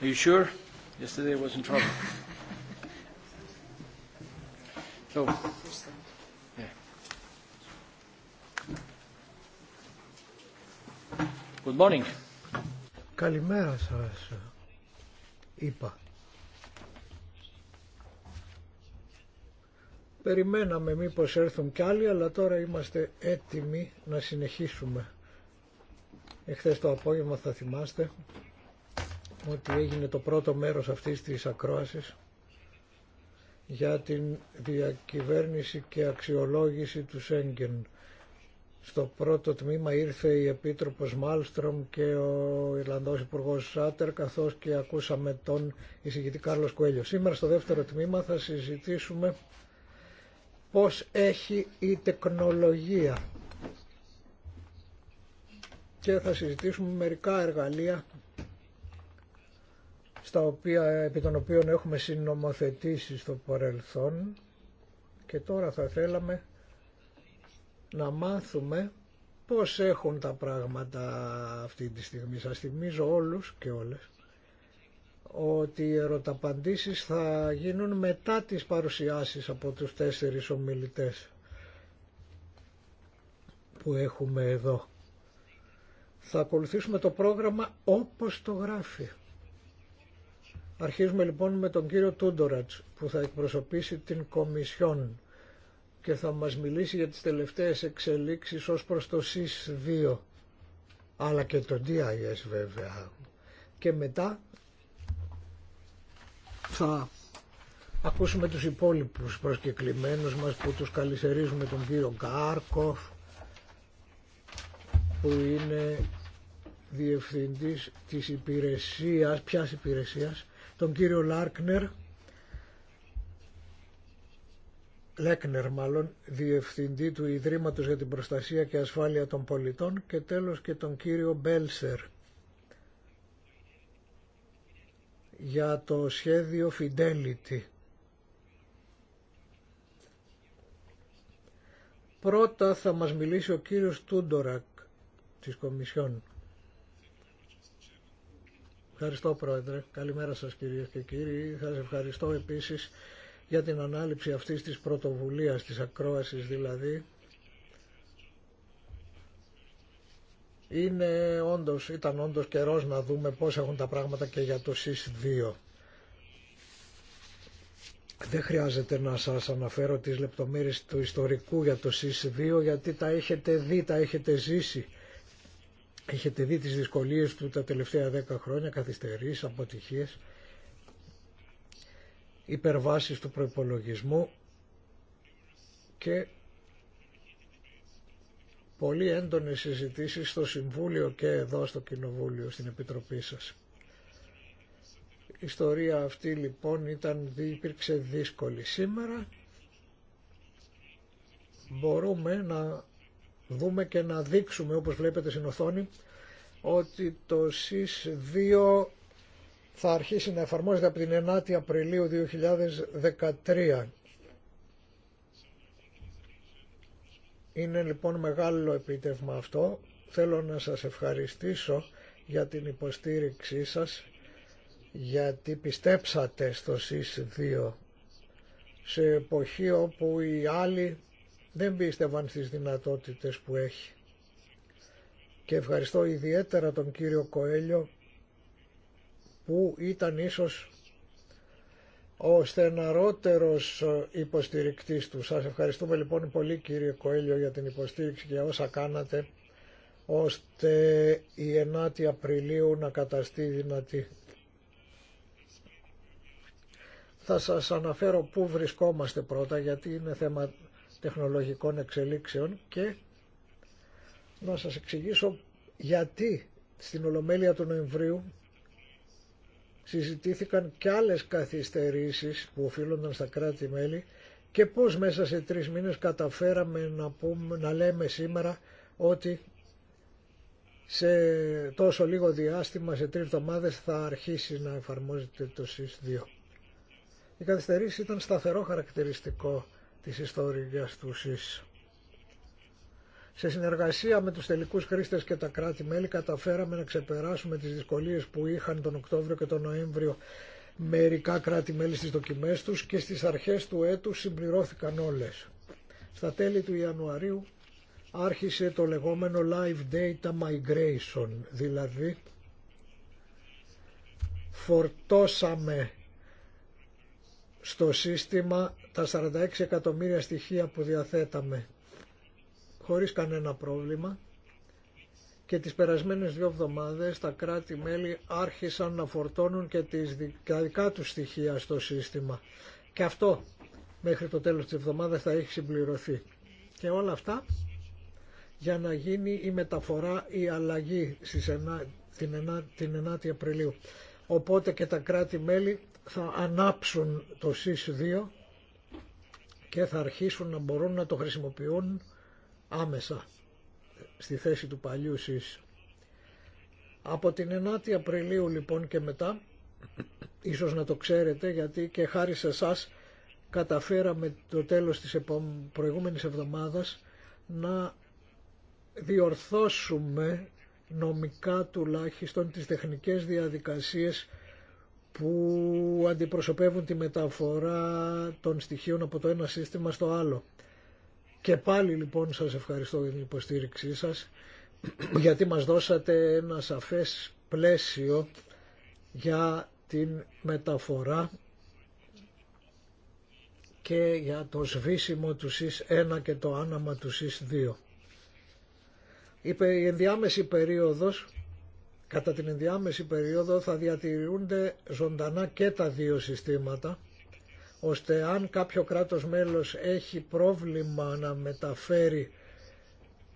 Are you sure? Yesterday I trouble. Good morning. Καλημέρα σας, είπα. Περιμέναμε μήπως έρθουν κι άλλοι, αλλά τώρα είμαστε έτοιμοι να συνεχίσουμε. Εχθές το απόγευμα θα θυμάστε ότι έγινε το πρώτο μέρος αυτής της ακρόασης για την διακυβέρνηση και αξιολόγηση του Σέγγεν. Στο πρώτο τμήμα ήρθε η Επίτροπος Μάλστρομ και ο Ιρλανδός Υπουργό Σάτερ καθώς και ακούσαμε τον εισηγητή Κάρλος Κουέλιο. Σήμερα στο δεύτερο τμήμα θα συζητήσουμε πώς έχει η τεχνολογία και θα συζητήσουμε μερικά εργαλεία στα οποία, επί των οποίων έχουμε συνομοθετήσει στο παρελθόν και τώρα θα θέλαμε να μάθουμε πώς έχουν τα πράγματα αυτή τη στιγμή. Σας θυμίζω όλους και όλες ότι οι ερωταπαντήσεις θα γίνουν μετά τις παρουσιάσεις από τους τέσσερις ομιλητές που έχουμε εδώ. Θα ακολουθήσουμε το πρόγραμμα όπως το γράφει. Αρχίζουμε λοιπόν με τον κύριο Τούντορατς που θα εκπροσωπήσει την Κομισιόν και θα μας μιλήσει για τις τελευταίες εξελίξεις ως προς το ΣΥΣ 2 αλλά και το DIS βέβαια και μετά θα ακούσουμε τους υπόλοιπους προσκεκλημένους μας που τους καλυσερίζουμε τον κύριο Γκάρκοφ που είναι διευθυντής της υπηρεσίας, ποιας υπηρεσίας τον κύριο Λάρκνερ, Λέκνερ μάλλον, Διευθυντή του Ιδρύματος για την Προστασία και Ασφάλεια των Πολιτών και τέλος και τον κύριο Μπέλσερ για το σχέδιο Fidelity. Πρώτα θα μας μιλήσει ο κύριος Τούντορακ της Κομισιόν. Ευχαριστώ Πρόεδρε. Καλημέρα σας κύριε και κύριοι. Σα ευχαριστώ επίσης για την ανάληψη αυτής της πρωτοβουλίας, της ακρόασης δηλαδή. Είναι όντως, ήταν όντως καιρός να δούμε πώς έχουν τα πράγματα και για το ΣΥΣ2. Δεν χρειάζεται να σας αναφέρω τις λεπτομέρειες του ιστορικού για το ΣΥΣ2 γιατί τα έχετε δει, τα έχετε ζήσει Έχετε δει τις δυσκολίες του τα τελευταία δέκα χρόνια, καθυστερήσεις, αποτυχίες, υπερβάσεις του προϋπολογισμού και πολύ έντονες συζητήσεις στο Συμβούλιο και εδώ στο Κοινοβούλιο, στην Επιτροπή σας. Η ιστορία αυτή λοιπόν ήταν, υπήρξε δύσκολη σήμερα. Μπορούμε να δούμε και να δείξουμε όπως βλέπετε στην οθόνη ότι το ΣΥΣ 2 θα αρχίσει να εφαρμόζεται από την 9η Απριλίου 2013. Είναι λοιπόν μεγάλο επίτευγμα αυτό. Θέλω να σας ευχαριστήσω για την υποστήριξή σας γιατί πιστέψατε στο ΣΥΣ 2 σε εποχή όπου οι άλλοι δεν πίστευαν στις δυνατότητες που έχει. Και ευχαριστώ ιδιαίτερα τον κύριο Κοέλιο που ήταν ίσως ο στεναρότερος υποστηρικτής του. Σας ευχαριστούμε λοιπόν πολύ κύριε Κοέλιο για την υποστήριξη και όσα κάνατε ώστε η 9η Απριλίου να καταστεί δυνατή. Θα σας αναφέρω πού βρισκόμαστε πρώτα γιατί είναι θέμα τεχνολογικών εξελίξεων και να σας εξηγήσω γιατί στην Ολομέλεια του Νοεμβρίου συζητήθηκαν και άλλες καθυστερήσεις που οφείλονταν στα κράτη-μέλη και πώς μέσα σε τρεις μήνες καταφέραμε να, πούμε, να λέμε σήμερα ότι σε τόσο λίγο διάστημα, σε τρεις εβδομάδες θα αρχίσει να εφαρμόζεται το ΣΥΣ2. Η καθυστερήση ήταν σταθερό χαρακτηριστικό της ιστορίας του ΣΥΣ. Σε συνεργασία με τους τελικούς χρήστες και τα κράτη-μέλη καταφέραμε να ξεπεράσουμε τις δυσκολίες που είχαν τον Οκτώβριο και τον Νοέμβριο μερικά κράτη-μέλη στις δοκιμές τους και στις αρχές του έτους συμπληρώθηκαν όλες. Στα τέλη του Ιανουαρίου άρχισε το λεγόμενο Live Data Migration, δηλαδή φορτώσαμε στο σύστημα τα 46 εκατομμύρια στοιχεία που διαθέταμε χωρίς κανένα πρόβλημα και τις περασμένες δύο εβδομάδες τα κράτη-μέλη άρχισαν να φορτώνουν και τις δικά τους στοιχεία στο σύστημα. Και αυτό μέχρι το τέλος της εβδομάδας θα έχει συμπληρωθεί. Και όλα αυτά για να γίνει η μεταφορά, η αλλαγή στις την 9η Απριλίου. Οπότε και τα κράτη-μέλη θα ανάψουν το ΣΥΣ 2 και θα αρχίσουν να μπορούν να το χρησιμοποιούν άμεσα στη θέση του παλιού ΣΥΣ. Από την 9η Απριλίου λοιπόν και μετά, ίσως να το ξέρετε γιατί και χάρη σε εσά καταφέραμε το τέλος της προηγούμενης εβδομάδας να διορθώσουμε νομικά τουλάχιστον τις τεχνικές διαδικασίες που αντιπροσωπεύουν τη μεταφορά των στοιχείων από το ένα σύστημα στο άλλο. Και πάλι λοιπόν σας ευχαριστώ για την υποστήριξή σας γιατί μας δώσατε ένα σαφές πλαίσιο για την μεταφορά και για το σβήσιμο του ΣΥΣ 1 και το άναμα του ΣΥΣ 2. Η ενδιάμεση περίοδος Κατά την ενδιάμεση περίοδο θα διατηρούνται ζωντανά και τα δύο συστήματα, ώστε αν κάποιο κράτος μέλος έχει πρόβλημα να μεταφέρει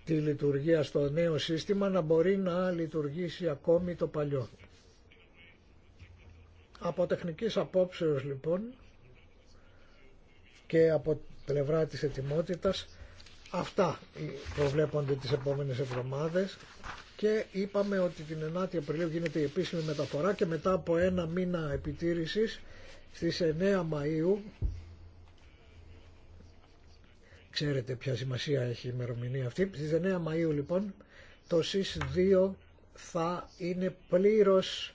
τη λειτουργία στο νέο σύστημα, να μπορεί να λειτουργήσει ακόμη το παλιό. Από τεχνικής απόψεως λοιπόν και από πλευρά της ετοιμότητας, αυτά προβλέπονται τις επόμενες εβδομάδες και είπαμε ότι την 9η Απριλίου γίνεται η επίσημη μεταφορά και μετά από ένα μήνα επιτήρησης στις 9 Μαΐου ξέρετε ποια σημασία έχει η ημερομηνία αυτή στις 9 Μαΐου λοιπόν το ΣΥΣ 2 θα είναι πλήρως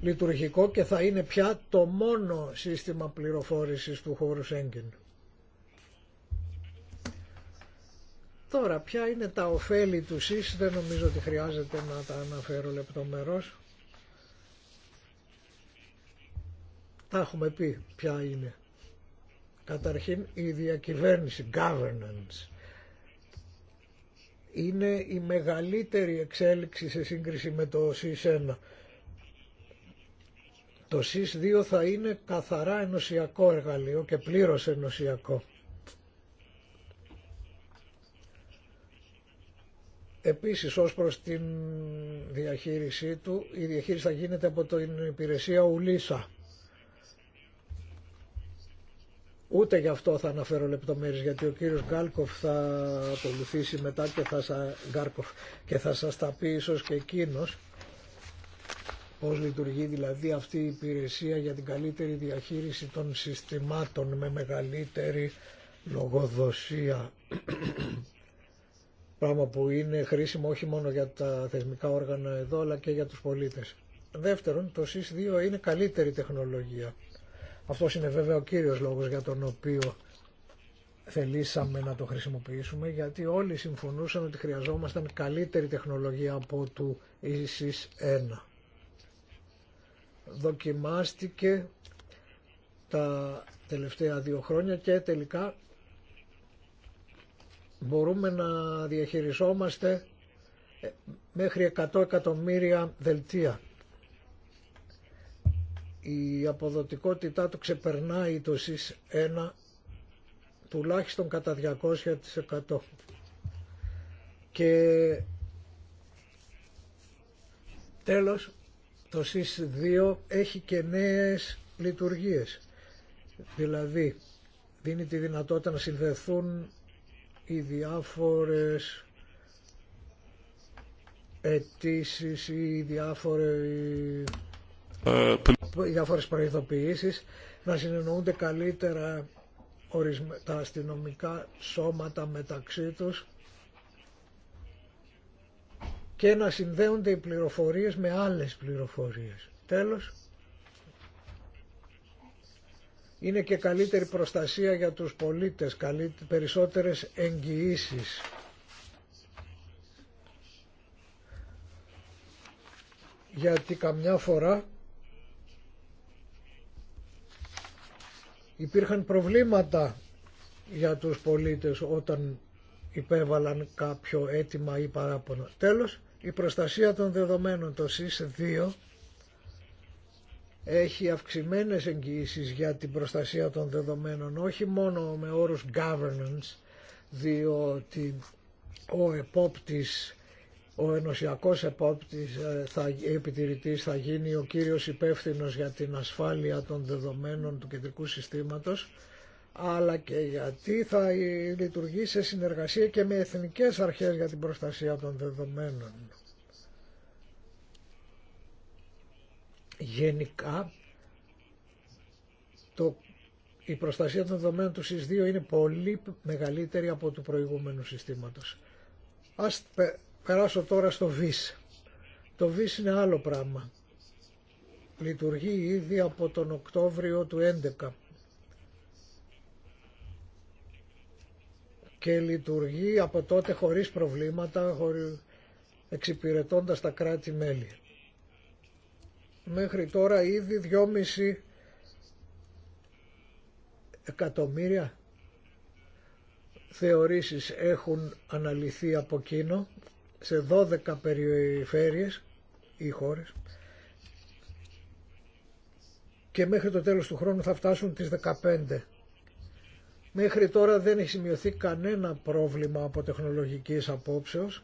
λειτουργικό και θα είναι πια το μόνο σύστημα πληροφόρησης του χώρου Σέγγεν. Τώρα, ποια είναι τα ωφέλη του ΣΥΣ, δεν νομίζω ότι χρειάζεται να τα αναφέρω λεπτομερώς. Τα έχουμε πει ποια είναι. Καταρχήν η διακυβέρνηση, governance, είναι η μεγαλύτερη εξέλιξη σε σύγκριση με το ΣΥΣ 1. Το ΣΥΣ 2 θα είναι καθαρά ενωσιακό εργαλείο και πλήρως ενωσιακό. Επίσης ως προς την διαχείρισή του, η διαχείριση θα γίνεται από την υπηρεσία Ουλίσα. Ούτε γι' αυτό θα αναφέρω λεπτομέρειες γιατί ο κύριος Γκάλκοφ θα ακολουθήσει μετά και θα, σα... και θα σας τα πει ίσως και εκείνος πώς λειτουργεί δηλαδή αυτή η υπηρεσία για την καλύτερη διαχείριση των συστημάτων με μεγαλύτερη λογοδοσία. Πράγμα που είναι χρήσιμο όχι μόνο για τα θεσμικά όργανα εδώ αλλά και για τους πολίτες. Δεύτερον, το SIS2 είναι καλύτερη τεχνολογία. Αυτός είναι βέβαια ο κύριος λόγος για τον οποίο θελήσαμε να το χρησιμοποιήσουμε γιατί όλοι συμφωνούσαν ότι χρειαζόμασταν καλύτερη τεχνολογία από του sis 1 Δοκιμάστηκε τα τελευταία δύο χρόνια και τελικά μπορούμε να διαχειριζόμαστε ε, μέχρι 100 εκατομμύρια δελτία. Η αποδοτικότητά του ξεπερνάει το ΣΥΣ 1 τουλάχιστον κατά 200% και τέλος το ΣΥΣ 2 έχει και νέες λειτουργίες δηλαδή δίνει τη δυνατότητα να συνδεθούν οι διάφορες αιτήσει ή οι διάφορες, οι διάφορες προειδοποιήσεις να συνεννοούνται καλύτερα τα αστυνομικά σώματα μεταξύ τους και να συνδέονται οι πληροφορίες με άλλες πληροφορίες. Τέλος, είναι και καλύτερη προστασία για τους πολίτες, περισσότερες εγγυήσει. Γιατί καμιά φορά υπήρχαν προβλήματα για τους πολίτες όταν υπέβαλαν κάποιο αίτημα ή παράπονο. Τέλος, η προστασία των δεδομένων, το ΣΥΣ έχει αυξημένες εγγυήσεις για την προστασία των δεδομένων, όχι μόνο με όρους governance, διότι ο επόπτης, ο ενωσιακός επόπτης, ε, θα, επιτηρητής θα γίνει ο κύριος υπεύθυνος για την ασφάλεια των δεδομένων του κεντρικού συστήματος, αλλά και γιατί θα λειτουργεί σε συνεργασία και με εθνικές αρχές για την προστασία των δεδομένων. Γενικά, το, η προστασία των δεδομένων του ΣΥΣ2 είναι πολύ μεγαλύτερη από του προηγούμενου συστήματος. Ας περάσω τώρα στο ΒΙΣ. Το ΒΙΣ είναι άλλο πράγμα. Λειτουργεί ήδη από τον Οκτώβριο του 2011. και λειτουργεί από τότε χωρίς προβλήματα, χωρι... εξυπηρετώντας τα κράτη-μέλη μέχρι τώρα ήδη 2,5 εκατομμύρια θεωρήσεις έχουν αναλυθεί από κείνο σε 12 περιφέρειες ή χώρες και μέχρι το τέλος του χρόνου θα φτάσουν τις 15. Μέχρι τώρα δεν έχει σημειωθεί κανένα πρόβλημα από τεχνολογικής απόψεως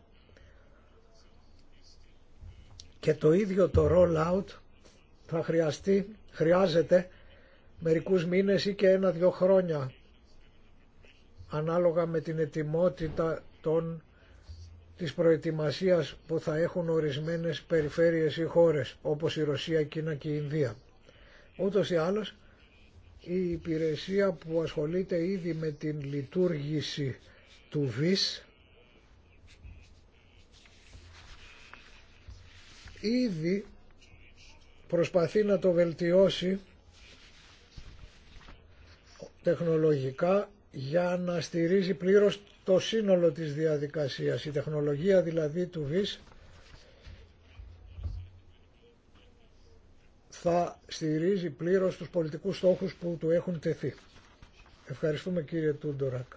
και το ίδιο το out θα χρειαστεί, χρειάζεται μερικούς μήνες ή και ένα-δυο χρόνια ανάλογα με την ετοιμότητα των, της προετοιμασίας που θα έχουν ορισμένες περιφέρειες ή χώρες όπως η Ρωσία, η Κίνα και η Ινδία. Ούτως ή άλλως η υπηρεσία που ασχολείται ήδη με την λειτουργήση του ΒΙΣ ήδη προσπαθεί να το βελτιώσει τεχνολογικά για να στηρίζει πλήρως το σύνολο της διαδικασίας. Η τεχνολογία δηλαδή του ΒΙΣ θα στηρίζει πλήρως τους πολιτικούς στόχους που του έχουν τεθεί. Ευχαριστούμε κύριε Τούντορακ.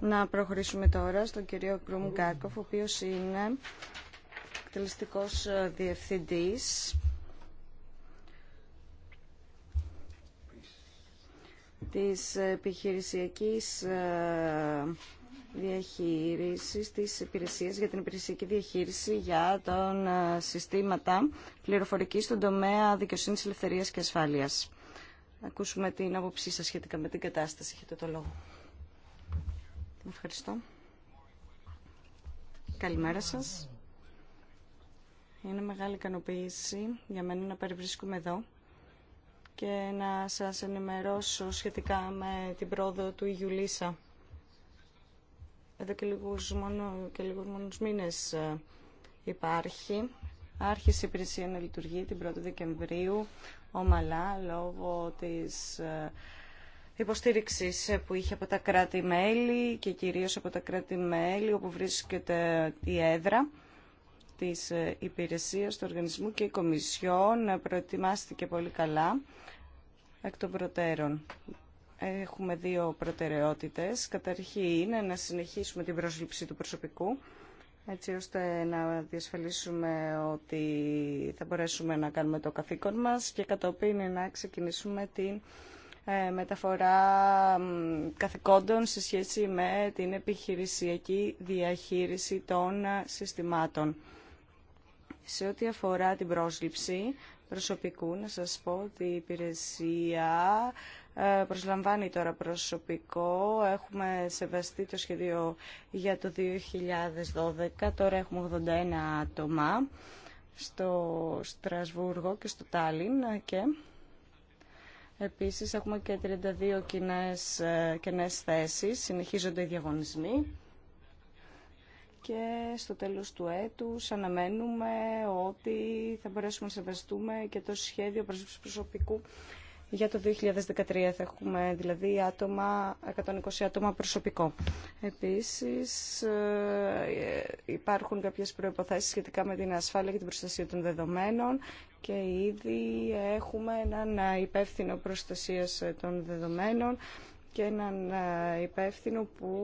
Να προχωρήσουμε τώρα στον κύριο Κρουμ Κάρκοφ, ο οποίος είναι εκτελεστικός ε, διευθυντής της επιχειρησιακής ε, διαχείρισης της υπηρεσίας για την υπηρεσιακή διαχείριση για τον ε, συστήματα πληροφορικής στον τομέα δικαιοσύνης, ελευθερίας και ασφάλειας. Ακούσουμε την άποψή σας σχετικά με την κατάσταση. Έχετε το λόγο. Ευχαριστώ. Καλημέρα σας. Είναι μεγάλη ικανοποίηση για μένα να περιβρίσκουμε εδώ και να σας ενημερώσω σχετικά με την πρόοδο του Ιουλίσα. Εδώ και λίγους, μόνο, και λίγους μόνους μήνες ε, υπάρχει. Άρχισε η υπηρεσία να λειτουργεί την 1η Δεκεμβρίου, ομαλά, λόγω της ε, υποστήριξης που είχε από τα κράτη-μέλη και κυρίως από τα κράτη-μέλη όπου βρίσκεται η έδρα της ε, υπηρεσίας του οργανισμού και η Κομισιόν ε, προετοιμάστηκε πολύ καλά εκ των προτέρων. Έχουμε δύο προτεραιότητες. Καταρχήν είναι να συνεχίσουμε την πρόσληψη του προσωπικού έτσι ώστε να διασφαλίσουμε ότι θα μπορέσουμε να κάνουμε το καθήκον μας και κατόπιν να ξεκινήσουμε την ε, μεταφορά καθηκόντων σε σχέση με την επιχειρησιακή διαχείριση των συστημάτων. Σε ό,τι αφορά την πρόσληψη προσωπικού, να σας πω ότι η υπηρεσία ε, προσλαμβάνει τώρα προσωπικό. Έχουμε σεβαστεί το σχέδιο για το 2012. Τώρα έχουμε 81 άτομα στο Στρασβούργο και στο Τάλιν και επίσης έχουμε και 32 κοινές, ε, κοινές θέσεις. Συνεχίζονται οι διαγωνισμοί και στο τέλος του έτους αναμένουμε ότι θα μπορέσουμε να σεβαστούμε και το σχέδιο προσωπικού για το 2013 θα έχουμε δηλαδή άτομα, 120 άτομα προσωπικό. Επίσης ε, υπάρχουν κάποιες προϋποθέσεις σχετικά με την ασφάλεια και την προστασία των δεδομένων και ήδη έχουμε έναν υπεύθυνο προστασίας ε, των δεδομένων και έναν ε, υπεύθυνο που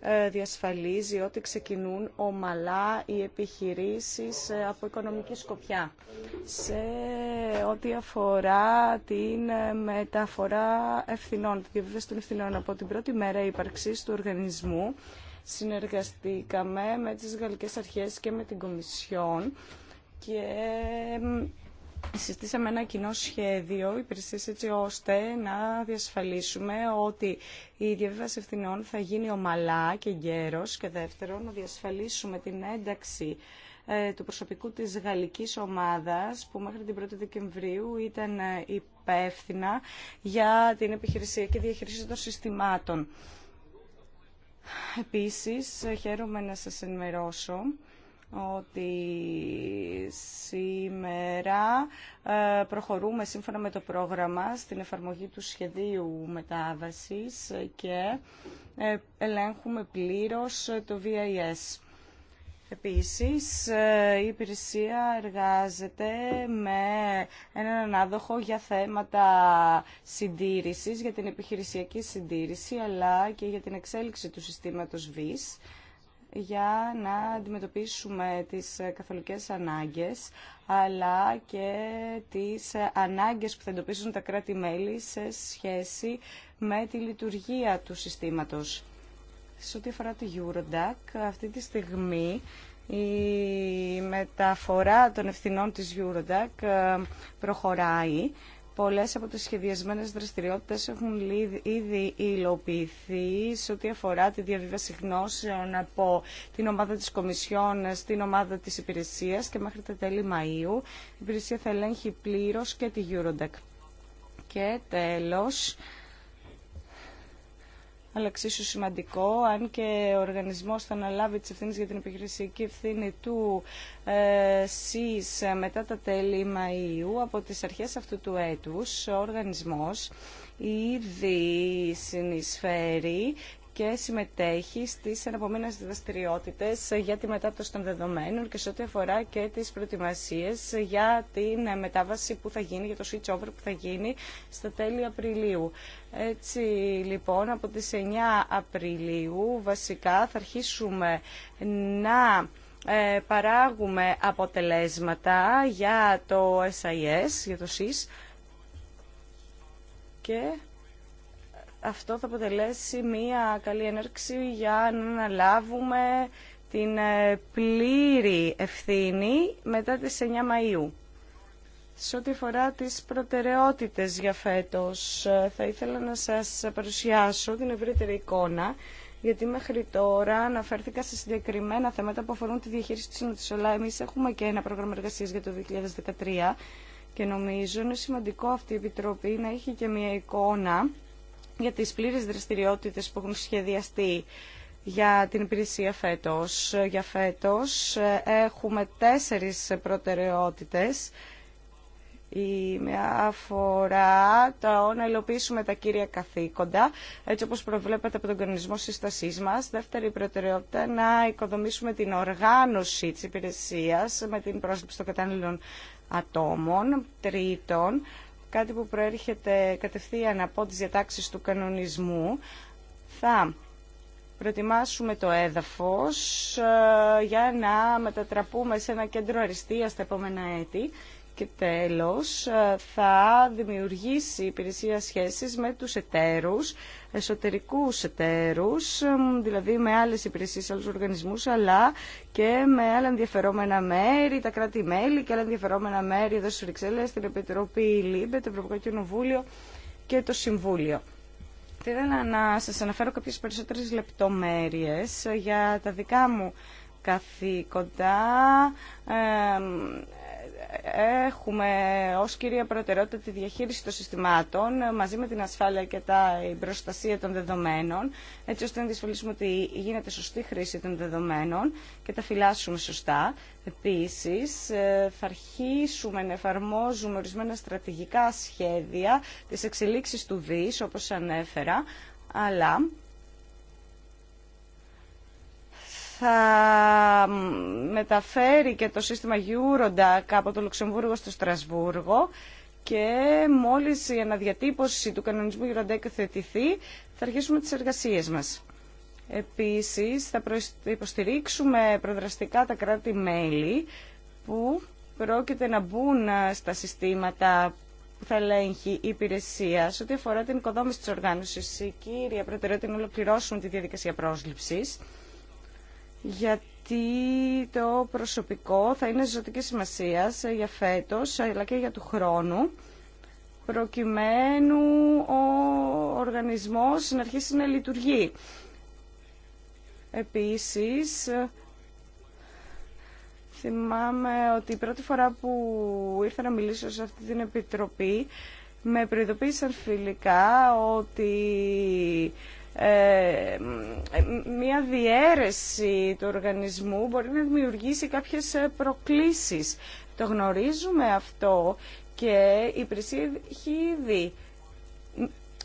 ε, διασφαλίζει ότι ξεκινούν ομαλά οι επιχειρήσεις ε, από οικονομική σκοπιά. Σε ό,τι αφορά την μεταφορά ευθυνών, τη διαβίβαση των ευθυνών από την πρώτη μέρα ύπαρξης του οργανισμού, συνεργαστήκαμε με τις Γαλλικές Αρχές και με την Κομισιόν και συστήσαμε ένα κοινό σχέδιο υπηρεσίας έτσι ώστε να διασφαλίσουμε ότι η διαβίβαση ευθυνών θα γίνει ομαλά και γέρος και δεύτερον να διασφαλίσουμε την ένταξη ε, του προσωπικού της γαλλικής ομάδας που μέχρι την 1η Δεκεμβρίου ήταν ε, υπεύθυνα για την επιχειρησία και διαχείριση των συστημάτων. Επίσης, χαίρομαι να σας ενημερώσω ότι σήμερα ε, προχωρούμε σύμφωνα με το πρόγραμμα στην εφαρμογή του σχεδίου μετάβασης και ε, ελέγχουμε πλήρως το VIS. Επίσης, ε, η υπηρεσία εργάζεται με έναν ανάδοχο για θέματα συντήρησης, για την επιχειρησιακή συντήρηση, αλλά και για την εξέλιξη του συστήματος VIS για να αντιμετωπίσουμε τις καθολικές ανάγκες αλλά και τις ανάγκες που θα εντοπίσουν τα κράτη-μέλη σε σχέση με τη λειτουργία του συστήματος. Σε ό,τι αφορά τη Eurodac, αυτή τη στιγμή η μεταφορά των ευθυνών της Eurodac ε, προχωράει Πολλές από τις σχεδιασμένες δραστηριότητες έχουν ήδη υλοποιηθεί σε ό,τι αφορά τη διαβίβαση γνώσεων από την ομάδα της Κομισιόν στην ομάδα της υπηρεσίας και μέχρι τα τέλη Μαΐου. Η υπηρεσία θα ελέγχει πλήρως και τη Eurodac. Και τέλος, αλλά εξίσου σημαντικό, αν και ο οργανισμός θα αναλάβει τις ευθύνες για την επιχειρησιακή ευθύνη του ε, ΣΥΣ μετά τα τέλη Μαΐου, από τις αρχές αυτού του έτους, ο οργανισμός ήδη συνεισφέρει και συμμετέχει στι εναπομείνε δραστηριότητε για τη μετάπτωση των δεδομένων και σε ό,τι αφορά και τις προετοιμασίε για την μετάβαση που θα γίνει, για το switch over που θα γίνει στα τέλη Απριλίου. Έτσι λοιπόν από τις 9 Απριλίου βασικά θα αρχίσουμε να ε, παράγουμε αποτελέσματα για το SIS, για το SIS και αυτό θα αποτελέσει μια καλή ενέργεια για να αναλάβουμε την ε, πλήρη ευθύνη μετά τις 9 Μαΐου. Σε ό,τι αφορά τις προτεραιότητες για φέτος, ε, θα ήθελα να σας παρουσιάσω την ευρύτερη εικόνα, γιατί μέχρι τώρα αναφέρθηκα σε συγκεκριμένα θέματα που αφορούν τη διαχείριση της Νοτισολά. Εμείς έχουμε και ένα πρόγραμμα εργασίας για το 2013 και νομίζω είναι σημαντικό αυτή η Επιτροπή να έχει και μια εικόνα για τις πλήρες δραστηριότητες που έχουν σχεδιαστεί για την υπηρεσία φέτος. Για φέτος ε, έχουμε τέσσερις προτεραιότητες. Η μια αφορά το να υλοποιήσουμε τα κύρια καθήκοντα, έτσι όπως προβλέπεται από τον κανονισμό σύστασή μας. Δεύτερη προτεραιότητα, να οικοδομήσουμε την οργάνωση της υπηρεσίας με την πρόσληψη των κατάλληλων ατόμων. Τρίτον, κάτι που προέρχεται κατευθείαν από τις διατάξεις του κανονισμού. Θα προετοιμάσουμε το έδαφος ε, για να μετατραπούμε σε ένα κέντρο αριστείας τα επόμενα έτη και τέλος, θα δημιουργήσει υπηρεσία σχέσεις με τους εταίρους, εσωτερικούς εταίρους, δηλαδή με άλλες υπηρεσίες, άλλους οργανισμούς, αλλά και με άλλα ενδιαφερόμενα μέρη, τα κράτη-μέλη και άλλα ενδιαφερόμενα μέρη εδώ στις Βρυξέλλες, στην Επιτροπή ΛΥΜΠΕ, το Ευρωπαϊκό Κοινοβούλιο και το Συμβούλιο. Θέλω να σας αναφέρω κάποιες περισσότερες λεπτομέρειες για τα δικά μου καθήκοντα έχουμε ως κυρία προτεραιότητα τη διαχείριση των συστημάτων μαζί με την ασφάλεια και τα, η προστασία των δεδομένων, έτσι ώστε να διασφαλίσουμε ότι γίνεται σωστή χρήση των δεδομένων και τα φυλάσσουμε σωστά. Επίσης, ε, θα αρχίσουμε να εφαρμόζουμε ορισμένα στρατηγικά σχέδια της εξελίξης του ΔΙΣ, όπως ανέφερα, αλλά θα μεταφέρει και το σύστημα Eurodac από το Λουξεμβούργο στο Στρασβούργο και μόλις η αναδιατύπωση του κανονισμού Eurodac θετηθεί θα αρχίσουμε τις εργασίες μας. Επίσης θα υποστηρίξουμε προδραστικά τα κράτη-μέλη που πρόκειται να μπουν στα συστήματα που θα ελέγχει η υπηρεσία σε ό,τι αφορά την οικοδόμηση της οργάνωσης. Η κύρια προτεραιότητα να ολοκληρώσουν τη διαδικασία πρόσληψης γιατί το προσωπικό θα είναι ζωτική σημασία για φέτος αλλά και για του χρόνου προκειμένου ο οργανισμός να αρχίσει να λειτουργεί. Επίσης, θυμάμαι ότι η πρώτη φορά που ήρθα να μιλήσω σε αυτή την επιτροπή με προειδοποίησαν φιλικά ότι ε, μια διαίρεση του οργανισμού μπορεί να δημιουργήσει κάποιες ε, προκλήσεις. Το γνωρίζουμε αυτό και η Πρισσίδη έχει ήδη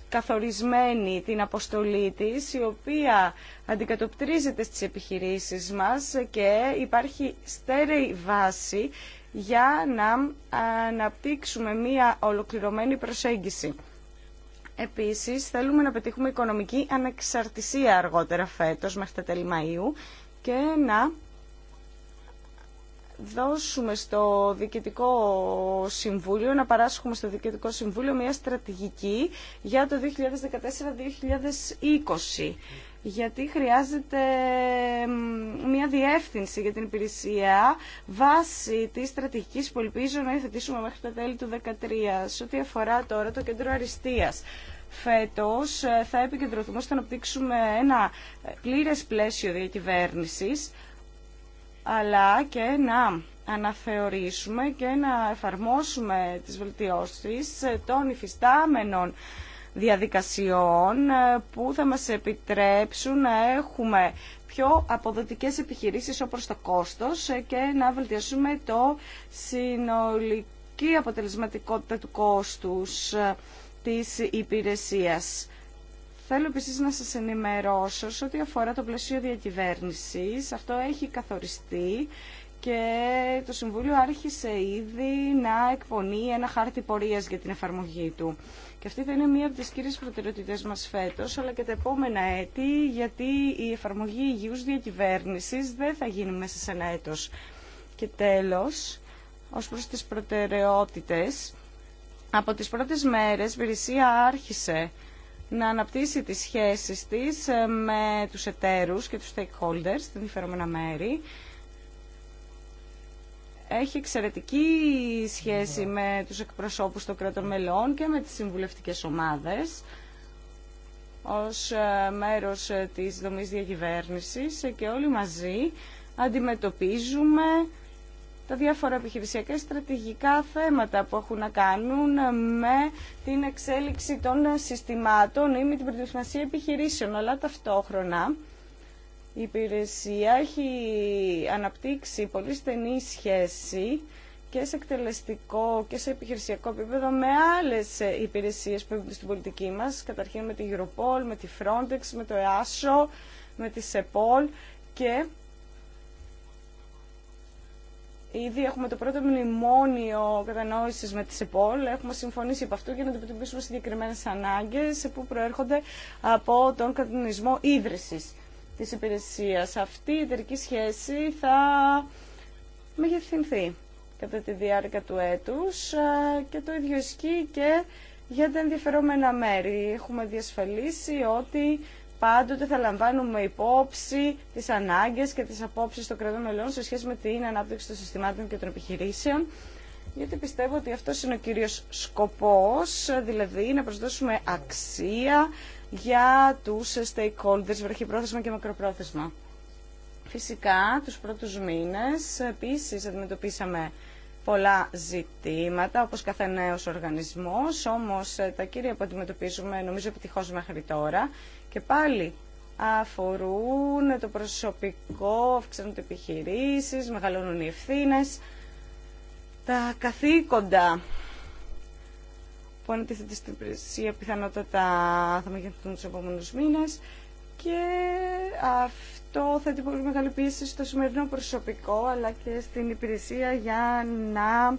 καθορισμένη την αποστολή της, η οποία αντικατοπτρίζεται στις επιχειρήσεις μας και υπάρχει στέρεη βάση για να αναπτύξουμε μία ολοκληρωμένη προσέγγιση. Επίσης, θέλουμε να πετύχουμε οικονομική ανεξαρτησία αργότερα φέτος, μέχρι τα τέλη Μαΐου, και να δώσουμε στο Διοικητικό Συμβούλιο, να παράσχουμε στο Διοικητικό Συμβούλιο μια στρατηγική για το 2014-2020 γιατί χρειάζεται μια διεύθυνση για την υπηρεσία βάσει τη στρατηγική που ελπίζω να υιοθετήσουμε μέχρι τα τέλη του 2013. Σε ό,τι αφορά τώρα το κέντρο αριστείας. Φέτο ε, θα επικεντρωθούμε στο να αναπτύξουμε ένα ε, πλήρε πλαίσιο διακυβέρνηση, αλλά και να αναθεωρήσουμε και να εφαρμόσουμε τις βελτιώσεις ε, των υφιστάμενων διαδικασιών ε, που θα μας επιτρέψουν να έχουμε πιο αποδοτικές επιχειρήσεις όπως το κόστος ε, και να βελτιώσουμε το συνολική αποτελεσματικότητα του κόστους ε, της υπηρεσίας. Θέλω επίσης να σας ενημερώσω σε ό,τι αφορά το πλαίσιο διακυβέρνησης. Αυτό έχει καθοριστεί και το Συμβούλιο άρχισε ήδη να εκπονεί ένα χάρτη πορείας για την εφαρμογή του αυτή θα είναι μία από τις κύριες προτεραιότητες μας φέτος, αλλά και τα επόμενα έτη, γιατί η εφαρμογή υγιούς διακυβέρνησης δεν θα γίνει μέσα σε ένα έτος. Και τέλος, ως προς τις προτεραιότητες, από τις πρώτες μέρες η Βηρησία άρχισε να αναπτύσσει τις σχέσεις της ε, με τους εταίρους και τους stakeholders, την ενδιαφερόμενα μέρη, έχει εξαιρετική σχέση με τους εκπροσώπους των κρατών μελών και με τις συμβουλευτικές ομάδες ως ε, μέρος ε, της δομής διακυβέρνησης και όλοι μαζί αντιμετωπίζουμε τα διάφορα επιχειρησιακά στρατηγικά θέματα που έχουν να κάνουν ε, με την εξέλιξη των συστημάτων ή με την προετοιμασία επιχειρήσεων, αλλά ταυτόχρονα η υπηρεσία έχει αναπτύξει πολύ στενή σχέση και σε εκτελεστικό και σε επιχειρησιακό επίπεδο με άλλες ε, υπηρεσίες που έχουν στην πολιτική μας, καταρχήν με τη Europol, με τη Frontex, με το EASO, με τη SEPOL και Ήδη έχουμε το πρώτο μνημόνιο κατανόηση με τη ΣΕΠΟΛ. Έχουμε συμφωνήσει από αυτού για να αντιμετωπίσουμε συγκεκριμένε ανάγκε που προέρχονται από τον κανονισμό ίδρυση της υπηρεσίας. Αυτή η εταιρική σχέση θα μεγεθυνθεί κατά τη διάρκεια του έτους ε, και το ίδιο ισχύει και για τα ενδιαφερόμενα μέρη. Έχουμε διασφαλίσει ότι πάντοτε θα λαμβάνουμε υπόψη τις ανάγκες και τις απόψεις των κρατών μελών σε σχέση με την ανάπτυξη των συστημάτων και των επιχειρήσεων γιατί πιστεύω ότι αυτό είναι ο κύριος σκοπός, δηλαδή να προσδώσουμε αξία για τους stakeholders βραχυπρόθεσμα και μακροπρόθεσμα. Φυσικά, τους πρώτους μήνες επίσης αντιμετωπίσαμε πολλά ζητήματα, όπως κάθε νέος οργανισμός, όμως ε, τα κύρια που αντιμετωπίζουμε νομίζω επιτυχώς μέχρι τώρα και πάλι αφορούν το προσωπικό, αυξάνονται επιχειρήσεις, μεγαλώνουν οι ευθύνες, τα καθήκοντα που αν λοιπόν, στην υπηρεσία πιθανότατα θα μεγεθούν του επόμενου μήνε και αυτό θα την πολύ μεγάλη πίεση στο σημερινό προσωπικό αλλά και στην υπηρεσία για να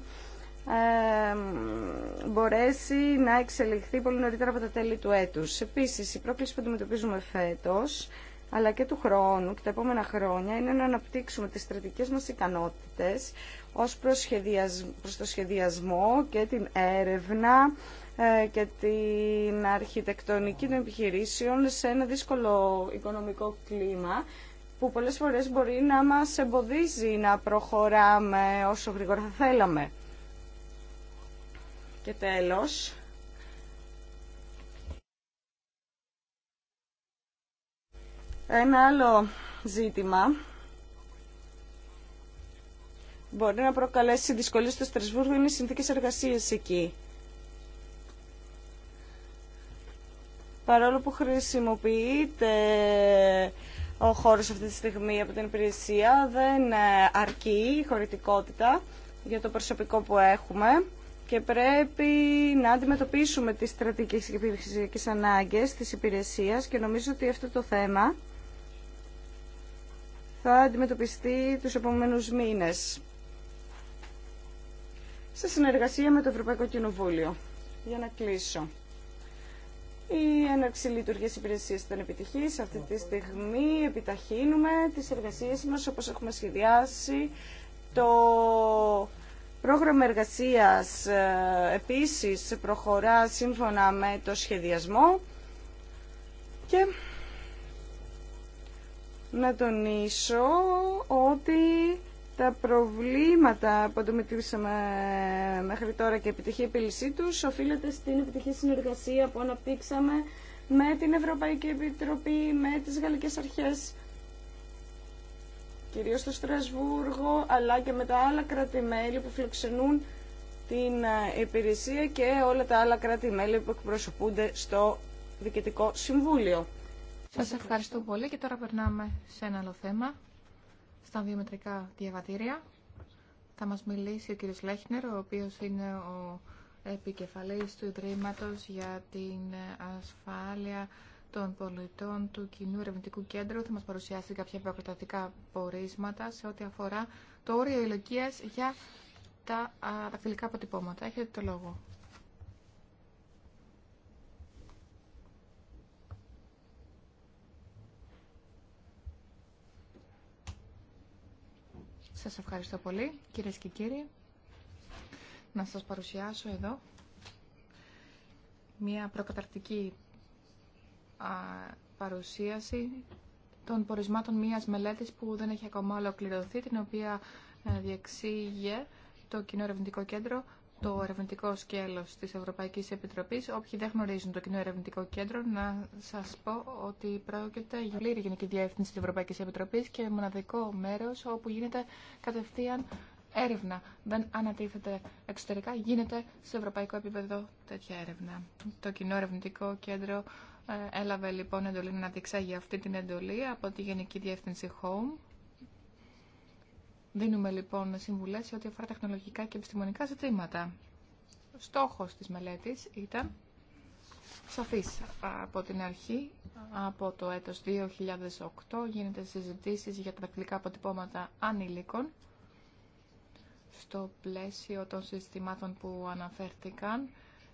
μπορέσει να εξελιχθεί πολύ νωρίτερα από τα τέλη του έτους. Επίσης, η πρόκληση που αντιμετωπίζουμε φέτος αλλά και του χρόνου και τα επόμενα χρόνια είναι να αναπτύξουμε τις στρατικές μας ικανότητες ως προς το σχεδιασμό και την έρευνα ε, και την αρχιτεκτονική των επιχειρήσεων σε ένα δύσκολο οικονομικό κλίμα που πολλές φορές μπορεί να μας εμποδίζει να προχωράμε όσο γρήγορα θα θέλαμε. Και τέλος, Ένα άλλο ζήτημα μπορεί να προκαλέσει δυσκολίες στο Στρασβούργο είναι οι συνθήκες εργασίας εκεί. Παρόλο που χρησιμοποιείται ο χώρος αυτή τη στιγμή από την υπηρεσία, δεν αρκεί η χωρητικότητα για το προσωπικό που έχουμε και πρέπει να αντιμετωπίσουμε τις στρατηγικές ανάγκες της υπηρεσίας και νομίζω ότι αυτό το θέμα θα αντιμετωπιστεί τους επόμενους μήνες σε συνεργασία με το Ευρωπαϊκό Κοινοβούλιο. Για να κλείσω. Η έναρξη λειτουργίας υπηρεσίας ήταν επιτυχής. Αυτή τη στιγμή επιταχύνουμε τις εργασίες μας όπως έχουμε σχεδιάσει. Το πρόγραμμα εργασίας ε, επίσης προχωρά σύμφωνα με το σχεδιασμό και να τονίσω ότι τα προβλήματα που αντιμετωπίσαμε μέχρι τώρα και η επιτυχή επίλυσή του οφείλεται στην επιτυχή συνεργασία που αναπτύξαμε με την Ευρωπαϊκή Επιτροπή, με τις Γαλλικές Αρχές, κυρίως στο Στρασβούργο, αλλά και με τα άλλα κράτη-μέλη που φιλοξενούν την ε, υπηρεσία και όλα τα άλλα κράτη-μέλη που εκπροσωπούνται στο Διοικητικό Συμβούλιο. Σας ευχαριστώ πολύ και τώρα περνάμε σε ένα άλλο θέμα, στα βιομετρικά διαβατήρια. Θα μας μιλήσει ο κύριος Λέχνερ, ο οποίος είναι ο επικεφαλής του Ιδρύματος για την ασφάλεια των πολιτών του Κοινού Ερευνητικού Κέντρου. Θα μας παρουσιάσει κάποια επαγγελματικά πορίσματα σε ό,τι αφορά το όριο ηλικία για τα δακτυλικά αποτυπώματα. Έχετε το λόγο. Σας ευχαριστώ πολύ κύριε και κύριοι. Να σας παρουσιάσω εδώ μια προκαταρκτική παρουσίαση των πορισμάτων μιας μελέτης που δεν έχει ακόμα ολοκληρωθεί, την οποία ε, διεξήγε το Κοινό Ερευνητικό Κέντρο το ερευνητικό σκέλος της Ευρωπαϊκής Επιτροπής. Όποιοι δεν γνωρίζουν το κοινό ερευνητικό κέντρο, να σας πω ότι πρόκειται για πλήρη Γενική Διεύθυνση της Ευρωπαϊκής Επιτροπής και μοναδικό μέρος όπου γίνεται κατευθείαν έρευνα. Δεν ανατίθεται εξωτερικά, γίνεται σε ευρωπαϊκό επίπεδο τέτοια έρευνα. Το κοινό ερευνητικό κέντρο ε, έλαβε λοιπόν εντολή να διεξάγει αυτή την εντολή από τη Γενική Διεύθυνση Home Δίνουμε λοιπόν συμβουλές σε ό,τι αφορά τεχνολογικά και επιστημονικά ζητήματα. στόχος της μελέτης ήταν σαφής από την αρχή, από το έτος 2008 γίνεται συζητήσεις για τα δακτυλικά αποτυπώματα ανηλίκων στο πλαίσιο των συστημάτων που αναφέρθηκαν.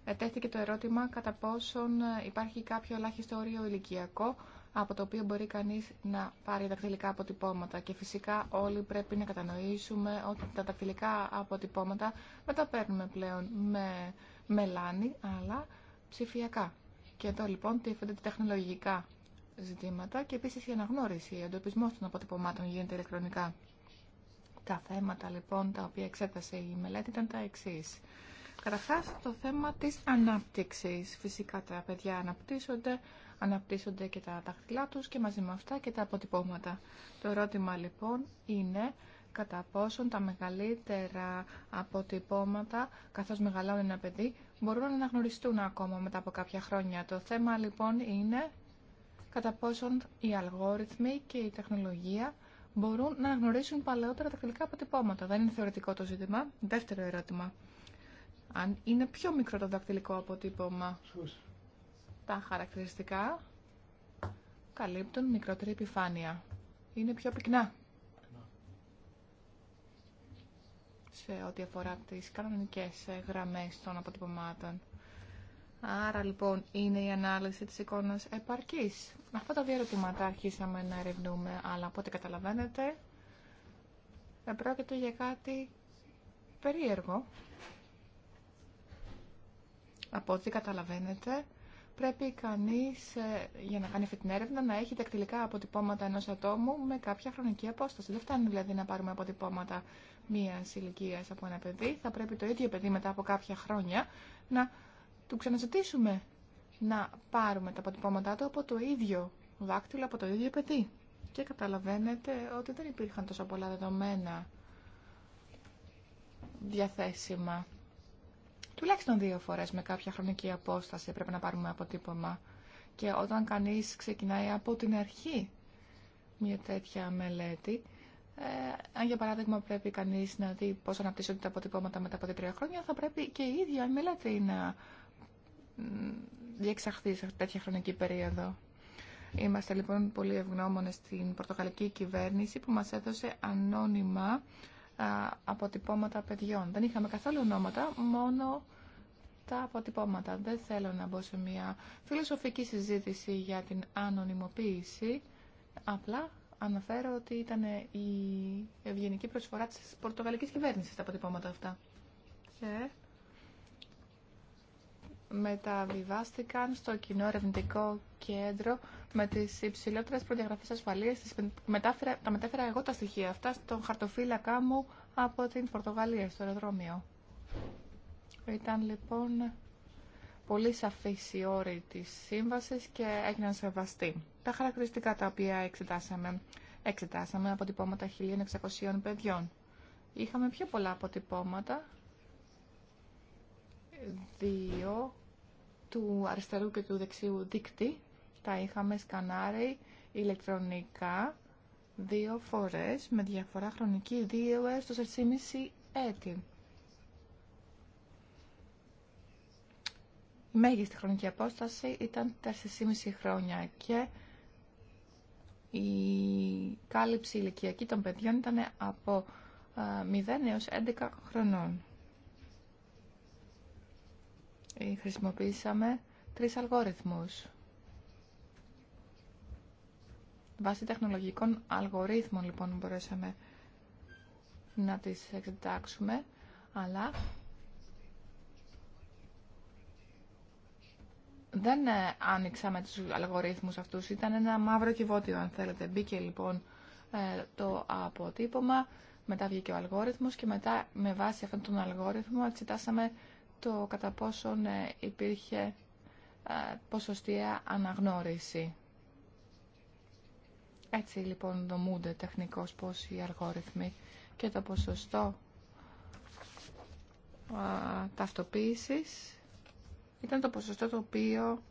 Ετέθηκε το ερώτημα κατά πόσον υπάρχει κάποιο ελάχιστο όριο ηλικιακό από το οποίο μπορεί κανείς να πάρει δακτυλικά αποτυπώματα. Και φυσικά όλοι πρέπει να κατανοήσουμε ότι τα δακτυλικά αποτυπώματα δεν τα παίρνουμε πλέον με μελάνι, αλλά ψηφιακά. Και εδώ λοιπόν τίθενται τεχνολογικά ζητήματα και επίσης η αναγνώριση, ο εντοπισμός των αποτυπωμάτων γίνεται ηλεκτρονικά. Τα θέματα λοιπόν τα οποία εξέτασε η μελέτη ήταν τα εξή. Καταρχά το θέμα της ανάπτυξης. Φυσικά τα παιδιά αναπτύσσονται αναπτύσσονται και τα δάχτυλά τους και μαζί με αυτά και τα αποτυπώματα. Το ερώτημα λοιπόν είναι κατά πόσον τα μεγαλύτερα αποτυπώματα, καθώς μεγαλώνει ένα παιδί, μπορούν να αναγνωριστούν ακόμα μετά από κάποια χρόνια. Το θέμα λοιπόν είναι κατά πόσον οι αλγόριθμοι και η τεχνολογία μπορούν να αναγνωρίσουν παλαιότερα τα αποτυπώματα. Δεν είναι θεωρητικό το ζήτημα. Δεύτερο ερώτημα. Αν είναι πιο μικρό το δακτυλικό αποτύπωμα, τα χαρακτηριστικά καλύπτουν μικρότερη επιφάνεια. Είναι πιο πυκνά. σε ό,τι αφορά τις κανονικές ε, γραμμές των αποτυπωμάτων. Άρα λοιπόν είναι η ανάλυση της εικόνας επαρκής. Αυτά τα δύο ερωτήματα αρχίσαμε να ερευνούμε, αλλά από ό,τι καταλαβαίνετε πρόκειται για κάτι περίεργο. Από ό,τι καταλαβαίνετε πρέπει κανείς ε, για να κάνει αυτή την έρευνα να έχει τακτιλικά αποτυπώματα ενός ατόμου με κάποια χρονική απόσταση. Δεν φτάνει δηλαδή να πάρουμε αποτυπώματα μία ηλικία από ένα παιδί. Θα πρέπει το ίδιο παιδί μετά από κάποια χρόνια να του ξαναζητήσουμε να πάρουμε τα αποτυπώματά του από το ίδιο δάκτυλο, από το ίδιο παιδί. Και καταλαβαίνετε ότι δεν υπήρχαν τόσο πολλά δεδομένα διαθέσιμα Τουλάχιστον δύο φορές με κάποια χρονική απόσταση πρέπει να πάρουμε αποτύπωμα. Και όταν κανείς ξεκινάει από την αρχή μια τέτοια μελέτη, ε, αν για παράδειγμα πρέπει κανείς να δει πώς αναπτύσσονται τα αποτυπώματα μετά από τρία χρόνια, θα πρέπει και η ίδια η μελέτη να διεξαχθεί σε τέτοια χρονική περίοδο. Είμαστε λοιπόν πολύ ευγνώμονες στην πορτογαλική κυβέρνηση που μας έδωσε ανώνυμα αποτυπώματα παιδιών. Δεν είχαμε καθόλου ονόματα, μόνο τα αποτυπώματα. Δεν θέλω να μπω σε μια φιλοσοφική συζήτηση για την ανωνυμοποίηση. Απλά αναφέρω ότι ήταν η ευγενική προσφορά της πορτογαλικής κυβέρνησης τα αποτυπώματα αυτά. Και μεταβιβάστηκαν στο κοινό ερευνητικό κέντρο με τι υψηλότερε προδιαγραφέ ασφαλεία. τα μετέφερα εγώ τα στοιχεία αυτά στον χαρτοφύλακά μου από την Πορτογαλία στο αεροδρόμιο. Ήταν λοιπόν πολύ σαφή η όρη τη σύμβαση και έγιναν σεβαστοί. Τα χαρακτηριστικά τα οποία εξετάσαμε, εξετάσαμε αποτυπώματα 1600 παιδιών. Είχαμε πιο πολλά αποτυπώματα, δύο του αριστερού και του δεξιού δίκτυ, τα είχαμε σκανάρει ηλεκτρονικά δύο φορές με διαφορά χρονική δύο έως το 4,5 έτη. Η μέγιστη χρονική απόσταση ήταν 4,5 χρόνια και η κάλυψη ηλικιακή των παιδιών ήταν από 0 ε, έως 11 χρονών. Ε, χρησιμοποίησαμε τρεις αλγόριθμους. Βάσει τεχνολογικών αλγορίθμων λοιπόν μπορέσαμε να τις εξετάξουμε, αλλά δεν ε, άνοιξαμε τους αλγορίθμους αυτούς. Ήταν ένα μαύρο κυβότιο αν θέλετε. Μπήκε λοιπόν ε, το αποτύπωμα, μετά βγήκε ο αλγόριθμος και μετά με βάση αυτόν τον αλγόριθμο εξετάσαμε το κατά πόσον ε, υπήρχε ποσοστία αναγνώριση. Έτσι λοιπόν δομούνται τεχνικώς πώς οι αργόριθμοι και το ποσοστό ταυτοποίηση ήταν το ποσοστό το οποίο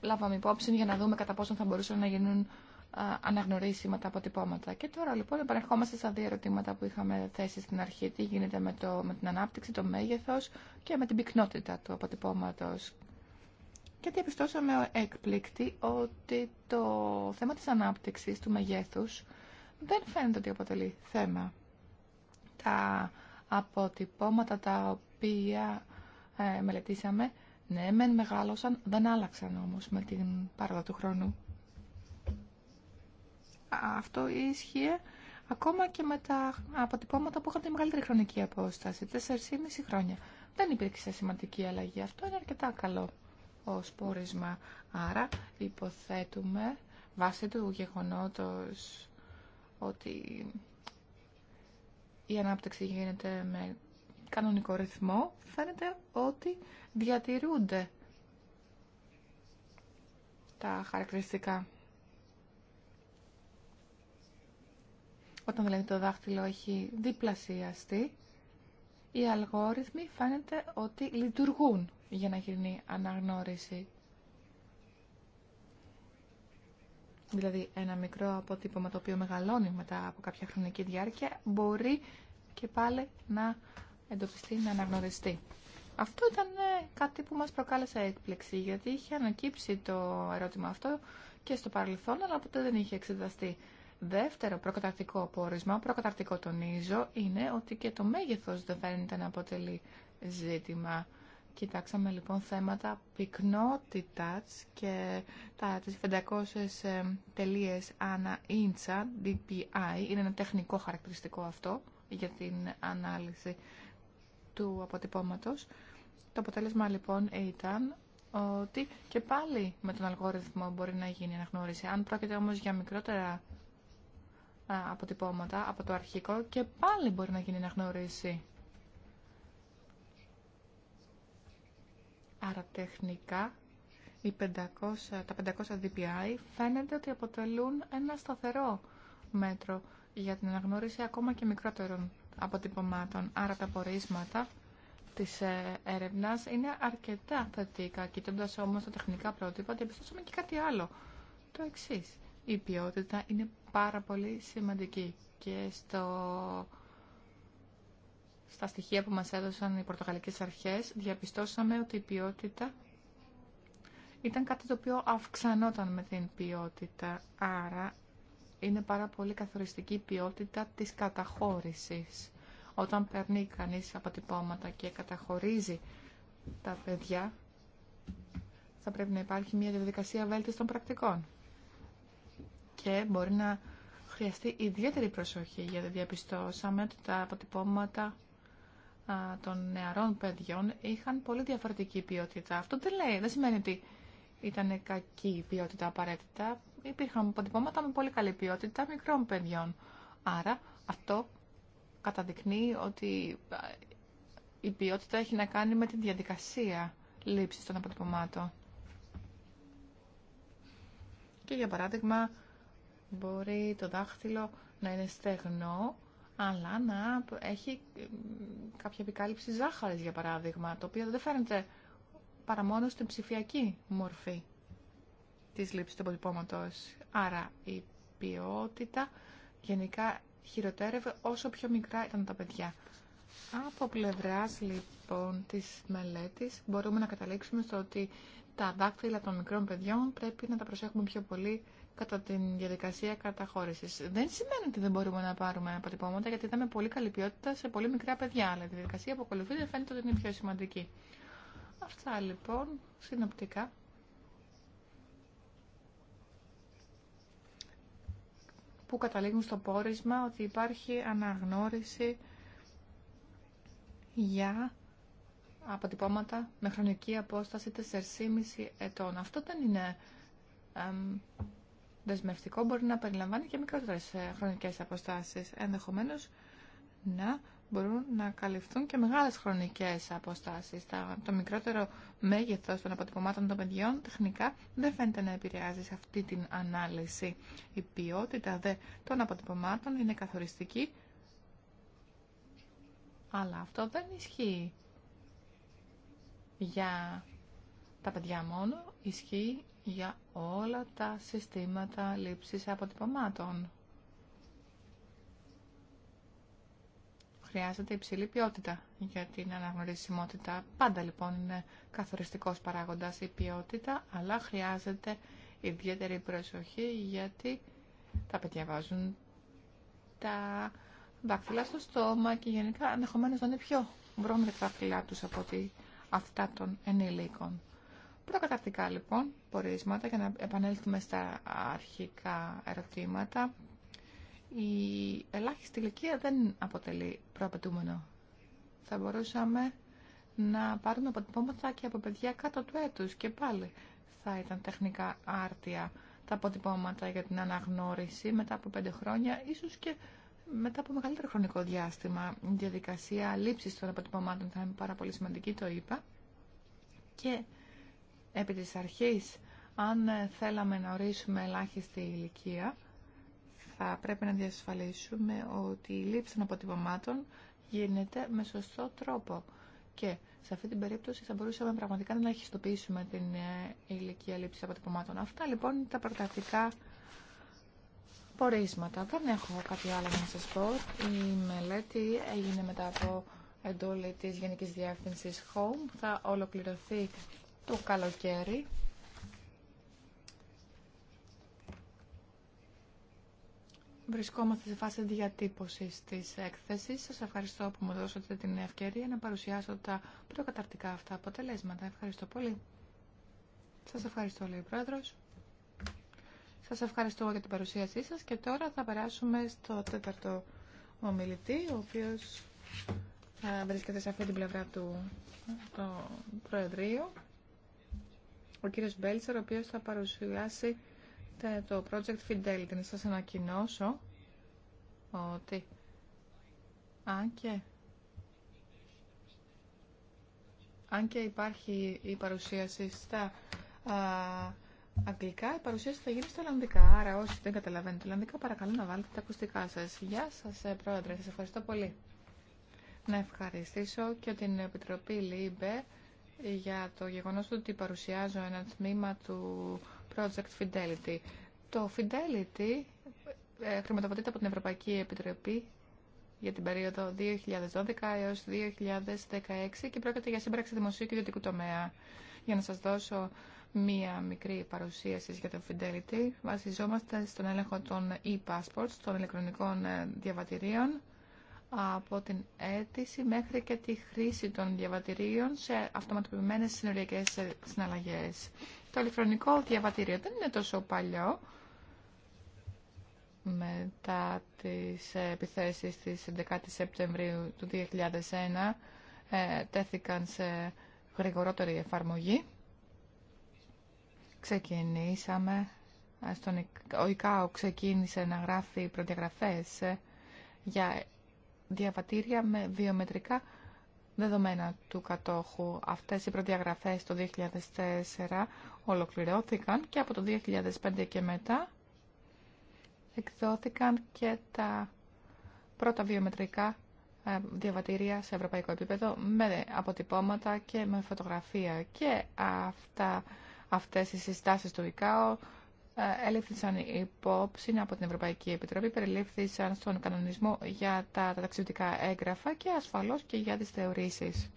λάβαμε υπόψη για να δούμε κατά πόσο θα μπορούσαν να γίνουν αναγνωρίσιμα τα αποτυπώματα. Και τώρα λοιπόν επανερχόμαστε στα δύο ερωτήματα που είχαμε θέσει στην αρχή. Τι γίνεται με, το, με την ανάπτυξη, το μέγεθος και με την πυκνότητα του αποτυπώματος. Και διαπιστώσαμε έκπληκτη ότι το θέμα της ανάπτυξης, του μεγέθους, δεν φαίνεται ότι αποτελεί θέμα. Τα αποτυπώματα τα οποία ε, μελετήσαμε, ναι, μεν μεγάλωσαν, δεν άλλαξαν όμως με την παράδοση του χρόνου. Αυτό ίσχυε ακόμα και με τα αποτυπώματα που είχαν τη μεγαλύτερη χρονική απόσταση, 4,5 χρόνια. Δεν υπήρξε σημαντική αλλαγή. Αυτό είναι αρκετά καλό ως πόρισμα. Άρα υποθέτουμε βάσει του γεγονότος ότι η ανάπτυξη γίνεται με κανονικό ρυθμό, φαίνεται ότι διατηρούνται τα χαρακτηριστικά. Όταν δηλαδή το δάχτυλο έχει διπλασιαστεί, οι αλγόριθμοι φαίνεται ότι λειτουργούν για να γίνει αναγνώριση. Δηλαδή ένα μικρό αποτύπωμα το οποίο μεγαλώνει μετά από κάποια χρονική διάρκεια μπορεί και πάλι να εντοπιστεί, να αναγνωριστεί. Αυτό ήταν ε, κάτι που μας προκάλεσε έκπληξη, γιατί είχε ανακύψει το ερώτημα αυτό και στο παρελθόν, αλλά ποτέ δεν είχε εξεταστεί. Δεύτερο προκαταρτικό πόρισμα, προκαταρτικό τονίζω, είναι ότι και το μέγεθος δεν φαίνεται να αποτελεί ζήτημα. Κοιτάξαμε λοιπόν θέματα πυκνότητας και τα, τις 500 ε, τελείες ανά ίντσα, DPI, είναι ένα τεχνικό χαρακτηριστικό αυτό για την ανάλυση του αποτυπώματος. Το αποτέλεσμα λοιπόν ήταν ότι και πάλι με τον αλγόριθμο μπορεί να γίνει αναγνώριση. Αν πρόκειται όμως για μικρότερα αποτυπώματα από το αρχικό και πάλι μπορεί να γίνει αναγνώριση. Άρα τεχνικά οι 500, τα 500 DPI φαίνεται ότι αποτελούν ένα σταθερό μέτρο για την αναγνώριση ακόμα και μικρότερων αποτυπωμάτων. Άρα τα πορίσματα της ε, έρευνας είναι αρκετά θετικά. Κοιτώντα όμως τα τεχνικά πρότυπα, διαπιστώσαμε και κάτι άλλο. Το εξή. Η ποιότητα είναι πάρα πολύ σημαντική και στο στα στοιχεία που μας έδωσαν οι πορτογαλικές αρχές, διαπιστώσαμε ότι η ποιότητα ήταν κάτι το οποίο αυξανόταν με την ποιότητα. Άρα, είναι πάρα πολύ καθοριστική η ποιότητα της καταχώρησης. Όταν παίρνει κανείς αποτυπώματα και καταχωρίζει τα παιδιά, θα πρέπει να υπάρχει μια διαδικασία των πρακτικών. Και μπορεί να χρειαστεί ιδιαίτερη προσοχή, γιατί διαπιστώσαμε ότι τα αποτυπώματα των νεαρών παιδιών είχαν πολύ διαφορετική ποιότητα. Αυτό δεν λέει, δεν σημαίνει ότι ήταν κακή η ποιότητα απαραίτητα. Υπήρχαν αποτυπώματα με πολύ καλή ποιότητα μικρών παιδιών. Άρα αυτό καταδεικνύει ότι η ποιότητα έχει να κάνει με τη διαδικασία λήψης των αποτυπωμάτων. Και για παράδειγμα μπορεί το δάχτυλο να είναι στεγνό αλλά να έχει κάποια επικάλυψη ζάχαρης, για παράδειγμα, το οποίο δεν φαίνεται παρά μόνο στην ψηφιακή μορφή της λήψης του αποτυπώματος. Άρα η ποιότητα γενικά χειροτέρευε όσο πιο μικρά ήταν τα παιδιά. Από πλευράς λοιπόν της μελέτης μπορούμε να καταλήξουμε στο ότι τα δάκτυλα των μικρών παιδιών πρέπει να τα προσέχουμε πιο πολύ κατά την διαδικασία καταχώρηση. Δεν σημαίνει ότι δεν μπορούμε να πάρουμε αποτυπώματα, γιατί είδαμε πολύ καλή ποιότητα σε πολύ μικρά παιδιά, αλλά τη διαδικασία που ακολουθείται φαίνεται ότι είναι πιο σημαντική. Αυτά λοιπόν, συνοπτικά. που καταλήγουν στο πόρισμα ότι υπάρχει αναγνώριση για αποτυπώματα με χρονική απόσταση 4,5 ετών. Αυτό δεν είναι δεσμευτικό μπορεί να περιλαμβάνει και μικρότερες ε, χρονικές αποστάσεις. Ενδεχομένω να μπορούν να καλυφθούν και μεγάλες χρονικές αποστάσεις. Το μικρότερο μέγεθος των αποτυπωμάτων των παιδιών τεχνικά δεν φαίνεται να επηρεάζει σε αυτή την ανάλυση. Η ποιότητα δε των αποτυπωμάτων είναι καθοριστική, αλλά αυτό δεν ισχύει για τα παιδιά μόνο, ισχύει για όλα τα συστήματα λήψης αποτυπωμάτων. Χρειάζεται υψηλή ποιότητα για την αναγνωρισιμότητα. Πάντα λοιπόν είναι καθοριστικός παράγοντας η ποιότητα, αλλά χρειάζεται ιδιαίτερη προσοχή γιατί τα παιδιά βάζουν τα δάχτυλα στο στόμα και γενικά ενδεχομένω να είναι πιο βρώμικα τα δάχτυλά τους από αυτά των ενηλίκων. Προκαταρτικά λοιπόν πορίσματα για να επανέλθουμε στα αρχικά ερωτήματα. Η ελάχιστη ηλικία δεν αποτελεί προαπαιτούμενο. Θα μπορούσαμε να πάρουμε αποτυπώματα και από παιδιά κάτω του έτους και πάλι θα ήταν τεχνικά άρτια τα αποτυπώματα για την αναγνώριση μετά από πέντε χρόνια, ίσως και μετά από μεγαλύτερο χρονικό διάστημα. Η διαδικασία λήψης των αποτυπωμάτων θα είναι πάρα πολύ σημαντική, το είπα. Και επί της αρχής, αν ε, θέλαμε να ορίσουμε ελάχιστη ηλικία, θα πρέπει να διασφαλίσουμε ότι η λήψη των αποτυπωμάτων γίνεται με σωστό τρόπο. Και σε αυτή την περίπτωση θα μπορούσαμε πραγματικά να ελαχιστοποιήσουμε την ε, ηλικία λήψη αποτυπωμάτων. Αυτά λοιπόν είναι τα πρωταρχικά πορίσματα. Δεν έχω κάτι άλλο να σας πω. Η μελέτη έγινε μετά από εντόλη της Γενικής Διεύθυνσης HOME. Θα ολοκληρωθεί το καλοκαίρι Βρισκόμαστε σε φάση διατύπωσης της έκθεσης. Σας ευχαριστώ που μου δώσατε την ευκαιρία να παρουσιάσω τα προκαταρτικά αυτά αποτελέσματα. Ευχαριστώ πολύ. Σας ευχαριστώ, λέει ο Πρόεδρος. Σας ευχαριστώ για την παρουσίασή σας και τώρα θα περάσουμε στο τέταρτο ομιλητή, ο οποίος ε, βρίσκεται σε αυτή την πλευρά του το Προεδρείο ο κύριος Μπέλτσερ, ο οποίος θα παρουσιάσει το Project Fidelity. Να σας ανακοινώσω ότι... Αν και... Αν και υπάρχει η παρουσίαση στα α, αγγλικά, η παρουσίαση θα γίνει στα Ολλανδικά. Άρα όσοι δεν καταλαβαίνετε Ολλανδικά, παρακαλώ να βάλετε τα ακουστικά σας. Γεια σας, ε, Πρόεδρε. Σας ευχαριστώ πολύ. Να ευχαριστήσω και την Επιτροπή ΛΥΜΠΕ για το γεγονός ότι παρουσιάζω ένα τμήμα του Project Fidelity. Το Fidelity ε, χρηματοδοτείται από την Ευρωπαϊκή Επιτροπή για την περίοδο 2012 έως 2016 και πρόκειται για σύμπραξη δημοσίου και ιδιωτικού τομέα. Για να σας δώσω μία μικρή παρουσίαση για το Fidelity, βασιζόμαστε στον έλεγχο των e-passports, των ηλεκτρονικών ε, διαβατηρίων, από την αίτηση μέχρι και τη χρήση των διαβατηρίων σε αυτοματοποιημένες συνολικές συναλλαγές. Το ηλεκτρονικό διαβατήριο δεν είναι τόσο παλιό μετά τις επιθέσεις της 11 η Σεπτεμβρίου του 2001 ε, τέθηκαν σε γρηγορότερη εφαρμογή. Ξεκινήσαμε, ο ΙΚΑΟ ξεκίνησε να γράφει προδιαγραφές ε, για διαβατήρια με βιομετρικά δεδομένα του κατόχου. Αυτές οι προδιαγραφές το 2004 ολοκληρώθηκαν και από το 2005 και μετά εκδόθηκαν και τα πρώτα βιομετρικά ε, διαβατήρια σε ευρωπαϊκό επίπεδο με αποτυπώματα και με φωτογραφία. Και αυτά, αυτές οι συστάσεις του ΙΚΑΟ ε, έληφθησαν υπόψη από την Ευρωπαϊκή Επιτροπή, περιλήφθησαν στον κανονισμό για τα, ταξιδιωτικά έγγραφα και ασφαλώς και για τις θεωρήσεις.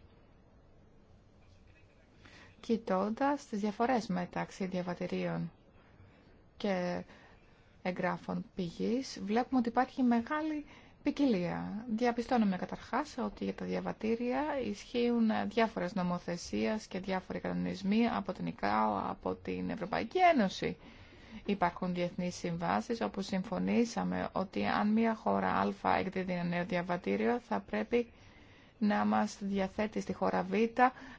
Κοιτώντα τις διαφορές μεταξύ διαβατηρίων και εγγράφων πηγής, βλέπουμε ότι υπάρχει μεγάλη ποικιλία. Διαπιστώνουμε καταρχάς ότι για τα διαβατήρια ισχύουν διάφορες νομοθεσίες και διάφοροι κανονισμοί από την από την Ευρωπαϊκή Ένωση. Υπάρχουν διεθνεί συμβάσει. όπου συμφωνήσαμε ότι αν μια χώρα Α εκδίδει ένα νέο διαβατήριο θα πρέπει να μας διαθέτει στη χώρα Β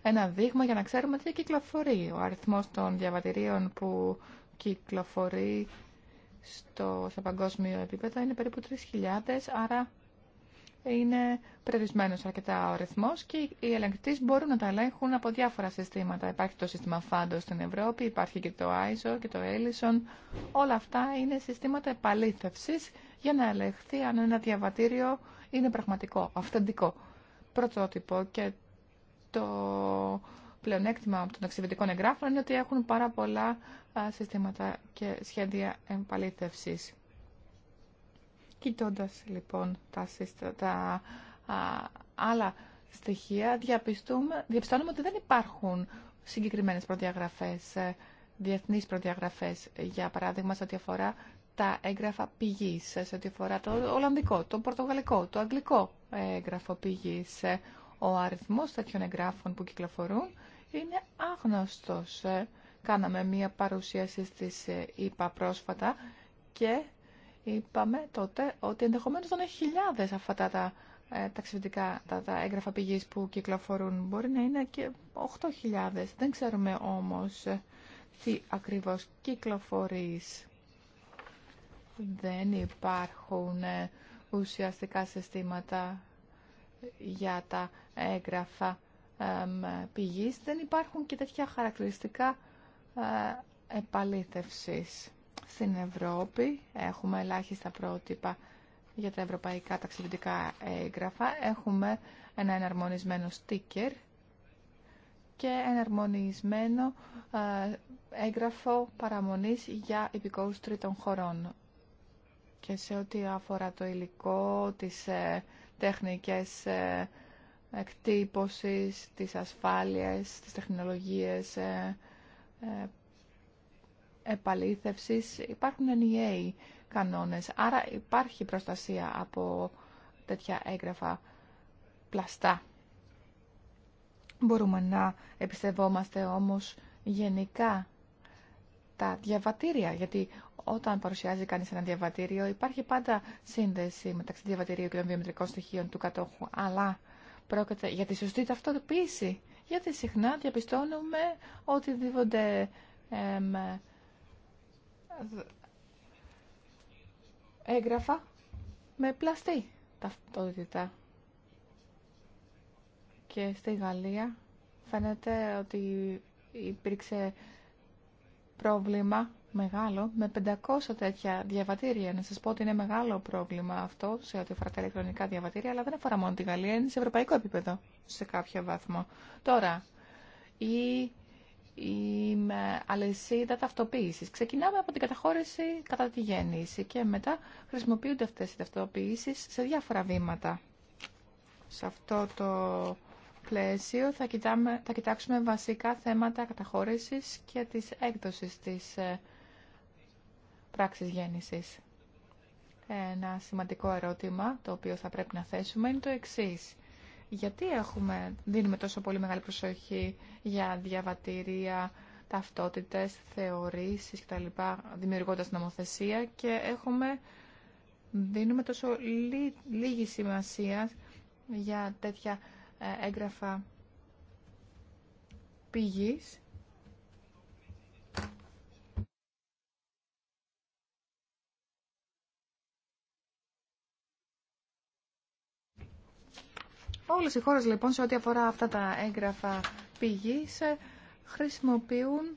ένα δείγμα για να ξέρουμε τι κυκλοφορεί. Ο αριθμό των διαβατηρίων που κυκλοφορεί στο, σε παγκόσμιο επίπεδο είναι περίπου 3.000, άρα είναι περιορισμένο αρκετά ο ρυθμός και οι ελεγκτέ μπορούν να τα ελέγχουν από διάφορα συστήματα. Υπάρχει το σύστημα Φάντο στην Ευρώπη, υπάρχει και το ISO και το Ellison. Όλα αυτά είναι συστήματα επαλήθευση για να ελεγχθεί αν ένα διαβατήριο είναι πραγματικό, αυθεντικό πρωτότυπο και το πλεονέκτημα των ταξιδιωτικών εγγράφων είναι ότι έχουν πάρα πολλά συστήματα και σχέδια επαλήθευση. Κοιτώντας λοιπόν τα, τα άλλα στοιχεία, διαπιστώνουμε ότι δεν υπάρχουν συγκεκριμένες προδιαγραφές, ε, διεθνείς προδιαγραφές, για παράδειγμα, σε ό,τι αφορά τα έγγραφα πηγής, ε, σε ό,τι αφορά το Ολλανδικό, το Πορτογαλικό, το Αγγλικό έγγραφο πηγής. Ε. Ο αριθμός τέτοιων εγγράφων που κυκλοφορούν είναι άγνωστος. Κάναμε μία παρουσίαση στις ΕΠΑ πρόσφατα και είπαμε τότε ότι ενδεχομένως δεν είναι χιλιάδες αυτά τα ε, τα, έγγραφα πηγής που κυκλοφορούν. Μπορεί να είναι και 8.000. Δεν ξέρουμε όμως ε, τι ακριβώς κυκλοφορείς. Δεν υπάρχουν ε, ουσιαστικά συστήματα για τα έγγραφα πηγής. Δεν υπάρχουν και τέτοια χαρακτηριστικά ε, επαλήθευσης στην Ευρώπη έχουμε ελάχιστα πρότυπα για τα ευρωπαϊκά ταξιδιωτικά έγγραφα. Έχουμε ένα εναρμονισμένο στίκερ και ένα εναρμονισμένο ε, έγγραφο παραμονής για υπηκόους τρίτων χωρών. Και σε ό,τι αφορά το υλικό, τις ε, τεχνικές ε, εκτύπωσης, τις ασφάλειες, τις τεχνολογίες επαλήθευσης υπάρχουν ενιαίοι κανόνες. Άρα υπάρχει προστασία από τέτοια έγγραφα πλαστά. Μπορούμε να εμπιστευόμαστε όμως γενικά τα διαβατήρια, γιατί όταν παρουσιάζει κανείς ένα διαβατήριο υπάρχει πάντα σύνδεση μεταξύ διαβατηρίου και των βιομητρικών στοιχείων του κατόχου, αλλά πρόκειται για τη σωστή ταυτοποίηση, γιατί συχνά διαπιστώνουμε ότι δίδονται έγγραφα με πλαστή ταυτότητα. Και στη Γαλλία φαίνεται ότι υπήρξε πρόβλημα μεγάλο με 500 τέτοια διαβατήρια. Να σας πω ότι είναι μεγάλο πρόβλημα αυτό σε ό,τι αφορά τα ηλεκτρονικά διαβατήρια, αλλά δεν αφορά μόνο τη Γαλλία, είναι σε ευρωπαϊκό επίπεδο σε κάποιο βαθμό. Τώρα, η η αλυσίδα ταυτοποίηση. Ξεκινάμε από την καταχώρηση κατά τη γέννηση και μετά χρησιμοποιούνται αυτέ οι ταυτοποιήσει σε διάφορα βήματα. Σε αυτό το πλαίσιο θα, θα κοιτάξουμε βασικά θέματα καταχώρησης και της έκδοσης της πράξη ε, πράξης γέννησης. Ένα σημαντικό ερώτημα το οποίο θα πρέπει να θέσουμε είναι το εξής γιατί έχουμε, δίνουμε τόσο πολύ μεγάλη προσοχή για διαβατήρια, ταυτότητες, θεωρήσεις κτλ. δημιουργώντας νομοθεσία και έχουμε, δίνουμε τόσο λίγη σημασία για τέτοια ε, έγγραφα πηγής Όλες οι χώρες λοιπόν σε ό,τι αφορά αυτά τα έγγραφα πηγής ε, χρησιμοποιούν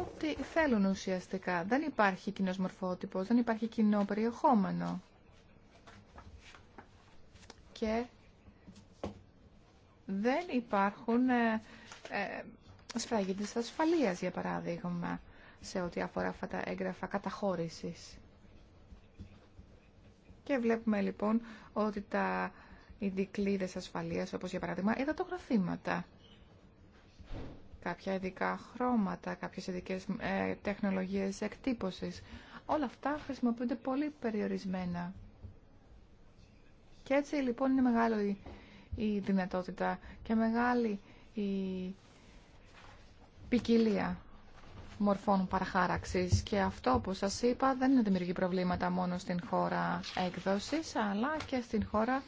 ό,τι θέλουν ουσιαστικά. Δεν υπάρχει κοινός μορφότυπος, δεν υπάρχει κοινό περιεχόμενο. Και δεν υπάρχουν ε, ε, ασφαλείας, για παράδειγμα, σε ό,τι αφορά αυτά τα έγγραφα καταχώρησης. Και βλέπουμε λοιπόν ότι τα οι δικλείδε ασφαλείας, όπως για παράδειγμα δατογραφήματα. κάποια ειδικά χρώματα, κάποιες ειδικές ε, τεχνολογίες εκτύπωσης. Όλα αυτά χρησιμοποιούνται πολύ περιορισμένα. Και έτσι λοιπόν είναι μεγάλη η δυνατότητα και μεγάλη η ποικιλία μορφών παραχάραξης και αυτό που σας είπα δεν δημιουργεί προβλήματα μόνο στην χώρα έκδοσης αλλά και στην χώρα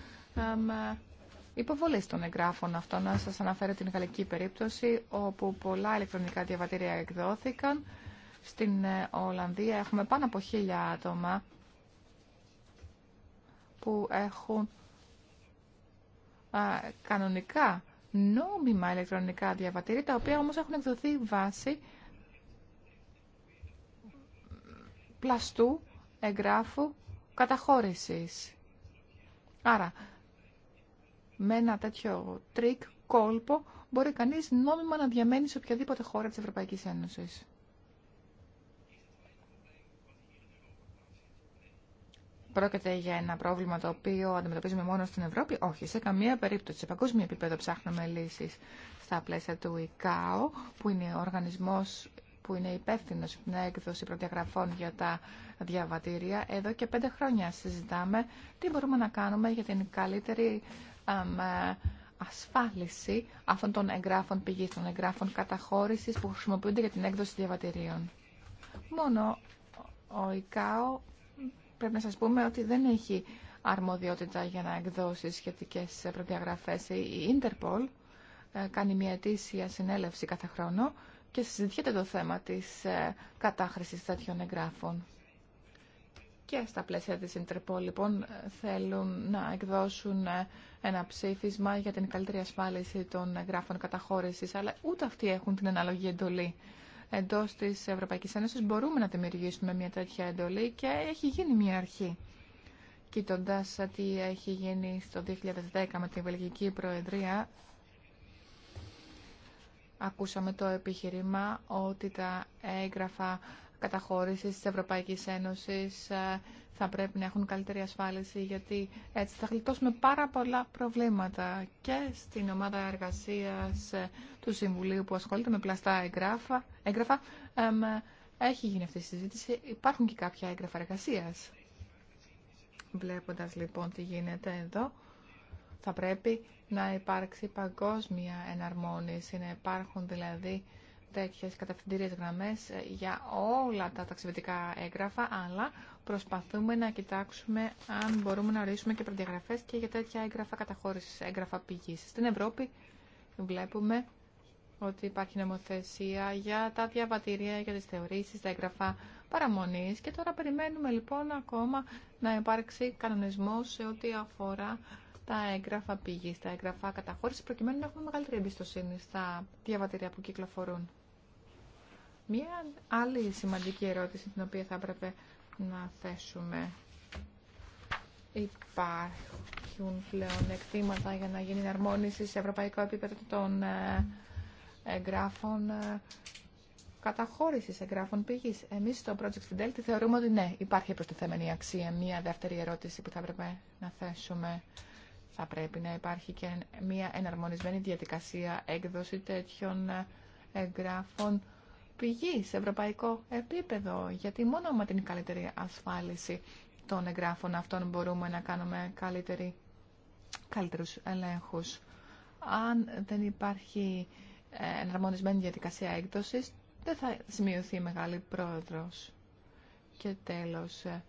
Υποβολή των εγγράφων αυτών. Να σας αναφέρω την γαλλική περίπτωση, όπου πολλά ηλεκτρονικά διαβατήρια εκδόθηκαν. Στην ε, Ολλανδία έχουμε πάνω από χίλια άτομα που έχουν κανονικά νόμιμα ηλεκτρονικά διαβατήρια, τα οποία όμως έχουν εκδοθεί βάση πλαστού εγγράφου καταχώρησης. Άρα, με ένα τέτοιο τρίκ, κόλπο, μπορεί κανείς νόμιμα να διαμένει σε οποιαδήποτε χώρα της Ευρωπαϊκής Ένωσης. Πρόκειται για ένα πρόβλημα το οποίο αντιμετωπίζουμε μόνο στην Ευρώπη. Όχι, σε καμία περίπτωση. Σε παγκόσμιο επίπεδο ψάχνουμε λύσει στα πλαίσια του ΙΚΑΟ, που είναι ο οργανισμό που είναι υπεύθυνο στην έκδοση προδιαγραφών για τα διαβατήρια. Εδώ και πέντε χρόνια συζητάμε τι μπορούμε να κάνουμε για την καλύτερη ε, ασφάλιση αυτών των εγγράφων πηγή, των εγγράφων καταχώρησης που χρησιμοποιούνται για την έκδοση διαβατηρίων. Μόνο ο ΙΚΑΟ πρέπει να σας πούμε ότι δεν έχει αρμοδιότητα για να εκδώσει σχετικές προδιαγραφές. Η Ιντερπολ ε, κάνει μια αιτήσια συνέλευση κάθε χρόνο και συζητιέται το θέμα της ε, κατάχρησης τέτοιων εγγράφων και στα πλαίσια της Ιντρεπό, λοιπόν, θέλουν να εκδώσουν ένα ψήφισμα για την καλύτερη ασφάλιση των γράφων καταχώρησης, αλλά ούτε αυτοί έχουν την αναλογή εντολή. Εντός της Ευρωπαϊκής Ένωσης μπορούμε να δημιουργήσουμε μια τέτοια εντολή και έχει γίνει μια αρχή. Κοιτώντα τι έχει γίνει στο 2010 με την Βελγική Προεδρία, ακούσαμε το επιχειρήμα ότι τα έγγραφα καταχώρησης της Ευρωπαϊκής Ένωσης ε, θα πρέπει να έχουν καλύτερη ασφάλιση γιατί έτσι θα γλιτώσουμε πάρα πολλά προβλήματα και στην ομάδα εργασίας ε, του Συμβουλίου που ασχολείται με πλαστά εγγράφα, έγγραφα έχει γίνει αυτή η συζήτηση. Υπάρχουν και κάποια έγγραφα εργασίας. Βλέποντας λοιπόν τι γίνεται εδώ θα πρέπει να υπάρξει παγκόσμια εναρμόνιση, να υπάρχουν δηλαδή Τέτοιε κατευθυντήριες γραμμέ ε, για όλα τα ταξιδιωτικά έγγραφα, αλλά προσπαθούμε να κοιτάξουμε αν μπορούμε να ορίσουμε και προδιαγραφέ και για τέτοια έγγραφα καταχώρηση έγγραφα πηγή. Στην Ευρώπη βλέπουμε ότι υπάρχει νομοθεσία για τα διαβατήρια, για τις θεωρήσεις, τα έγγραφα παραμονής και τώρα περιμένουμε λοιπόν ακόμα να υπάρξει κανονισμός σε ό,τι αφορά τα έγγραφα πήγη, τα έγγραφα καταχώρηση, προκειμένου να έχουμε μεγαλύτερη εμπιστοσύνη στα διαβατήρια που κυκλοφορούν. Μία άλλη σημαντική ερώτηση την οποία θα έπρεπε να θέσουμε. Υπάρχουν πλέον εκτήματα για να γίνει εναρμόνιση σε ευρωπαϊκό επίπεδο των ε, εγγράφων ε, καταχώρησης εγγράφων πήγης. Εμείς στο Project Fidelity θεωρούμε ότι ναι, υπάρχει προστιθέμενη αξία. Μία δεύτερη ερώτηση που θα έπρεπε να θέσουμε. Θα πρέπει να υπάρχει και μία εναρμονισμένη διαδικασία έκδοση τέτοιων ε, εγγράφων πηγή σε ευρωπαϊκό επίπεδο, γιατί μόνο με την καλύτερη ασφάλιση των εγγράφων αυτών μπορούμε να κάνουμε καλύτερη, καλύτερους ελέγχους. Αν δεν υπάρχει ε, εναρμονισμένη διαδικασία έκδοσης, δεν θα σημειωθεί μεγάλη πρόεδρος. Και τέλος, ε,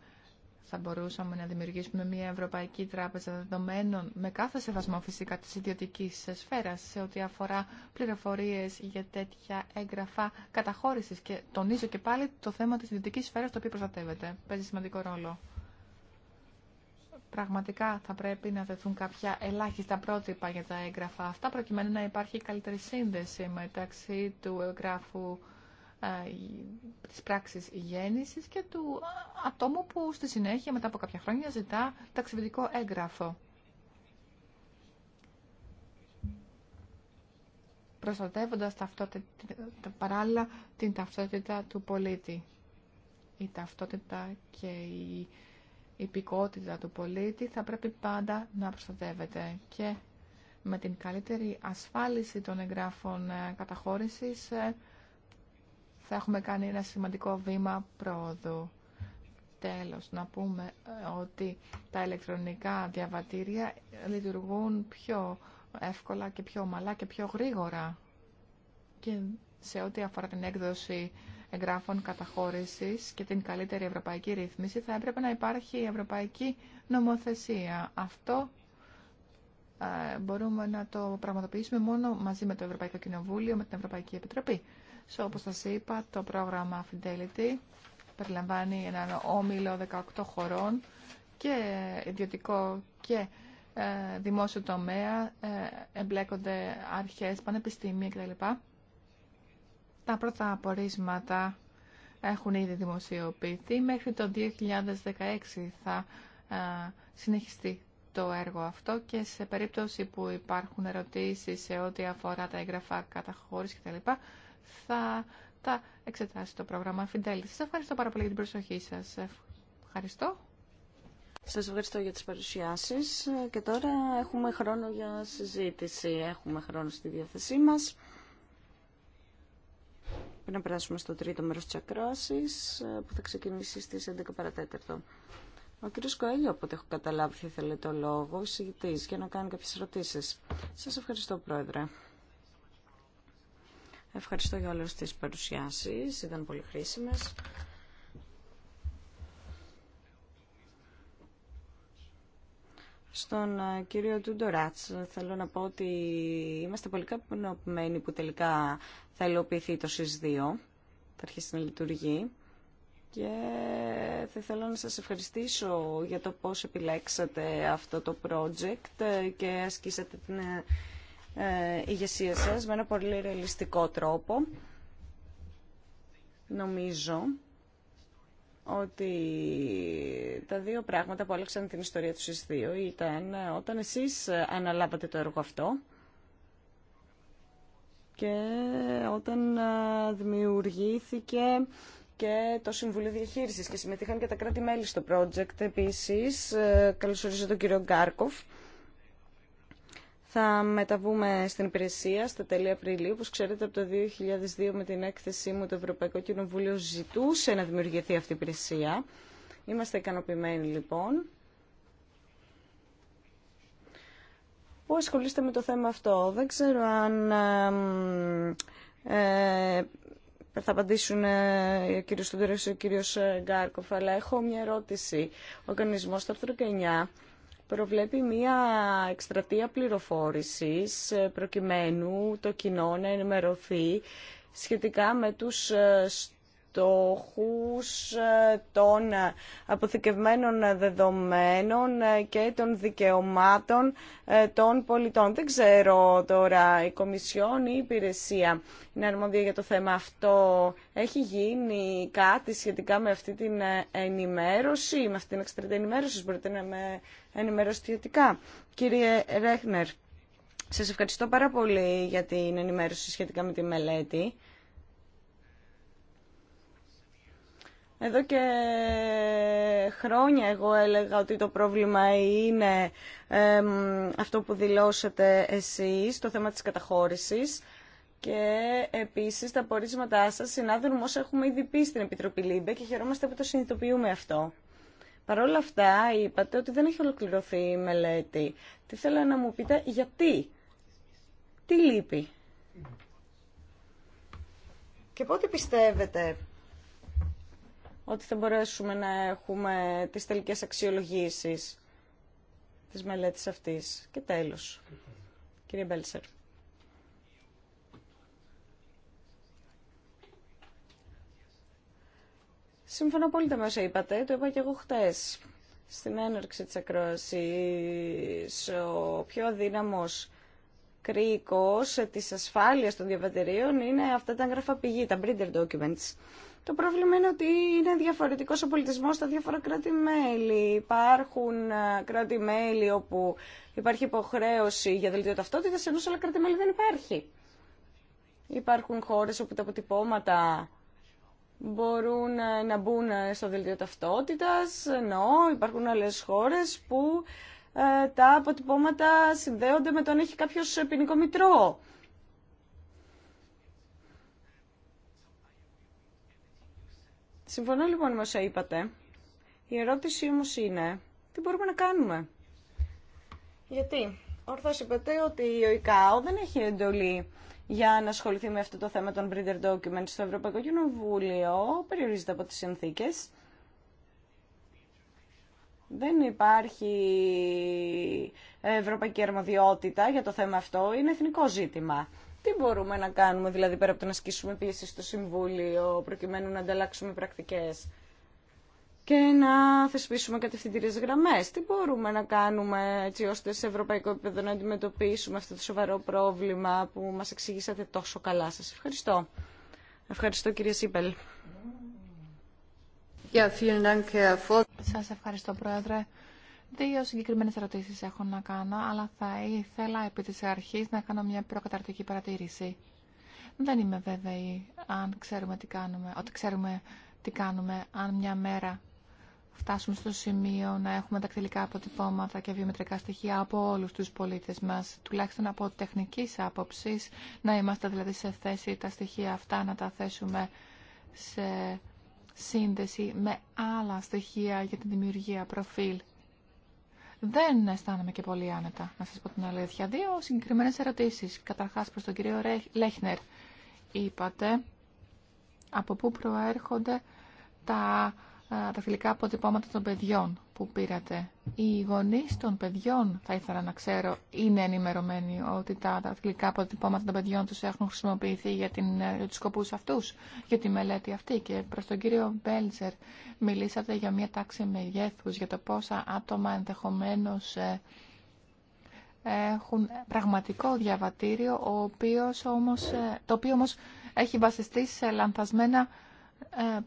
θα μπορούσαμε να δημιουργήσουμε μια Ευρωπαϊκή Τράπεζα Δεδομένων με κάθε σεβασμό φυσικά της ιδιωτικής σφαίρας σε ό,τι αφορά πληροφορίες για τέτοια έγγραφα καταχώρησης και τονίζω και πάλι το θέμα της ιδιωτικής σφαίρας το οποίο προστατεύεται. Παίζει σημαντικό ρόλο. Πραγματικά θα πρέπει να δεθούν κάποια ελάχιστα πρότυπα για τα έγγραφα αυτά προκειμένου να υπάρχει καλύτερη σύνδεση μεταξύ του εγγράφου ε, της πράξης γέννησης και του ατόμου που στη συνέχεια μετά από κάποια χρόνια ζητά ταξιδιτικό έγγραφο. προστατεύοντας παράλληλα την ταυτότητα του πολίτη. Η ταυτότητα και η υπηκότητα του πολίτη θα πρέπει πάντα να προστατεύεται και με την καλύτερη ασφάλιση των εγγράφων ε, καταχώρησης ε, θα έχουμε κάνει ένα σημαντικό βήμα πρόοδου. Τέλος, να πούμε ε, ότι τα ηλεκτρονικά διαβατήρια λειτουργούν πιο εύκολα και πιο ομαλά και πιο γρήγορα και σε ό,τι αφορά την έκδοση εγγράφων καταχώρησης και την καλύτερη ευρωπαϊκή ρύθμιση θα έπρεπε να υπάρχει ευρωπαϊκή νομοθεσία. Αυτό ε, μπορούμε να το πραγματοποιήσουμε μόνο μαζί με το Ευρωπαϊκό Κοινοβούλιο, με την Ευρωπαϊκή Επιτροπή. So, όπως σας είπα, το πρόγραμμα Fidelity περιλαμβάνει έναν όμιλο 18 χωρών και ιδιωτικό και ε, δημόσιο τομέα, ε, εμπλέκονται αρχές, πανεπιστήμια κτλ. Τα πρώτα απορίσματα έχουν ήδη δημοσιοποιηθεί. Μέχρι το 2016 θα ε, συνεχιστεί το έργο αυτό και σε περίπτωση που υπάρχουν ερωτήσεις σε ό,τι αφορά τα έγγραφα καταχώρηση κτλ θα τα εξετάσει το πρόγραμμα Fidelity. Σας ευχαριστώ πάρα πολύ για την προσοχή σας. Ευχαριστώ. Σας ευχαριστώ για τις παρουσιάσεις και τώρα έχουμε χρόνο για συζήτηση. Έχουμε χρόνο στη διάθεσή μας. Πριν να περάσουμε στο τρίτο μέρος της ακρόασης που θα ξεκινήσει στις 11 παρατέταρτο. Ο κύριο Κοέλιο, από ό,τι έχω καταλάβει, θα ήθελε το λόγο, εισηγητή, για να κάνει κάποιε ερωτήσει. Σα ευχαριστώ, Πρόεδρε. Ευχαριστώ για όλες τις παρουσιάσεις, ήταν πολύ χρήσιμες. Στον ε, κύριο Τούντοράτς θέλω να πω ότι είμαστε πολύ καπνοποιημένοι που τελικά θα υλοποιηθεί το ΣΥΣ2, θα αρχίσει να λειτουργεί. Και θα ήθελα να σας ευχαριστήσω για το πώς επιλέξατε αυτό το project και ασκήσατε την ε, ε, ηγεσία σας με ένα πολύ ρεαλιστικό τρόπο. Νομίζω ότι τα δύο πράγματα που άλλαξαν την ιστορία του δύο ήταν όταν εσείς αναλάβατε το έργο αυτό και όταν ε, δημιουργήθηκε και το Συμβουλίο Διαχείρισης και συμμετείχαν και τα κράτη-μέλη στο project. Επίσης, ε, καλωσορίζω τον κύριο Γκάρκοφ θα μεταβούμε στην υπηρεσία στα τέλη Απριλίου. Όπως ξέρετε, από το 2002 με την έκθεσή μου το Ευρωπαϊκό Κοινοβούλιο ζητούσε να δημιουργηθεί αυτή η υπηρεσία. Είμαστε ικανοποιημένοι λοιπόν. Πού ασχολείστε με το θέμα αυτό. Δεν ξέρω αν ε, θα απαντήσουν ε, ο κύριος Τούντερος ή ο κύριος Γκάρκοφ, αλλά έχω μια ερώτηση. Ο οργανισμός του προβλέπει μία εκστρατεία πληροφόρησης ε, προκειμένου το κοινό να ενημερωθεί σχετικά με τους ε, στόχους ε, των αποθηκευμένων δεδομένων ε, και των δικαιωμάτων ε, των πολιτών. Δεν ξέρω τώρα η Κομισιόν ή η Υπηρεσία είναι αρμόδια για το θέμα αυτό. Έχει γίνει κάτι σχετικά με αυτή την ενημέρωση, με αυτή την εξτρατή ενημέρωση, μπορείτε να με ενημερώσετε Κύριε Ρέχνερ, σας ευχαριστώ πάρα πολύ για την ενημέρωση σχετικά με τη μελέτη. Εδώ και χρόνια εγώ έλεγα ότι το πρόβλημα είναι αυτό που δηλώσατε εσείς, το θέμα της καταχώρησης. Και επίσης τα πορίσματά σας συνάδουν όσα έχουμε ήδη πει στην Επιτροπή ΛΥΜΠΕ και χαιρόμαστε που το συνειδητοποιούμε αυτό. Παρ' όλα αυτά είπατε ότι δεν έχει ολοκληρωθεί η μελέτη. Τι θέλω να μου πείτε γιατί. Τι λείπει. Και πότε πιστεύετε ότι θα μπορέσουμε να έχουμε τις τελικές αξιολογήσεις της μελέτης αυτής. Και τέλος, κύριε Μπέλσερ. Σύμφωνα πολύ με όσα είπατε, το είπα και εγώ χτες. Στην έναρξη της ακρόασης, ο πιο αδύναμος κρίκος της ασφάλειας των διαβατηρίων είναι αυτά τα έγγραφα τα breeder documents. Το πρόβλημα είναι ότι είναι διαφορετικός ο πολιτισμός στα διάφορα κράτη-μέλη. Υπάρχουν ε, κράτη-μέλη όπου υπάρχει υποχρέωση για δελτίο ταυτότητας, ενώ σε άλλα κράτη-μέλη δεν υπάρχει. Υπάρχουν χώρες όπου τα αποτυπώματα μπορούν ε, να μπουν ε, στο δελτίο ταυτότητας, ενώ υπάρχουν άλλες χώρες που τα αποτυπώματα συνδέονται με το αν έχει κάποιος ποινικό μητρό. Συμφωνώ λοιπόν με όσα είπατε. Η ερώτηση μου είναι, τι μπορούμε να κάνουμε. Γιατί, ορθώ είπατε ότι ο ΙΚΑΟ δεν έχει εντολή για να ασχοληθεί με αυτό το θέμα των breeder documents στο Ευρωπαϊκό Κοινοβούλιο, περιορίζεται από τις συνθήκες. Δεν υπάρχει ευρωπαϊκή αρμοδιότητα για το θέμα αυτό, είναι εθνικό ζήτημα. Τι μπορούμε να κάνουμε, δηλαδή, πέρα από το να ασκήσουμε πίεση στο Συμβούλιο, προκειμένου να ανταλλάξουμε πρακτικές και να θεσπίσουμε κατευθυντήριε γραμμέ. Τι μπορούμε να κάνουμε έτσι ώστε σε ευρωπαϊκό επίπεδο να αντιμετωπίσουμε αυτό το σοβαρό πρόβλημα που μα εξηγήσατε τόσο καλά. Σα ευχαριστώ. Ευχαριστώ, κύριε Σίπελ. Σα ευχαριστώ, Πρόεδρε. Δύο συγκεκριμένε ερωτήσει έχω να κάνω, αλλά θα ήθελα επί τη αρχή να κάνω μια προκαταρτική παρατήρηση. Δεν είμαι βέβαιη αν ξέρουμε τι κάνουμε, ότι ξέρουμε τι κάνουμε, αν μια μέρα φτάσουμε στο σημείο να έχουμε δακτυλικά αποτυπώματα και βιομετρικά στοιχεία από όλους τους πολίτες μας, τουλάχιστον από τεχνικής άποψης, να είμαστε δηλαδή σε θέση τα στοιχεία αυτά να τα θέσουμε σε σύνδεση με άλλα στοιχεία για την δημιουργία προφίλ δεν αισθάνομαι και πολύ άνετα, να σας πω την αλήθεια. Δύο συγκεκριμένες ερωτήσεις. Καταρχάς προς τον κύριο Λέχνερ. Είπατε από πού προέρχονται τα, ε, τα φιλικά αποτυπώματα των παιδιών που πήρατε. Οι γονείς των παιδιών, θα ήθελα να ξέρω, είναι ενημερωμένοι ότι τα αθλητικά αποτυπώματα των παιδιών τους έχουν χρησιμοποιηθεί για, την, ε, για τους σκοπούς αυτούς, για τη μελέτη αυτή. Και προς τον κύριο Μπέλτζερ μιλήσατε για μια τάξη μεγέθους, για το πόσα άτομα ενδεχομένως ε, έχουν πραγματικό διαβατήριο, όμως, ε, το οποίο όμως έχει βασιστεί σε λανθασμένα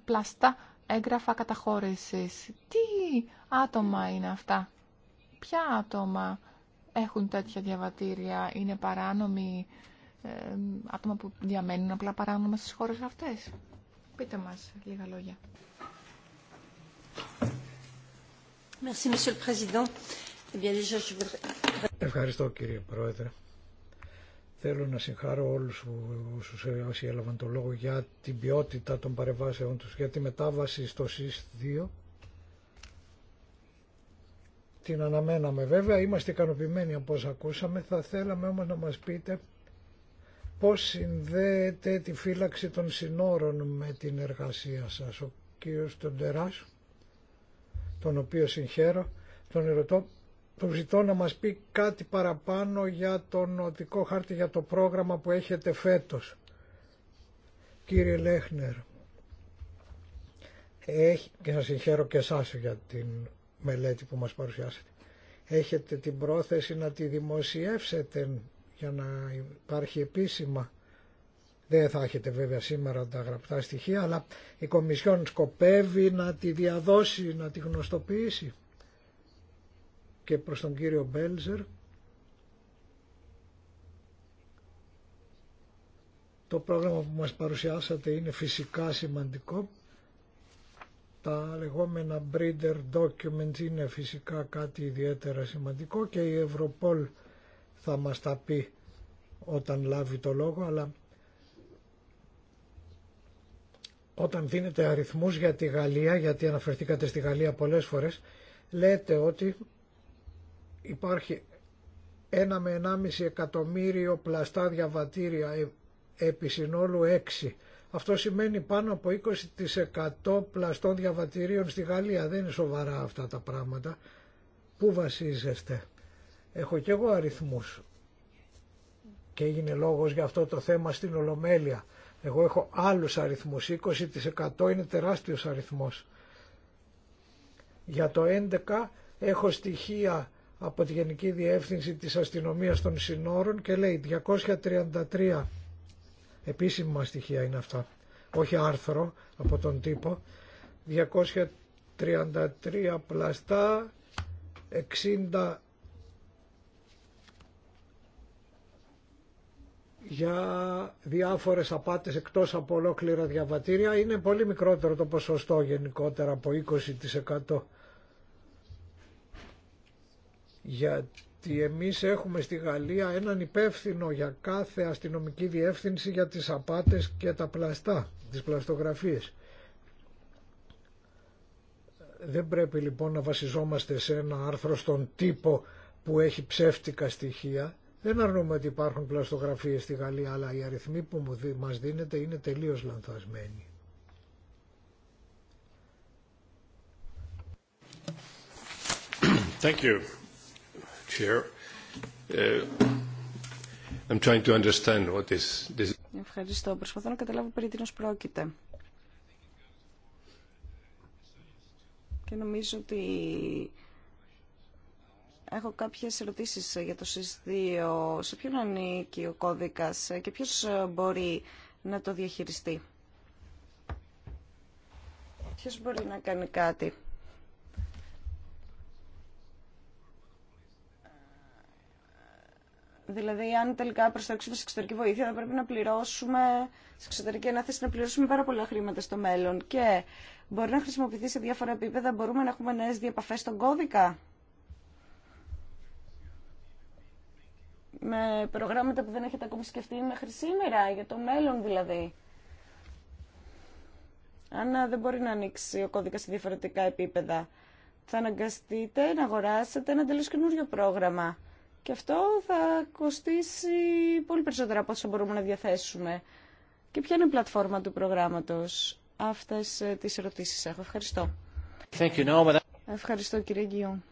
πλαστά έγγραφα καταχώρησης. Τι άτομα είναι αυτά, ποια άτομα έχουν τέτοια διαβατήρια, είναι παράνομοι, ε, άτομα που διαμένουν απλά παράνομα στις χώρες αυτές. Πείτε μας λίγα λόγια. Eh Ευχαριστώ κύριε Πρόεδρε. Θέλω να συγχάρω όλους όσους, ε, όσοι έλαβαν το λόγο για την ποιότητα των παρεμβάσεών τους, για τη μετάβαση στο ΣΥΣ2. Την αναμέναμε βέβαια, είμαστε ικανοποιημένοι από όσα ακούσαμε, θα θέλαμε όμως να μας πείτε πώς συνδέεται τη φύλαξη των συνόρων με την εργασία σας. Ο κύριος Τοντεράς, τον οποίο συγχαίρω, τον ερωτώ το ζητώ να μας πει κάτι παραπάνω για τον νοτικό χάρτη για το πρόγραμμα που έχετε φέτος. Κύριε Λέχνερ, έχει, και να συγχαίρω και εσάς για την μελέτη που μας παρουσιάσετε. Έχετε την πρόθεση να τη δημοσιεύσετε για να υπάρχει επίσημα. Δεν θα έχετε βέβαια σήμερα τα γραπτά στοιχεία, αλλά η Κομισιόν σκοπεύει να τη διαδώσει, να τη γνωστοποιήσει και προς τον κύριο Μπέλζερ το πρόγραμμα που μας παρουσιάσατε είναι φυσικά σημαντικό τα λεγόμενα breeder documents είναι φυσικά κάτι ιδιαίτερα σημαντικό και η Ευρωπόλ θα μας τα πει όταν λάβει το λόγο αλλά όταν δίνετε αριθμούς για τη Γαλλία γιατί αναφερθήκατε στη Γαλλία πολλές φορές λέτε ότι υπάρχει ένα με 1,5 εκατομμύριο πλαστά διαβατήρια ε, επί συνόλου 6. Αυτό σημαίνει πάνω από 20% πλαστών διαβατηρίων στη Γαλλία. Δεν είναι σοβαρά αυτά τα πράγματα. Πού βασίζεστε. Έχω και εγώ αριθμούς. Και έγινε λόγος για αυτό το θέμα στην Ολομέλεια. Εγώ έχω άλλους αριθμούς. 20% είναι τεράστιος αριθμός. Για το 11 έχω στοιχεία από τη Γενική Διεύθυνση της Αστυνομίας των Συνόρων και λέει 233 επίσημα στοιχεία είναι αυτά, όχι άρθρο από τον τύπο, 233 πλαστά, 60 για διάφορες απάτες εκτός από ολόκληρα διαβατήρια είναι πολύ μικρότερο το ποσοστό γενικότερα από 20% γιατί εμείς έχουμε στη Γαλλία έναν υπεύθυνο για κάθε αστυνομική διεύθυνση για τις απάτες και τα πλαστά, τις πλαστογραφίες. Δεν πρέπει λοιπόν να βασιζόμαστε σε ένα άρθρο στον τύπο που έχει ψεύτικα στοιχεία. Δεν αρνούμε ότι υπάρχουν πλαστογραφίες στη Γαλλία, αλλά οι αριθμοί που μας δίνεται είναι τελείως λανθασμένοι. Thank Uh, Ευχαριστώ. Προσπαθώ να καταλάβω περί τίνος πρόκειται. Και νομίζω ότι έχω κάποιες ερωτήσεις για το συς Σε ποιον ανήκει ο κώδικας και ποιος μπορεί να το διαχειριστεί. Ποιος μπορεί να κάνει κάτι. Δηλαδή, αν τελικά προσταξουμε σε εξωτερική βοήθεια, θα πρέπει να πληρώσουμε, σε εξωτερική ανάθεση, να πληρώσουμε πάρα πολλά χρήματα στο μέλλον. Και μπορεί να χρησιμοποιηθεί σε διάφορα επίπεδα, μπορούμε να έχουμε νέε διαπαφέ στον κώδικα. Με προγράμματα που δεν έχετε ακόμη σκεφτεί μέχρι σήμερα, για το μέλλον δηλαδή. Αν δεν μπορεί να ανοίξει ο κώδικα σε διαφορετικά επίπεδα, θα αναγκαστείτε να αγοράσετε ένα τελείω καινούριο πρόγραμμα και αυτό θα κοστίσει πολύ περισσότερα από όσο μπορούμε να διαθέσουμε. Και ποια είναι η πλατφόρμα του προγράμματος. Αυτές ε, τις ερωτήσεις έχω. Ευχαριστώ. you, Ευχαριστώ κύριε Γκιόν.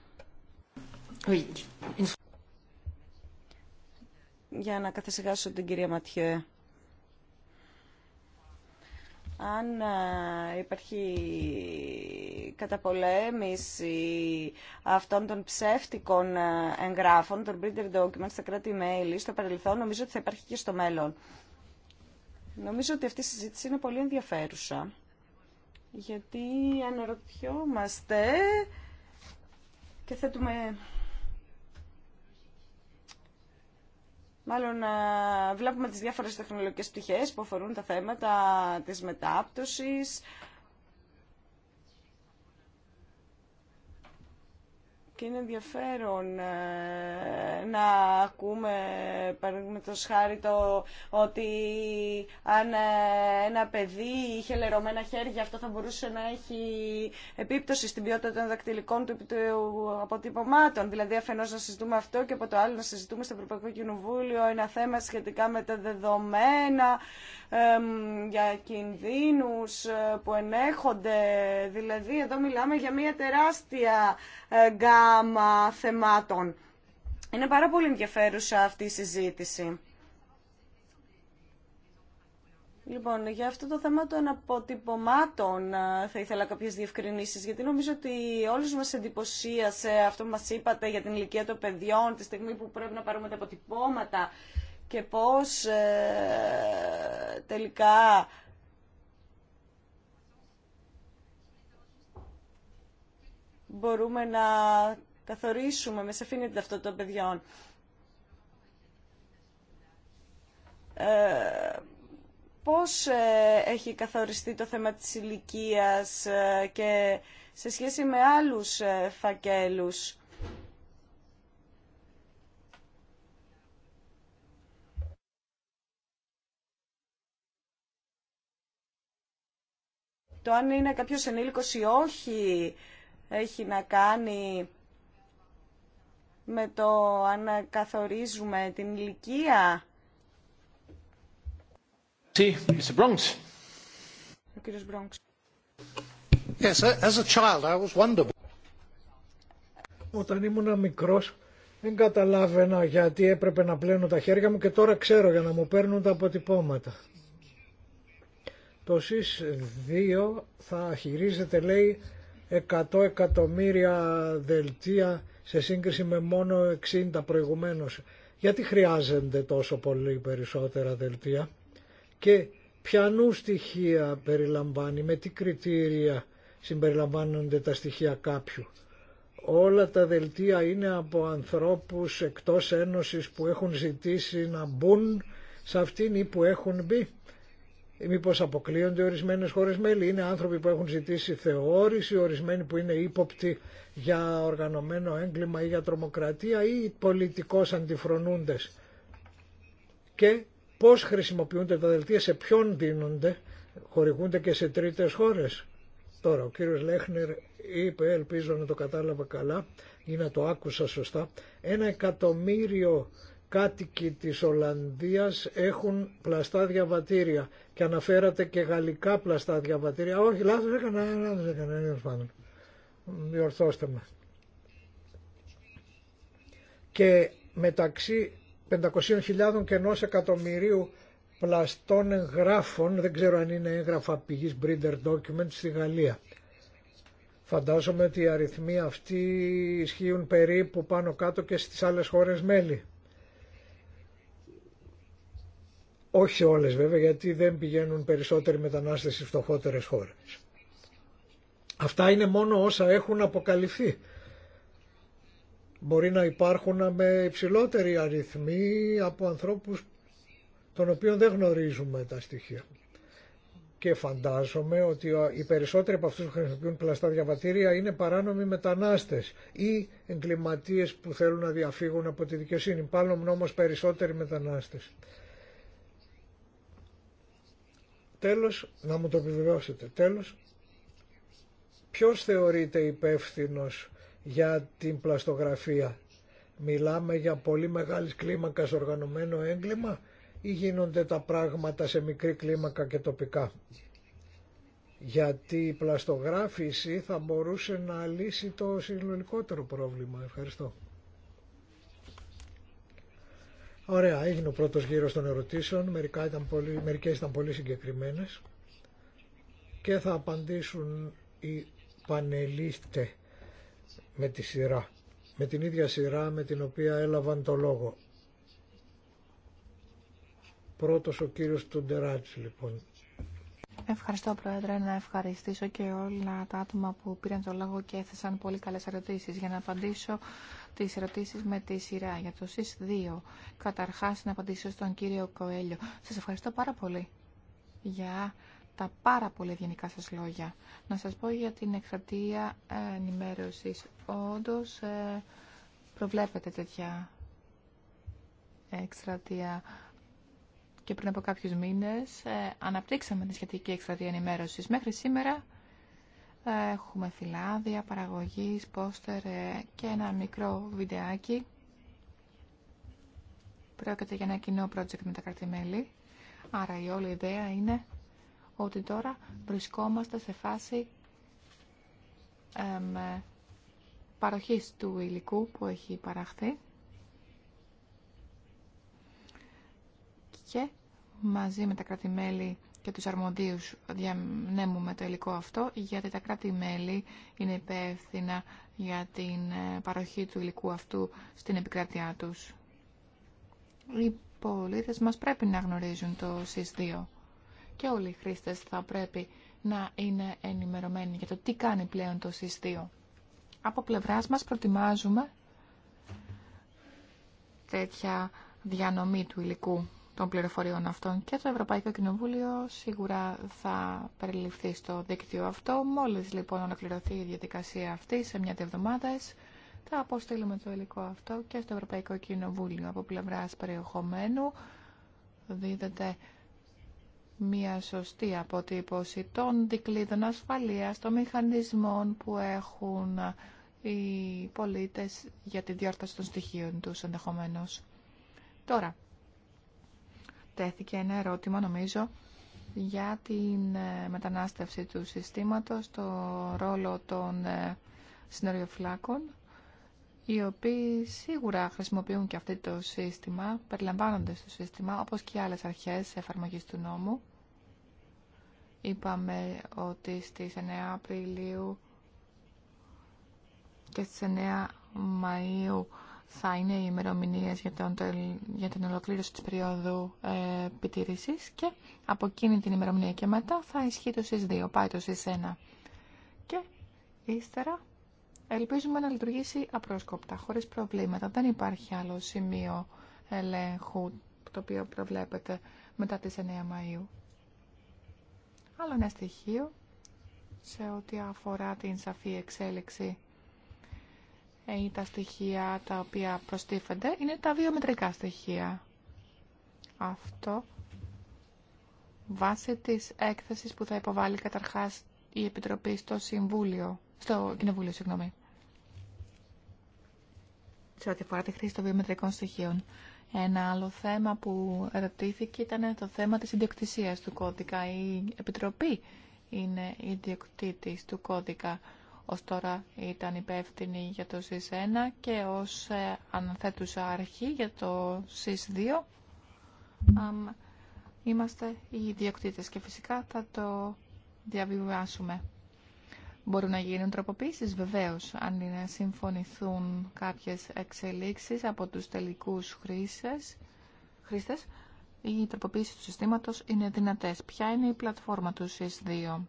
Για να καθεσυγάσω την κυρία Ματιέ. Αν ε, υπάρχει καταπολέμηση αυτών των ψεύτικων ε, εγγράφων, των printed documents στα κράτη-μέλη στο παρελθόν, νομίζω ότι θα υπάρχει και στο μέλλον. Νομίζω ότι αυτή η συζήτηση είναι πολύ ενδιαφέρουσα. Γιατί αναρωτιόμαστε και θέτουμε... Μάλλον ε, βλέπουμε τις διάφορες τεχνολογικές πτυχές που αφορούν τα θέματα της μετάπτωσης, Και είναι ενδιαφέρον ε, να ακούμε, παραδείγματο χάρη, το ότι αν ε, ένα παιδί είχε λερωμένα χέρια, αυτό θα μπορούσε να έχει επίπτωση στην ποιότητα των δακτυλικών του αποτυπωμάτων. Δηλαδή, αφενός να συζητούμε αυτό και από το άλλο να συζητούμε στο Ευρωπαϊκό Κοινοβούλιο ένα θέμα σχετικά με τα δεδομένα για κινδύνους ε, που ενέχονται. Δηλαδή, εδώ μιλάμε για μια τεράστια γκάμα γάμα θεμάτων. Είναι πάρα πολύ ενδιαφέρουσα αυτή η συζήτηση. Λοιπόν, για αυτό το θέμα των αποτυπωμάτων θα ήθελα κάποιες διευκρινήσεις, γιατί νομίζω ότι όλους μας εντυπωσίασε αυτό που μας είπατε για την ηλικία των παιδιών, τη στιγμή που πρέπει να πάρουμε τα αποτυπώματα και πώς ε, τελικά μπορούμε να καθορίσουμε με σαφήνεια αυτό ταυτότητα των παιδιών. Ε, πώς ε, έχει καθοριστεί το θέμα της ηλικία ε, και σε σχέση με άλλους φακέλους. Το αν είναι κάποιος ενήλικος ή όχι έχει να κάνει με το αν καθορίζουμε την ηλικία. Sí, Mr. Bronx. Yes, as a child I was wonderful. Όταν ήμουν μικρός δεν καταλάβαινα γιατί έπρεπε να πλένω τα χέρια μου και τώρα ξέρω για να μου παίρνουν τα αποτυπώματα. Το ΣΥΣ 2 θα χειρίζεται λέει 100 εκατομμύρια δελτία σε σύγκριση με μόνο 60 προηγουμένως. Γιατί χρειάζονται τόσο πολύ περισσότερα δελτία και νου στοιχεία περιλαμβάνει, με τι κριτήρια συμπεριλαμβάνονται τα στοιχεία κάποιου. Όλα τα δελτία είναι από ανθρώπους εκτός ένωσης που έχουν ζητήσει να μπουν σε αυτήν ή που έχουν μπει. Ε, Μήπω αποκλείονται ορισμένες χώρες μέλη. Είναι άνθρωποι που έχουν ζητήσει θεώρηση, ορισμένοι που είναι ύποπτοι για οργανωμένο έγκλημα ή για τρομοκρατία ή πολιτικώ αντιφρονούντες. Και πώς χρησιμοποιούνται τα δελτία, σε ποιον δίνονται, χορηγούνται και σε τρίτες χώρες. Τώρα, ο κύριο Λέχνερ είπε, ελπίζω να το κατάλαβα καλά ή να το άκουσα σωστά, ένα εκατομμύριο κάτοικοι της Ολλανδίας έχουν πλαστά διαβατήρια και αναφέρατε και γαλλικά πλαστά διαβατήρια. Όχι, λάθος έκανα, λάθος έκανα, πάντων. Διορθώστε με. Και μεταξύ 500.000 και ενός εκατομμυρίου πλαστών εγγράφων, δεν ξέρω αν είναι έγγραφα πηγής Breeder Document στη Γαλλία. Φαντάζομαι ότι οι αριθμοί αυτοί ισχύουν περίπου πάνω κάτω και στις άλλες χώρες μέλη. Όχι σε όλες βέβαια γιατί δεν πηγαίνουν περισσότεροι μετανάστες στις φτωχότερες χώρες. Αυτά είναι μόνο όσα έχουν αποκαλυφθεί. Μπορεί να υπάρχουν με υψηλότεροι αριθμοί από ανθρώπους των οποίων δεν γνωρίζουμε τα στοιχεία. Και φαντάζομαι ότι οι περισσότεροι από αυτούς που χρησιμοποιούν πλαστά διαβατήρια είναι παράνομοι μετανάστες ή εγκληματίες που θέλουν να διαφύγουν από τη δικαιοσύνη. Πάλλον όμως περισσότεροι μετανάστες. Τέλος, να μου το επιβεβαιώσετε, τέλος, ποιος θεωρείται υπεύθυνο για την πλαστογραφία. Μιλάμε για πολύ μεγάλης κλίμακας οργανωμένο έγκλημα ή γίνονται τα πράγματα σε μικρή κλίμακα και τοπικά. Γιατί η πλαστογράφηση θα μπορούσε να λύσει το συλλογικότερο πρόβλημα. Ευχαριστώ. Ωραία, έγινε ο πρώτος γύρος των ερωτήσεων, Μερικά ήταν πολύ, μερικές ήταν πολύ συγκεκριμένες και θα απαντήσουν οι πανελίστε με τη σειρά, με την ίδια σειρά με την οποία έλαβαν το λόγο. Πρώτος ο κύριος Τουντεράτς λοιπόν. Ευχαριστώ Πρόεδρε, να ευχαριστήσω και όλα τα άτομα που πήραν το λόγο και έθεσαν πολύ καλές ερωτήσεις για να απαντήσω τις ερωτήσεις με τη σειρά για το ΣΥΣ 2. Καταρχάς να απαντήσω στον κύριο Κοέλιο. Σας ευχαριστώ πάρα πολύ για τα πάρα πολύ γενικά σας λόγια. Να σας πω για την εκστρατεία ενημέρωση Όντως ε, προβλέπετε τέτοια εκστρατεία και πριν από κάποιους μήνες ε, αναπτύξαμε τη σχετική εκστρατεία ενημέρωση. Μέχρι σήμερα Έχουμε φυλάδια, παραγωγή, πόστερ ε, και ένα μικρό βιντεάκι. Πρόκειται για ένα κοινό project με τα κρατημέλη. Άρα η όλη ιδέα είναι ότι τώρα βρισκόμαστε σε φάση εμ, παροχής του υλικού που έχει παραχθεί και μαζί με τα κρατημέλη και τους αρμοδίους διανέμουμε το υλικό αυτό, γιατί τα κράτη-μέλη είναι υπεύθυνα για την ε, παροχή του υλικού αυτού στην επικράτειά τους. Οι πολίτες μας πρέπει να γνωρίζουν το συς και όλοι οι χρήστες θα πρέπει να είναι ενημερωμένοι για το τι κάνει πλέον το συς Από πλευράς μας προτιμάζουμε τέτοια διανομή του υλικού των πληροφοριών αυτών και το Ευρωπαϊκό Κοινοβούλιο σίγουρα θα περιληφθεί στο δίκτυο αυτό. Μόλις λοιπόν ολοκληρωθεί η διαδικασία αυτή σε μια-δύο θα αποστείλουμε το υλικό αυτό και στο Ευρωπαϊκό Κοινοβούλιο από πλευρά περιεχομένου δίδεται μια σωστή αποτύπωση των δικλείδων ασφαλείας, των μηχανισμών που έχουν οι πολίτες για τη διόρθωση των στοιχείων τους ενδεχομένως. Τώρα, τέθηκε ένα ερώτημα, νομίζω, για την ε, μετανάστευση του συστήματος, το ρόλο των ε, συνοριοφυλάκων, οι οποίοι σίγουρα χρησιμοποιούν και αυτό το σύστημα, περιλαμβάνονται στο σύστημα, όπως και άλλες αρχές εφαρμογής του νόμου. Είπαμε ότι στις 9 Απριλίου και στις 9 Μαΐου θα είναι οι ημερομηνίε για, για την ολοκλήρωση τη περίοδου ε, επιτήρηση και από εκείνη την ημερομηνία και μετά θα ισχύει το ΣΥΣ 2, πάει το ΣΥΣ 1. Και ύστερα ελπίζουμε να λειτουργήσει απρόσκοπτα, χωρί προβλήματα. Δεν υπάρχει άλλο σημείο ελέγχου το οποίο προβλέπεται μετά τις 9 Μαΐου. Άλλο ένα στοιχείο σε ό,τι αφορά την σαφή εξέλιξη ε, ή τα στοιχεία τα οποία προστίθενται είναι τα βιομετρικά στοιχεία. Αυτό βάσει της έκθεσης που θα υποβάλει καταρχάς η Επιτροπή στο Συμβούλιο, στο Κοινοβούλιο, συγγνώμη. Σε ό,τι αφορά τη χρήση των βιομετρικών στοιχείων. Ένα άλλο θέμα που ερωτήθηκε ήταν το θέμα της ιδιοκτησίας του κώδικα. Η Επιτροπή είναι ιδιοκτήτης του κώδικα ως τώρα ήταν υπεύθυνη για το ΣΥΣ1 και ως ε, αναθέτουσα αρχή για το ΣΥΣ2. Είμαστε οι ιδιοκτήτες και φυσικά θα το διαβιβάσουμε. Μπορούν να γίνουν τροποποίησεις βεβαίως αν είναι συμφωνηθούν κάποιες εξελίξεις από τους τελικούς χρήστες. χρήστες η του συστήματος είναι δυνατές. Ποια είναι η πλατφόρμα του ΣΥΣ2.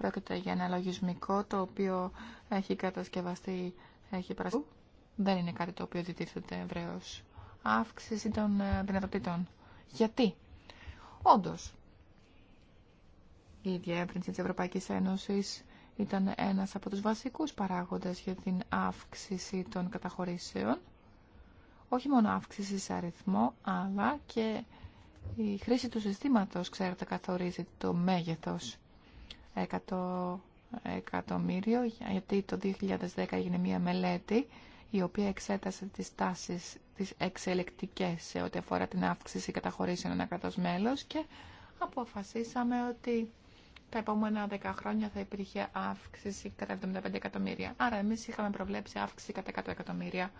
Πρόκειται για ένα λογισμικό το οποίο έχει κατασκευαστεί, έχει παρασκευαστεί. Δεν είναι κάτι το οποίο διτίθεται ευρέω. Αύξηση των ε, δυνατοτήτων. Γιατί? Όντω, η διεύρυνση της Ευρωπαϊκής Ένωσης ήταν ένα από τους βασικούς παράγοντες για την αύξηση των καταχωρήσεων. Όχι μόνο αύξηση σε αριθμό, αλλά και η χρήση του συστήματος, ξέρετε, καθορίζει το μέγεθος. Εκατό εκατομμύριο, γιατί το 2010 έγινε μία μελέτη η οποία εξέτασε τις τάσεις τις εξελεκτικές σε ό,τι αφορά την αύξηση καταχωρήσεων ένα κράτος μέλος και αποφασίσαμε ότι τα επόμενα 10 χρόνια θα υπήρχε αύξηση κατά 75 εκατομμύρια. Άρα εμείς είχαμε προβλέψει αύξηση κατά 100 εκατομμύρια.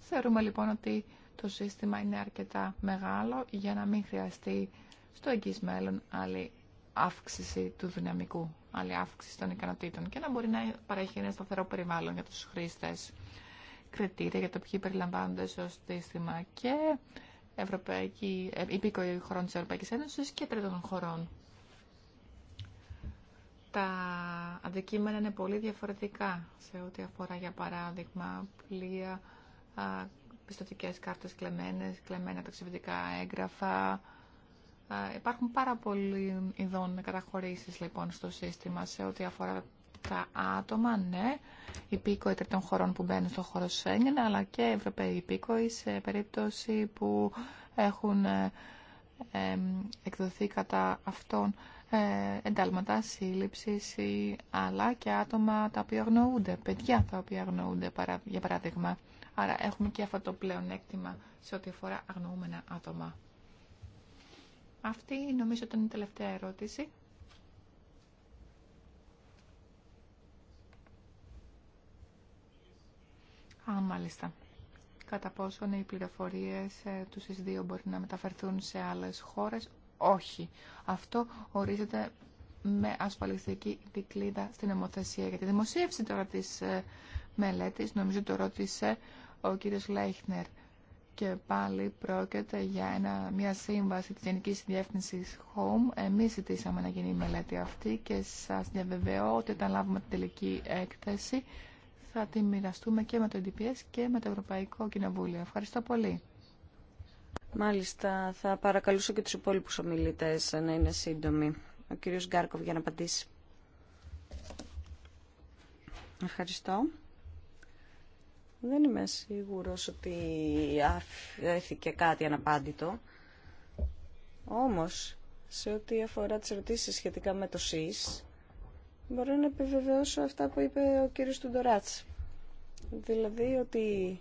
Θεωρούμε λοιπόν ότι το σύστημα είναι αρκετά μεγάλο για να μην χρειαστεί στο εγγύς μέλλον άλλη αύξηση του δυναμικού, άλλη αύξηση των ικανοτήτων και να μπορεί να παρέχει ένα σταθερό περιβάλλον για τους χρήστες, κριτήρια για το ποιοι περιλαμβάνονται στο σύστημα και ευρωπαϊκή, ε, υπήκοοι χωρών της Ευρωπαϊκής Ένωσης και τρίτων χωρών. Τα αντικείμενα είναι πολύ διαφορετικά σε ό,τι αφορά, για παράδειγμα, πλοία, πιστοτικές κάρτες κλεμμένες, κλεμμένα ταξιδιωτικά έγγραφα, Υπάρχουν πάρα πολλοί ειδών καταχωρήσεις λοιπόν στο σύστημα σε ό,τι αφορά τα άτομα, ναι, υπήκοοι τρίτων χωρών που μπαίνουν στο χώρο Σέγγεν, αλλά και Ευρωπαίοι υπήκοοι σε περίπτωση που έχουν ε, εκδοθεί κατά αυτόν ε, εντάλματα σύλληψης αλλά και άτομα τα οποία αγνοούνται, παιδιά τα οποία αγνοούνται για παράδειγμα. Άρα έχουμε και αυτό το πλέον έκτημα σε ό,τι αφορά αγνοούμενα άτομα. Αυτή νομίζω ήταν η τελευταία ερώτηση. Α, μάλιστα. Κατά πόσον οι πληροφορίες ε, του συς μπορεί να μεταφερθούν σε άλλες χώρες. Όχι. Αυτό ορίζεται με ασφαλιστική δικλίδα στην νομοθεσία. Για τη δημοσίευση τώρα της ε, μελέτης, νομίζω το ρώτησε ο κύριος Λέιχνερ. Και πάλι πρόκειται για ένα, μια σύμβαση της Γενικής Διεύθυνσης Home. Εμείς ζητήσαμε να γίνει η μελέτη αυτή και σας διαβεβαιώ ότι όταν λάβουμε την τελική έκθεση θα τη μοιραστούμε και με το DPS και με το Ευρωπαϊκό Κοινοβούλιο. Ευχαριστώ πολύ. Μάλιστα, θα παρακαλούσα και τους υπόλοιπους ομιλητές να είναι σύντομοι. Ο κύριος Γκάρκοβ για να απαντήσει. Ευχαριστώ. Δεν είμαι σίγουρος ότι αφήθηκε κάτι αναπάντητο. Όμως, σε ό,τι αφορά τις ερωτήσεις σχετικά με το ΣΥΣ, μπορώ να επιβεβαιώσω αυτά που είπε ο κύριος Τουντοράτς. Δηλαδή ότι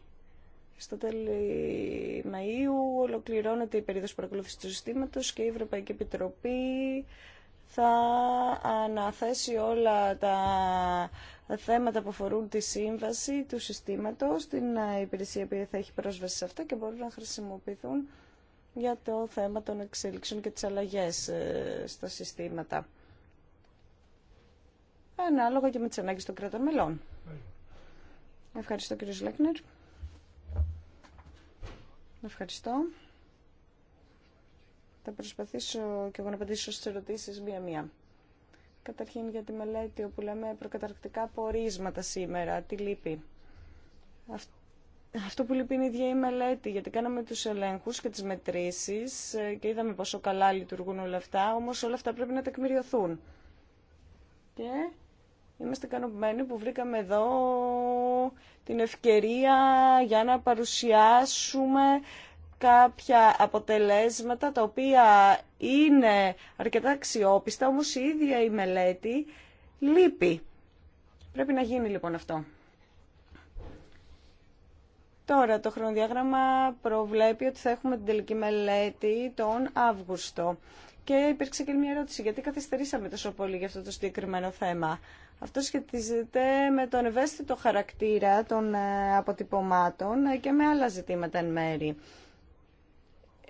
στο τέλη Μαΐου ολοκληρώνεται η περίοδος παρακολούθησης του συστήματος και η Ευρωπαϊκή Επιτροπή θα αναθέσει όλα τα θέματα που αφορούν τη σύμβαση του συστήματος, την υπηρεσία που θα έχει πρόσβαση σε αυτά και μπορούν να χρησιμοποιηθούν για το θέμα των εξέλιξεων και τις αλλαγές ε, στα συστήματα. Ανάλογα και με τις ανάγκες των κρατών μελών. Ευχαριστώ κύριε Ζλέκνερ. Ευχαριστώ. Θα προσπαθήσω και εγώ να απαντήσω στις ερωτήσεις μία-μία. Καταρχήν για τη μελέτη όπου λέμε προκαταρκτικά πορίσματα σήμερα, τι λείπει. Αυτό που λείπει είναι η ίδια η μελέτη, γιατί κάναμε τους ελέγχους και τις μετρήσεις ε, και είδαμε πόσο καλά λειτουργούν όλα αυτά, όμως όλα αυτά πρέπει να τεκμηριωθούν. Και είμαστε ικανοποιημένοι που βρήκαμε εδώ την ευκαιρία για να παρουσιάσουμε κάποια αποτελέσματα τα οποία είναι αρκετά αξιόπιστα, όμως η ίδια η μελέτη λείπει. Πρέπει να γίνει λοιπόν αυτό. Τώρα το χρονοδιάγραμμα προβλέπει ότι θα έχουμε την τελική μελέτη τον Αύγουστο. Και υπήρξε και μια ερώτηση, γιατί καθυστερήσαμε τόσο πολύ για αυτό το συγκεκριμένο θέμα. Αυτό σχετίζεται με τον ευαίσθητο χαρακτήρα των ε, αποτυπωμάτων και με άλλα ζητήματα εν μέρη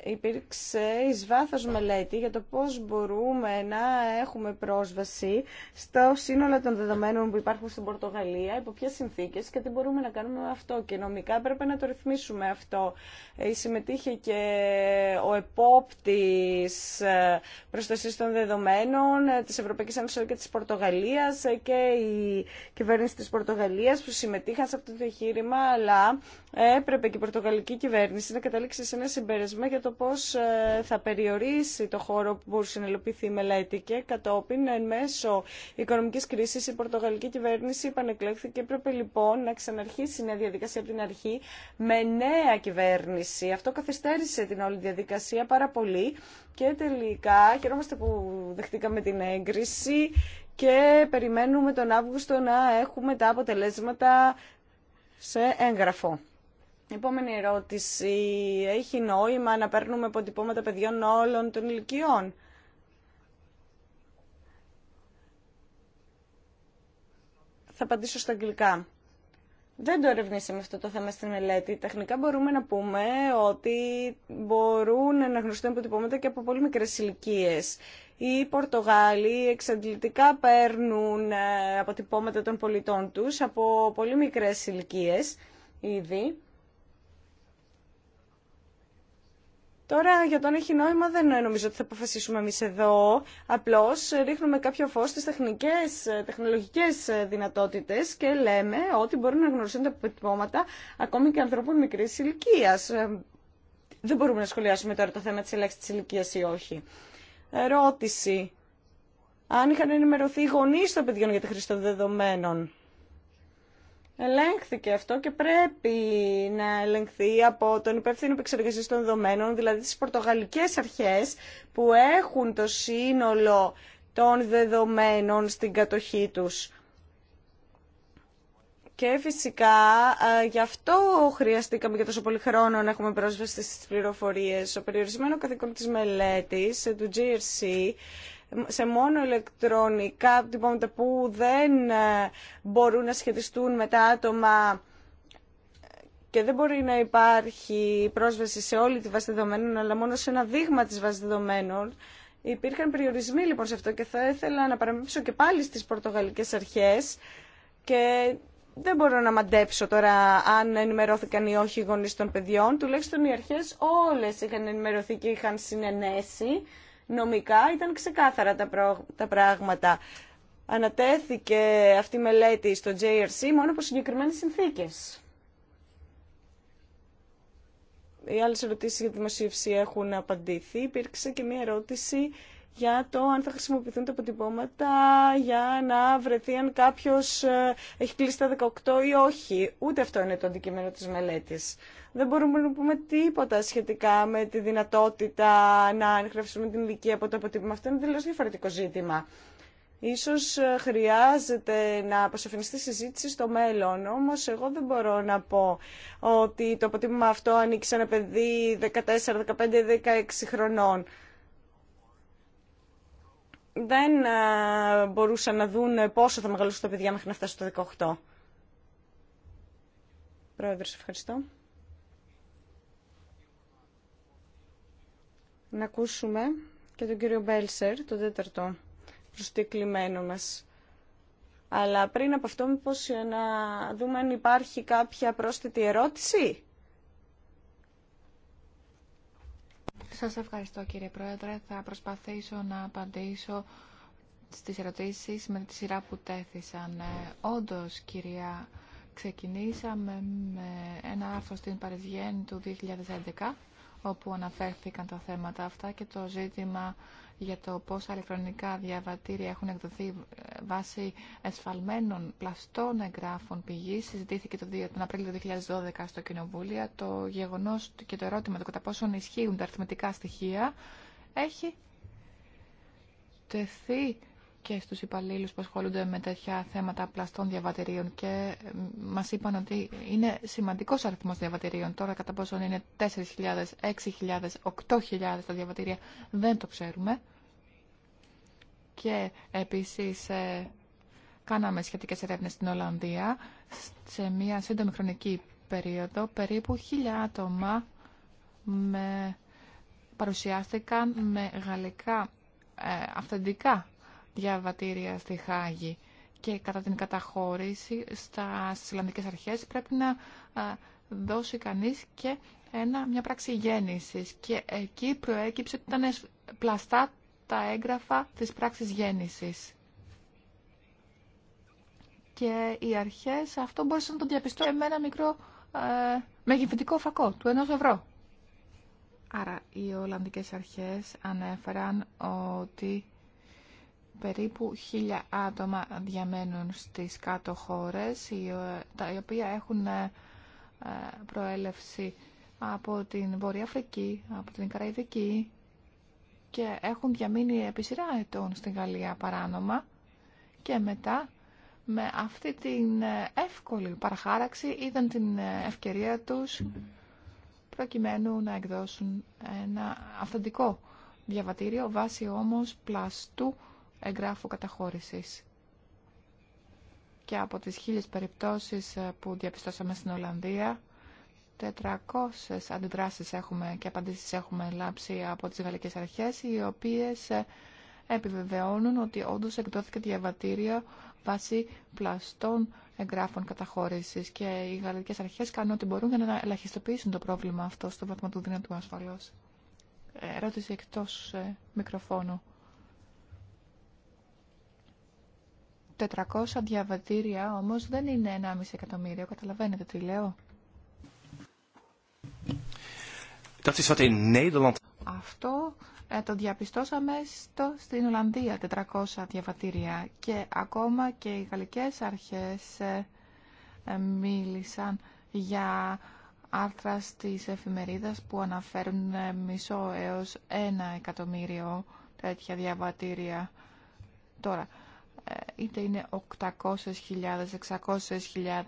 υπήρξε εις βάθος μελέτη για το πώς μπορούμε να έχουμε πρόσβαση στο σύνολο των δεδομένων που υπάρχουν στην Πορτογαλία, υπό ποιες συνθήκες και τι μπορούμε να κάνουμε με αυτό. Και νομικά πρέπει να το ρυθμίσουμε αυτό. Ε, συμμετείχε και ο επόπτης ε, προστασίας των δεδομένων ε, της Ευρωπαϊκής Ένωσης και της Πορτογαλίας και η κυβέρνηση της Πορτογαλίας που συμμετείχαν σε αυτό το εγχείρημα, αλλά έπρεπε και η Πορτογαλική κυβέρνηση να καταλήξει σε ένα συμπέρασμα για το πώς ε, θα περιορίσει το χώρο που μπορούσε να η μελέτη και κατόπιν εν μέσω οικονομικής κρίσης η πορτογαλική κυβέρνηση επανεκλέχθηκε έπρεπε λοιπόν να ξαναρχίσει μια διαδικασία από την αρχή με νέα κυβέρνηση. Αυτό καθυστέρησε την όλη διαδικασία πάρα πολύ και τελικά χαιρόμαστε που δεχτήκαμε την έγκριση και περιμένουμε τον Αύγουστο να έχουμε τα αποτελέσματα σε έγγραφο. Επόμενη ερώτηση. Έχει νόημα να παίρνουμε αποτυπώματα παιδιών όλων των ηλικιών. Θα απαντήσω στα αγγλικά. Δεν το ερευνήσαμε αυτό το θέμα στην μελέτη. Τεχνικά μπορούμε να πούμε ότι μπορούν να γνωστούν αποτυπώματα και από πολύ μικρές ηλικίε. Οι Πορτογάλοι εξαντλητικά παίρνουν ε, αποτυπώματα των πολιτών τους από πολύ μικρές ηλικίε ήδη. Τώρα για τον αν έχει νόημα δεν νομίζω ότι θα αποφασίσουμε εμείς εδώ. Απλώς ε, ρίχνουμε κάποιο φως στις τεχνικές, ε, τεχνολογικές ε, δυνατότητες και λέμε ότι μπορούν να γνωριστούν τα αποτυπώματα ακόμη και ανθρώπων μικρής ηλικία. Δεν μπορούμε να σχολιάσουμε τώρα το θέμα της της ηλικία ή όχι. Ερώτηση. Αν είχαν ενημερωθεί οι γονείς των παιδιών για τη χρήση των δεδομένων ελέγχθηκε αυτό και πρέπει να ελεγχθεί από τον υπεύθυνο επεξεργασία των δεδομένων, δηλαδή τις πορτογαλικές αρχές που έχουν το σύνολο των δεδομένων στην κατοχή τους. Και φυσικά γι' αυτό χρειαστήκαμε για τόσο πολύ χρόνο να έχουμε πρόσβαση στις πληροφορίες. Ο περιορισμένο καθήκον της μελέτης ε, του GRC σε μόνο ηλεκτρονικά τυπώματα που δεν ε, μπορούν να σχετιστούν με τα άτομα και δεν μπορεί να υπάρχει πρόσβαση σε όλη τη βάση δεδομένων, αλλά μόνο σε ένα δείγμα της βάση δεδομένων. Υπήρχαν περιορισμοί λοιπόν σε αυτό και θα ήθελα να παραμείψω και πάλι στις πορτογαλικές αρχές και δεν μπορώ να μαντέψω τώρα αν ενημερώθηκαν ή όχι οι γονείς των παιδιών. Τουλάχιστον οι αρχές όλες είχαν ενημερωθεί και είχαν συνενέσει Νομικά ήταν ξεκάθαρα τα πράγματα. Ανατέθηκε αυτή η μελέτη στο JRC μόνο από συγκεκριμένε συνθήκες. Οι άλλε ερωτήσει για τη δημοσίευση έχουν απαντήθει. Υπήρξε και μία ερώτηση για το αν θα χρησιμοποιηθούν τα αποτυπώματα για να βρεθεί αν κάποιος ε, έχει κλείσει τα 18 ή όχι. Ούτε αυτό είναι το αντικείμενο της μελέτης δεν μπορούμε να πούμε τίποτα σχετικά με τη δυνατότητα να ανεχρεύσουμε την ηλικία από το αποτύπωμα. Αυτό είναι τελείως διαφορετικό ζήτημα. Ίσως ε, χρειάζεται να αποσαφινιστεί συζήτηση στο μέλλον, όμως εγώ δεν μπορώ να πω ότι το αποτύπωμα αυτό σε ένα παιδί 14, 15, 16 χρονών. Δεν ε, μπορούσαν να δουν πόσο θα μεγαλώσουν τα παιδιά μέχρι να φτάσουν στο 18. Πρόεδρος, ευχαριστώ. να ακούσουμε και τον κύριο Μπέλσερ, τον τέταρτο προστίκλημένο μας. Αλλά πριν από αυτό, μήπως να δούμε αν υπάρχει κάποια πρόσθετη ερώτηση. Σας ευχαριστώ κύριε Πρόεδρε. Θα προσπαθήσω να απαντήσω στις ερωτήσεις με τη σειρά που τέθησαν. Ε, όντως, κυρία, ξεκινήσαμε με ένα άρθρο στην Παριζιέν του 2011 όπου αναφέρθηκαν τα θέματα αυτά και το ζήτημα για το πόσα ηλεκτρονικά διαβατήρια έχουν εκδοθεί βάσει εσφαλμένων πλαστών εγγράφων πηγή. Συζητήθηκε τον Απρίλιο του 2012 στο Κοινοβούλιο. Το γεγονός και το ερώτημα το κατά πόσον ισχύουν τα αριθμητικά στοιχεία έχει τεθεί και στους υπαλλήλους που ασχολούνται με τέτοια θέματα πλαστών διαβατηρίων και μας είπαν ότι είναι σημαντικός αριθμός διαβατηρίων. Τώρα κατά πόσο είναι 4.000, 6.000, 8.000 τα διαβατηρία δεν το ξέρουμε. Και επίσης ε, κάναμε σχετικές ερεύνες στην Ολλανδία σε μια σύντομη χρονική περίοδο περίπου 1.000 άτομα με παρουσιάστηκαν με γαλλικά ε, αυθεντικά διαβατήρια στη Χάγη και κατά την καταχώρηση στα, στις Αρχές πρέπει να δώσει κανείς και ένα, μια πράξη γέννησης και εκεί προέκυψε ότι ήταν πλαστά τα έγγραφα της πράξης γέννησης. Και οι αρχές αυτό μπορούσαν να το διαπιστώσουν με ένα μικρό ε, μεγεθυντικό φακό του ενός ευρώ. Άρα οι Ολλανδικές αρχές ανέφεραν ότι περίπου χίλια άτομα διαμένουν στις κάτω χώρες, τα οποία έχουν ε, ε, προέλευση από την Βόρεια Αφρική, από την Καραϊδική και έχουν διαμείνει επί σειρά ετών στην Γαλλία παράνομα και μετά με αυτή την ε, εύκολη παραχάραξη είδαν την ευκαιρία τους προκειμένου να εκδώσουν ένα αυθεντικό διαβατήριο βάσει όμως πλαστού εγγράφου καταχώρησης. Και από τις χίλιες περιπτώσεις ε, που διαπιστώσαμε στην Ολλανδία, 400 αντιδράσεις έχουμε και απαντήσεις έχουμε λάψει από τις γαλλικές αρχές, οι οποίες ε, επιβεβαιώνουν ότι όντως εκδόθηκε διαβατήριο βάσει πλαστών εγγράφων καταχώρησης και οι γαλλικές αρχές κάνουν ό,τι μπορούν για να ελαχιστοποιήσουν το πρόβλημα αυτό στο βαθμό του δυνατού ασφαλώς. Ε, ερώτηση εκτός μικροφώνου. 400 διαβατήρια όμως δεν είναι 1,5 εκατομμύριο. Καταλαβαίνετε τι λέω. Αυτό ε, το διαπιστώσαμε στο, στην Ολλανδία, 400 διαβατήρια. Και ακόμα και οι γαλλικές αρχές ε, ε, μίλησαν για άρθρα στις εφημερίδες που αναφέρουν μισό έως ένα εκατομμύριο τέτοια διαβατήρια. Τώρα, ε, είτε είναι 800.000, 600.000, 1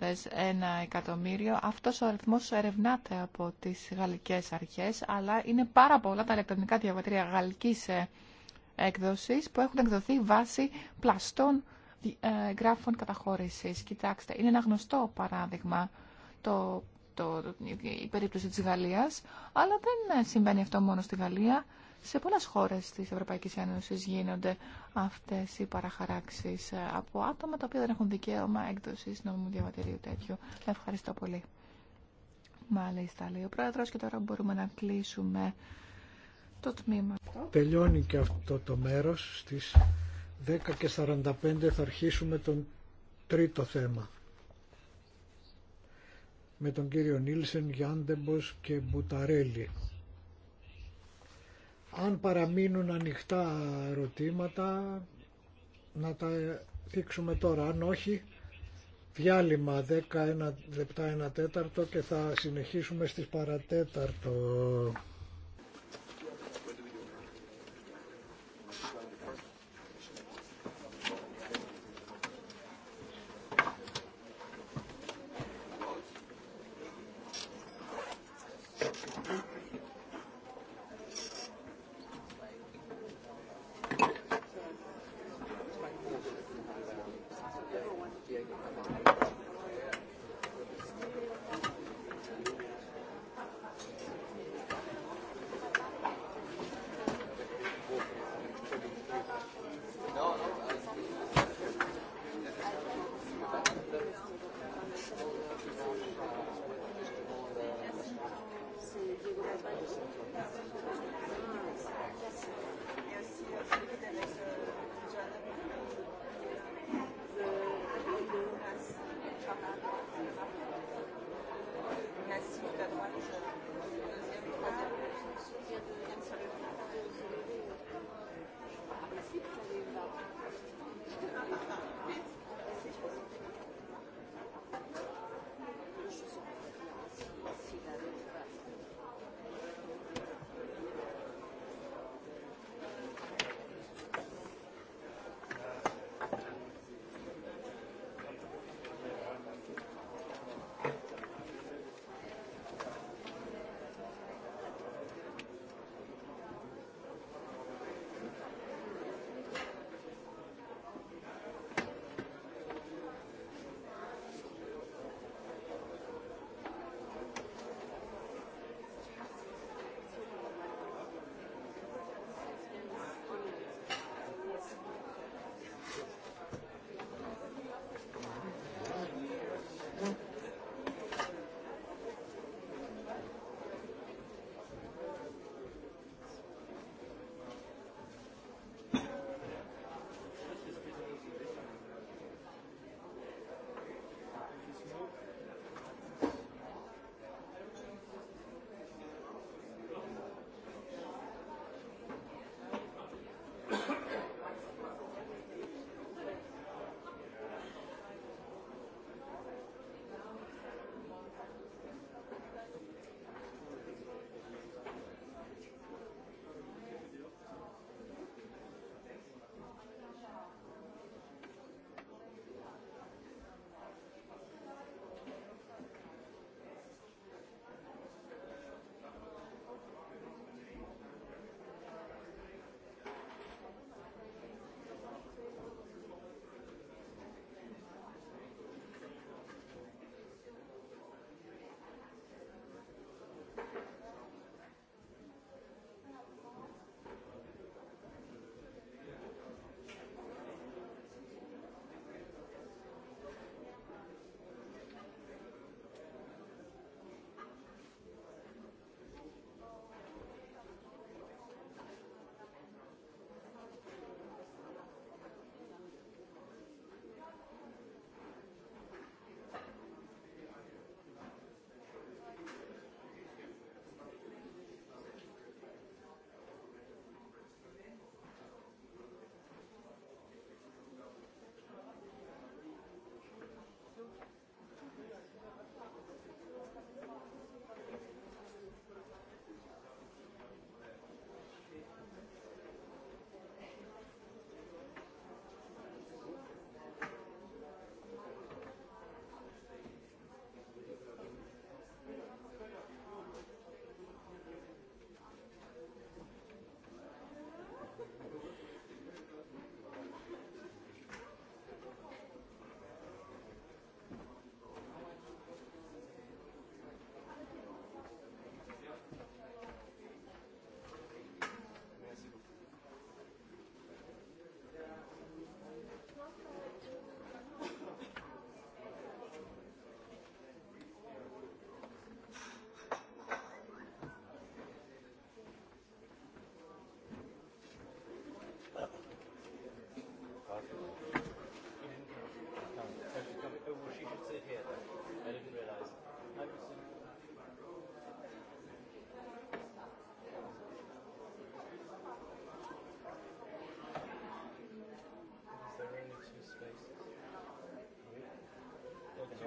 εκατομμύριο. Αυτός ο αριθμός ερευνάται από τις γαλλικές αρχές, αλλά είναι πάρα πολλά τα ηλεκτρονικά διαβατήρια γαλλικής ε, έκδοσης που έχουν εκδοθεί βάσει πλαστών ε, γράφων καταχώρησης. Κοιτάξτε, είναι ένα γνωστό παράδειγμα το, το, η περίπτωση της Γαλλίας, αλλά δεν συμβαίνει αυτό μόνο στη Γαλλία. Σε πολλές χώρες της Ευρωπαϊκής Ένωσης γίνονται αυτές οι παραχαράξεις ε, από άτομα τα οποία δεν έχουν δικαίωμα έκδοσης νόμιμου διαβατηρίου τέτοιου. Ευχαριστώ πολύ. Μάλιστα, λέει ο Πρόεδρος και τώρα μπορούμε να κλείσουμε το τμήμα Τελειώνει και αυτό το μέρος στις 10 και 45 θα αρχίσουμε τον τρίτο θέμα με τον κύριο Νίλσεν, Γιάντεμπος και Μπουταρέλη αν παραμείνουν ανοιχτά ερωτήματα να τα δείξουμε τώρα. Αν όχι, διάλειμμα 10 λεπτά 1 τέταρτο και θα συνεχίσουμε στις παρατέταρτο.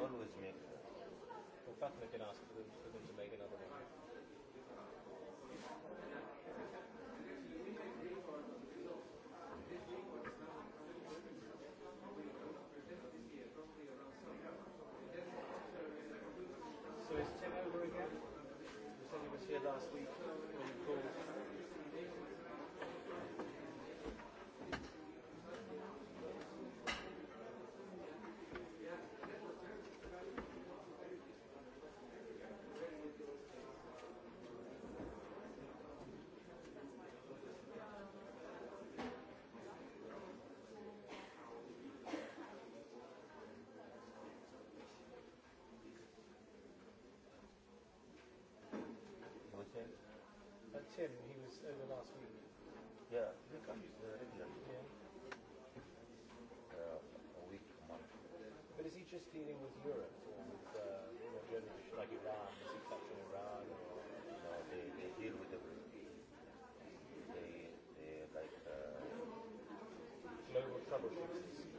always make. In fact, can ask for them to make another. Υπότιτλοι last Tim, he was over last week. Yeah, we come regularly. Yeah. Uh, a week, a month. But is he just dealing with Europe or with uh, you know, like Iran? Is he touching Iran? Or... No, they, they deal with everything. They, they like uh, global troubleshooters.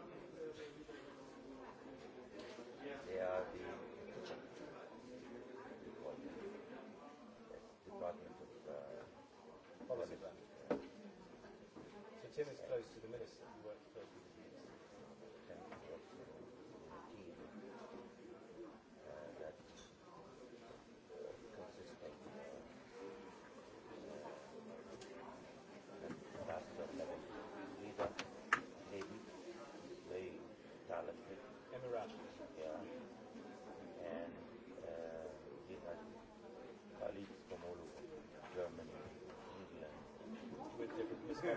Γεια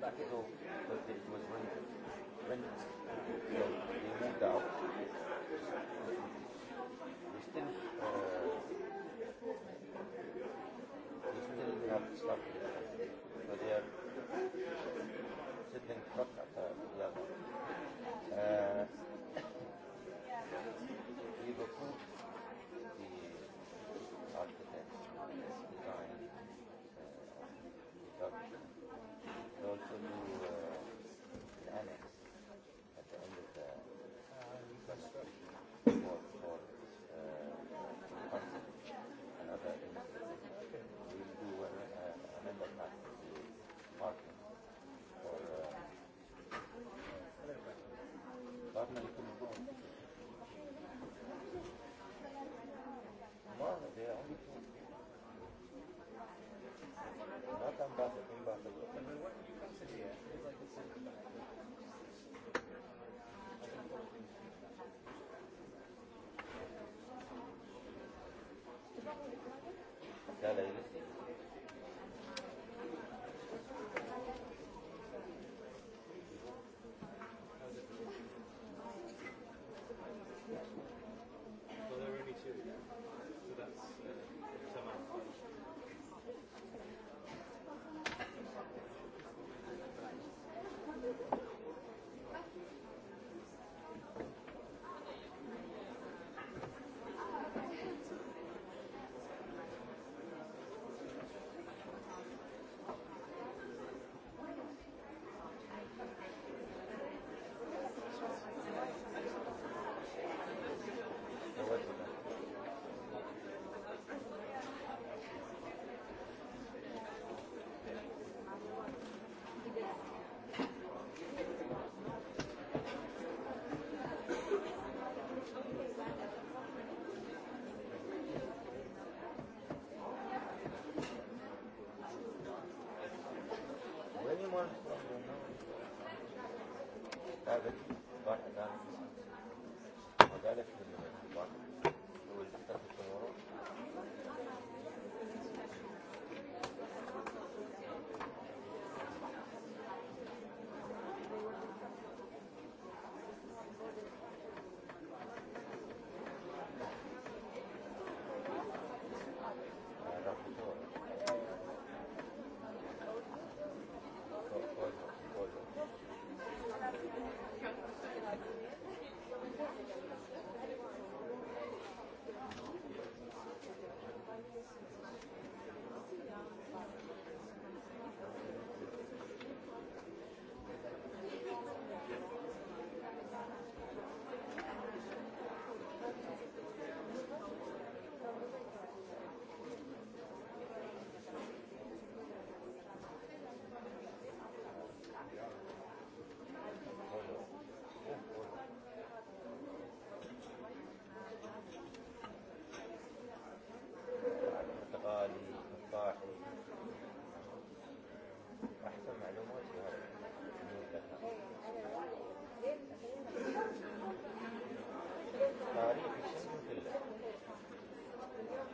back at all it was out. We they are sitting cut Magdalena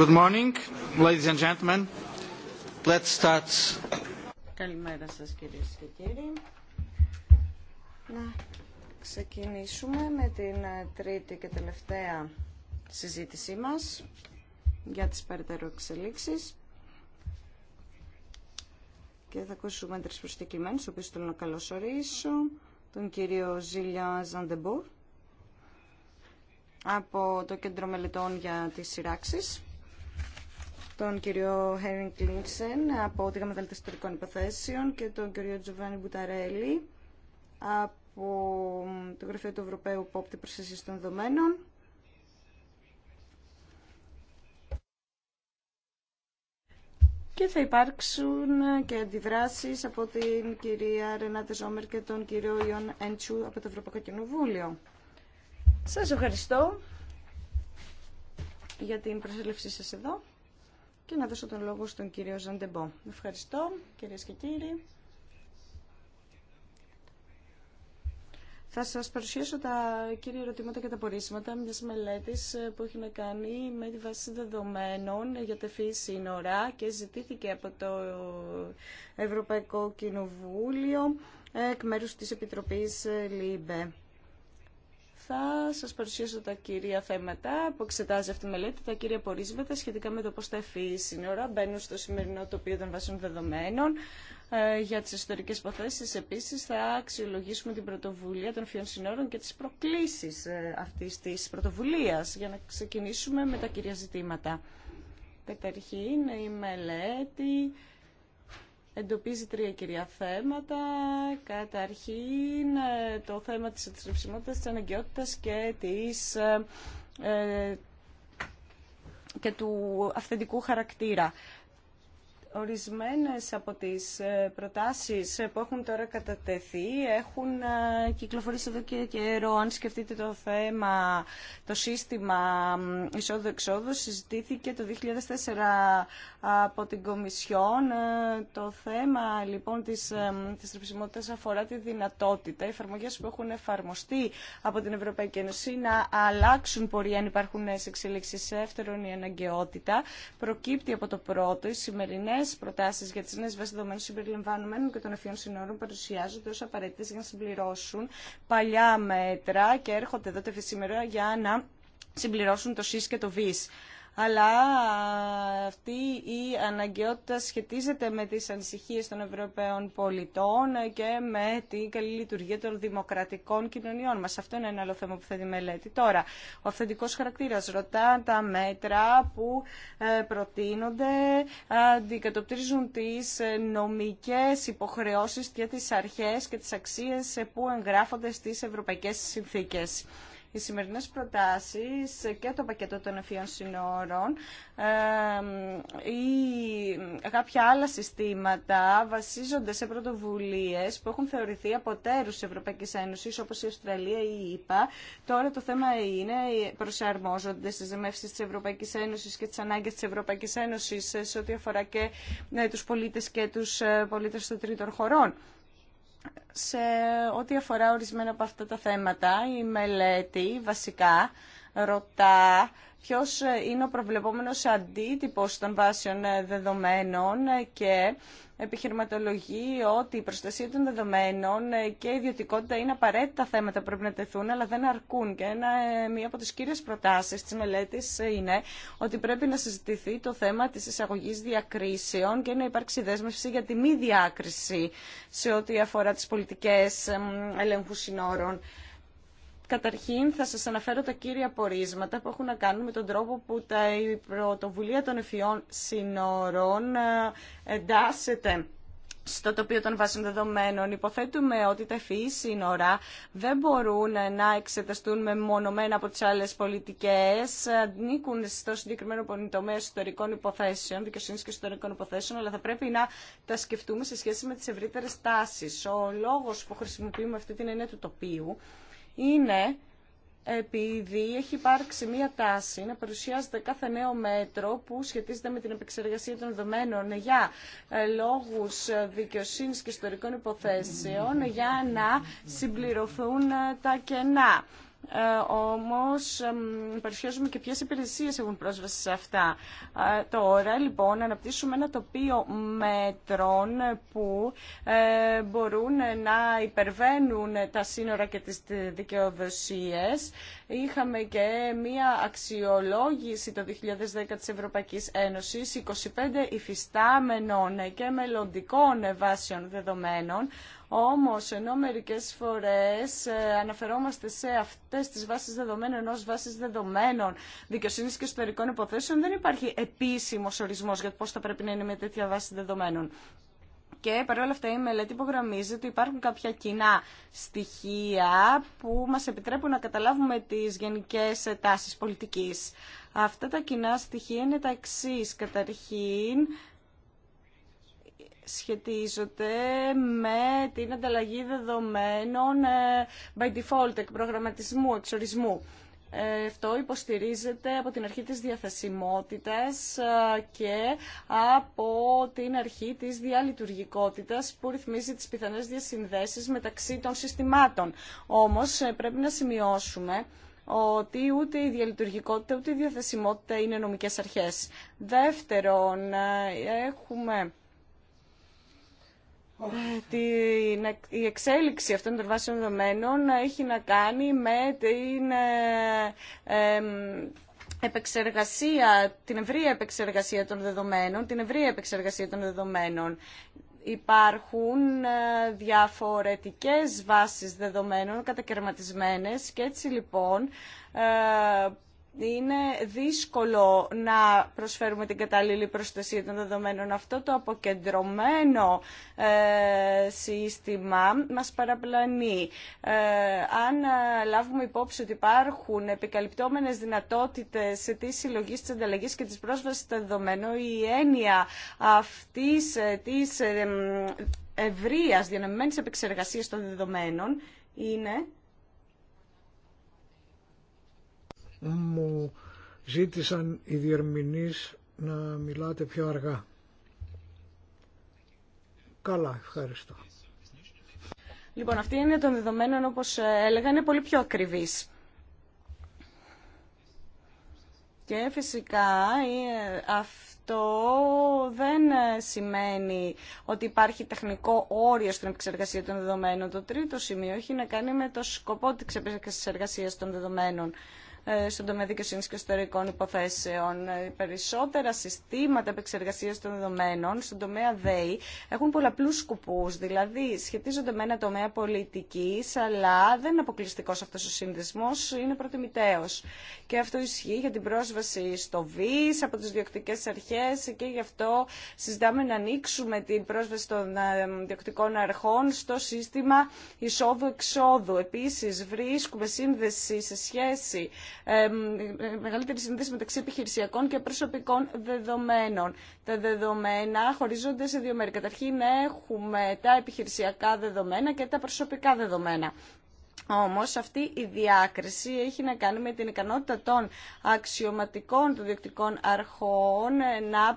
Καλημέρα σας κυρίες και κύριοι. Να ξεκινήσουμε με την ε, τρίτη και τελευταία συζήτησή μας για τις περαιτέρω εξελίξεις. Και θα ακούσουμε τρεις προσκεκλημένους, ο οποίους θέλω να καλωσορίσω, τον κύριο Ζήλια Ζαντεμπούρ από το Κέντρο Μελετών για τις Σειράξεις τον κύριο Χέριν Κλίνσεν από τη Γαμμαδάλη Τεστορικών Υποθέσεων και τον κύριο Τζοβάνι Μπουταρέλη από το Γραφείο του Ευρωπαίου Πόπτη Προστασία των Δεδομένων. Και θα υπάρξουν και αντιδράσεις από την κυρία Ρενάτε Ζόμερ και τον κύριο Ιον Έντσου από το Ευρωπαϊκό Κοινοβούλιο. Σας ευχαριστώ για την προσέλευσή σας εδώ και να δώσω τον λόγο στον κύριο Ζαντεμπό. Ευχαριστώ κύριε και κύριοι. Θα σας παρουσιάσω τα κύρια ερωτήματα και τα πορίσματα μια μελέτης ε, που έχει να κάνει με τη βάση δεδομένων για φύση σύνορα και ζητήθηκε από το Ευρωπαϊκό Κοινοβούλιο ε, εκ μέρους της Επιτροπής ε, ΛΥΜΠΕ. Θα σας παρουσιάσω τα κυρία θέματα που εξετάζει αυτή η μελέτη, τα κυρία πορίσματα σχετικά με το πώς τα εφή σύνορα μπαίνουν στο σημερινό τοπίο των βασών δεδομένων. Ε, για τις ιστορικές υποθέσεις επίσης θα αξιολογήσουμε την πρωτοβουλία των φιών σύνορων και τις προκλήσεις ε, αυτής της πρωτοβουλίας για να ξεκινήσουμε με τα κυρία ζητήματα. Καταρχήν η μελέτη εντοπίζει τρία κυρία θέματα. Καταρχήν ε, το θέμα της αντιστρεψιμότητας, της αναγκαιότητας και, της, ε, ε, και του αυθεντικού χαρακτήρα. Ορισμένες από τις ε, προτάσεις που έχουν τώρα κατατεθεί έχουν ε, κυκλοφορήσει εδώ και καιρό. Αν σκεφτείτε το θέμα, το σύστημα εισόδου-εξόδου συζητήθηκε το 2004 από την Κομισιόν. Ε, το θέμα λοιπόν της, της αφορά τη δυνατότητα, οι εφαρμογές που έχουν εφαρμοστεί από την Ευρωπαϊκή Ένωση να αλλάξουν πορεία αν υπάρχουν νέες εξελίξεις. η αναγκαιότητα προκύπτει από το πρώτο, οι σημερινέ προτάσει για τι νέε βάσει δεδομένων συμπεριλαμβανομένων και των ευφυών συνόρων παρουσιάζονται ω απαραίτητε για να συμπληρώσουν παλιά μέτρα και έρχονται εδώ σήμερα για να συμπληρώσουν το ΣΥΣ και το ΒΙΣ αλλά αυτή η αναγκαιότητα σχετίζεται με τις ανησυχίες των Ευρωπαίων πολιτών και με την καλή λειτουργία των δημοκρατικών κοινωνιών μας. Αυτό είναι ένα άλλο θέμα που θέτει μελέτη. Τώρα, ο αυθεντικός χαρακτήρας ρωτά τα μέτρα που ε, προτείνονται, αντικατοπτρίζουν τις ε, νομικές υποχρεώσεις και τις αρχές και τις αξίες ε, που εγγράφονται στις ευρωπαϊκές συνθήκες. Οι σημερινές προτάσεις και το πακέτο των ευφυών συνόρων ή κάποια άλλα συστήματα βασίζονται σε πρωτοβουλίες που έχουν θεωρηθεί από τέρους της Ευρωπαϊκής Ένωσης όπως η Αυστραλία ή η ΕΠΑ. Τώρα το θέμα είναι ε, προσαρμόζονται στις δεμεύσεις της Ευρωπαϊκής Ένωσης και τις ανάγκες της Ευρωπαϊκής Ένωσης ε, σε ό,τι αφορά και ε, τους πολίτες και τους πολίτες των τρίτων χωρών σε ό,τι αφορά ορισμένα από αυτά τα θέματα, η μελέτη βασικά ρωτά ποιος ε, είναι ο προβλεπόμενος αντίτυπος των βάσεων ε, δεδομένων ε, και επιχειρηματολογεί ότι η προστασία των δεδομένων και η ιδιωτικότητα είναι απαραίτητα θέματα που πρέπει να τεθούν, αλλά δεν αρκούν. Και μία από τις κύριες προτάσεις της μελέτης είναι ότι πρέπει να συζητηθεί το θέμα της εισαγωγής διακρίσεων και να υπάρξει δέσμευση για τη μη διάκριση σε ό,τι αφορά τις πολιτικές ελέγχου συνόρων. Καταρχήν θα σας αναφέρω τα κύρια πορίσματα που έχουν να κάνουν με τον τρόπο που τα, η πρωτοβουλία των ευφυών συνορών ε, εντάσσεται στο τοπίο των βάσεων δεδομένων. Υποθέτουμε ότι τα ευφυή σύνορα δεν μπορούν να εξεταστούν με μονομένα από τις άλλες πολιτικές. Ανήκουν στο συγκεκριμένο τομέα ιστορικών υποθέσεων, δικαιοσύνης και ιστορικών υποθέσεων, αλλά θα πρέπει να τα σκεφτούμε σε σχέση με τις ευρύτερες τάσεις. Ο λόγος που χρησιμοποιούμε αυτή την έννοια του είναι επειδή έχει υπάρξει μία τάση να παρουσιάζεται κάθε νέο μέτρο που σχετίζεται με την επεξεργασία των δεδομένων για ε, λόγους δικαιοσύνης και ιστορικών υποθέσεων για να συμπληρωθούν ε, τα κενά ε, όμως παρουσιάζουμε και ποιες υπηρεσίες έχουν πρόσβαση σε αυτά. Ε, τώρα λοιπόν αναπτύσσουμε ένα τοπίο μέτρων που ε, μπορούν να υπερβαίνουν τα σύνορα και τις δικαιοδοσίες. Είχαμε και μία αξιολόγηση το 2010 της Ευρωπαϊκής Ένωσης 25 υφιστάμενων και μελλοντικών βάσεων δεδομένων όμως, ενώ μερικές φορές ε, αναφερόμαστε σε αυτές τις βάσεις δεδομένων ενό βάσεις δεδομένων δικαιοσύνης και ιστορικών υποθέσεων, δεν υπάρχει επίσημος ορισμός για το πώς θα πρέπει να είναι με τέτοια βάση δεδομένων. Και παρόλα αυτά η μελέτη υπογραμμίζει ότι υπάρχουν κάποια κοινά στοιχεία που μας επιτρέπουν να καταλάβουμε τις γενικές τάσεις πολιτικής. Αυτά τα κοινά στοιχεία είναι τα εξή. Καταρχήν, σχετίζονται με την ανταλλαγή δεδομένων ε, by default, εκ προγραμματισμού, εξορισμού. Ε, αυτό υποστηρίζεται από την αρχή της διαθεσιμότητας ε, και από την αρχή της διαλειτουργικότητας που ρυθμίζει τις πιθανές διασυνδέσεις μεταξύ των συστημάτων. Όμως πρέπει να σημειώσουμε ότι ούτε η διαλειτουργικότητα ούτε η διαθεσιμότητα είναι νομικές αρχές. Δεύτερον, έχουμε η εξέλιξη αυτών των βάσεων δεδομένων έχει να κάνει με την ε, επεξεργασία, την ευρία επεξεργασία των δεδομένων, την ευρία επεξεργασία των δεδομένων. Υπάρχουν ε, διαφορετικές βάσεις δεδομένων κατακαιρματισμένες και έτσι λοιπόν ε, είναι δύσκολο να προσφέρουμε την κατάλληλη προστασία των δεδομένων. Αυτό το αποκεντρωμένο ε, σύστημα μας παραπλανεί. Ε, αν ε, λάβουμε υπόψη ότι υπάρχουν επικαλυπτόμενες δυνατότητες τη συλλογή της ανταλλαγής και της πρόσβασης των δεδομένων, η έννοια αυτής της ευρείας διανομημένης επεξεργασίας των δεδομένων είναι μου ζήτησαν οι διερμηνείς να μιλάτε πιο αργά. Καλά, ευχαριστώ. Λοιπόν, αυτή είναι των δεδομένων, όπως έλεγα, είναι πολύ πιο ακριβής. Και φυσικά ε, αυτό δεν σημαίνει ότι υπάρχει τεχνικό όριο στην επεξεργασία των δεδομένων. Το τρίτο σημείο έχει να κάνει με το σκοπό της επεξεργασίας των δεδομένων. Ε, στον τομέα δικαιοσύνη και ιστορικών υποθέσεων. Ε, περισσότερα συστήματα επεξεργασία των δεδομένων στον τομέα ΔΕΗ έχουν πολλαπλού σκοπού. Δηλαδή, σχετίζονται με ένα τομέα πολιτική, αλλά δεν είναι αποκλειστικό αυτό ο σύνδεσμο, είναι προτιμητέο. Και αυτό ισχύει για την πρόσβαση στο ΒΙΣ από τι διοκτικέ αρχέ και γι' αυτό συζητάμε να ανοίξουμε την πρόσβαση των ε, διοκτικών αρχών στο σύστημα εισόδου-εξόδου. Επίση, βρίσκουμε σύνδεση σε σχέση μεγαλύτερη σύνδεση μεταξύ επιχειρησιακών και προσωπικών δεδομένων. Τα δεδομένα χωρίζονται σε δύο μέρη. Καταρχήν έχουμε τα επιχειρησιακά δεδομένα και τα προσωπικά δεδομένα. Όμως αυτή η διάκριση έχει να κάνει με την ικανότητα των αξιωματικών του διοκτικών αρχών να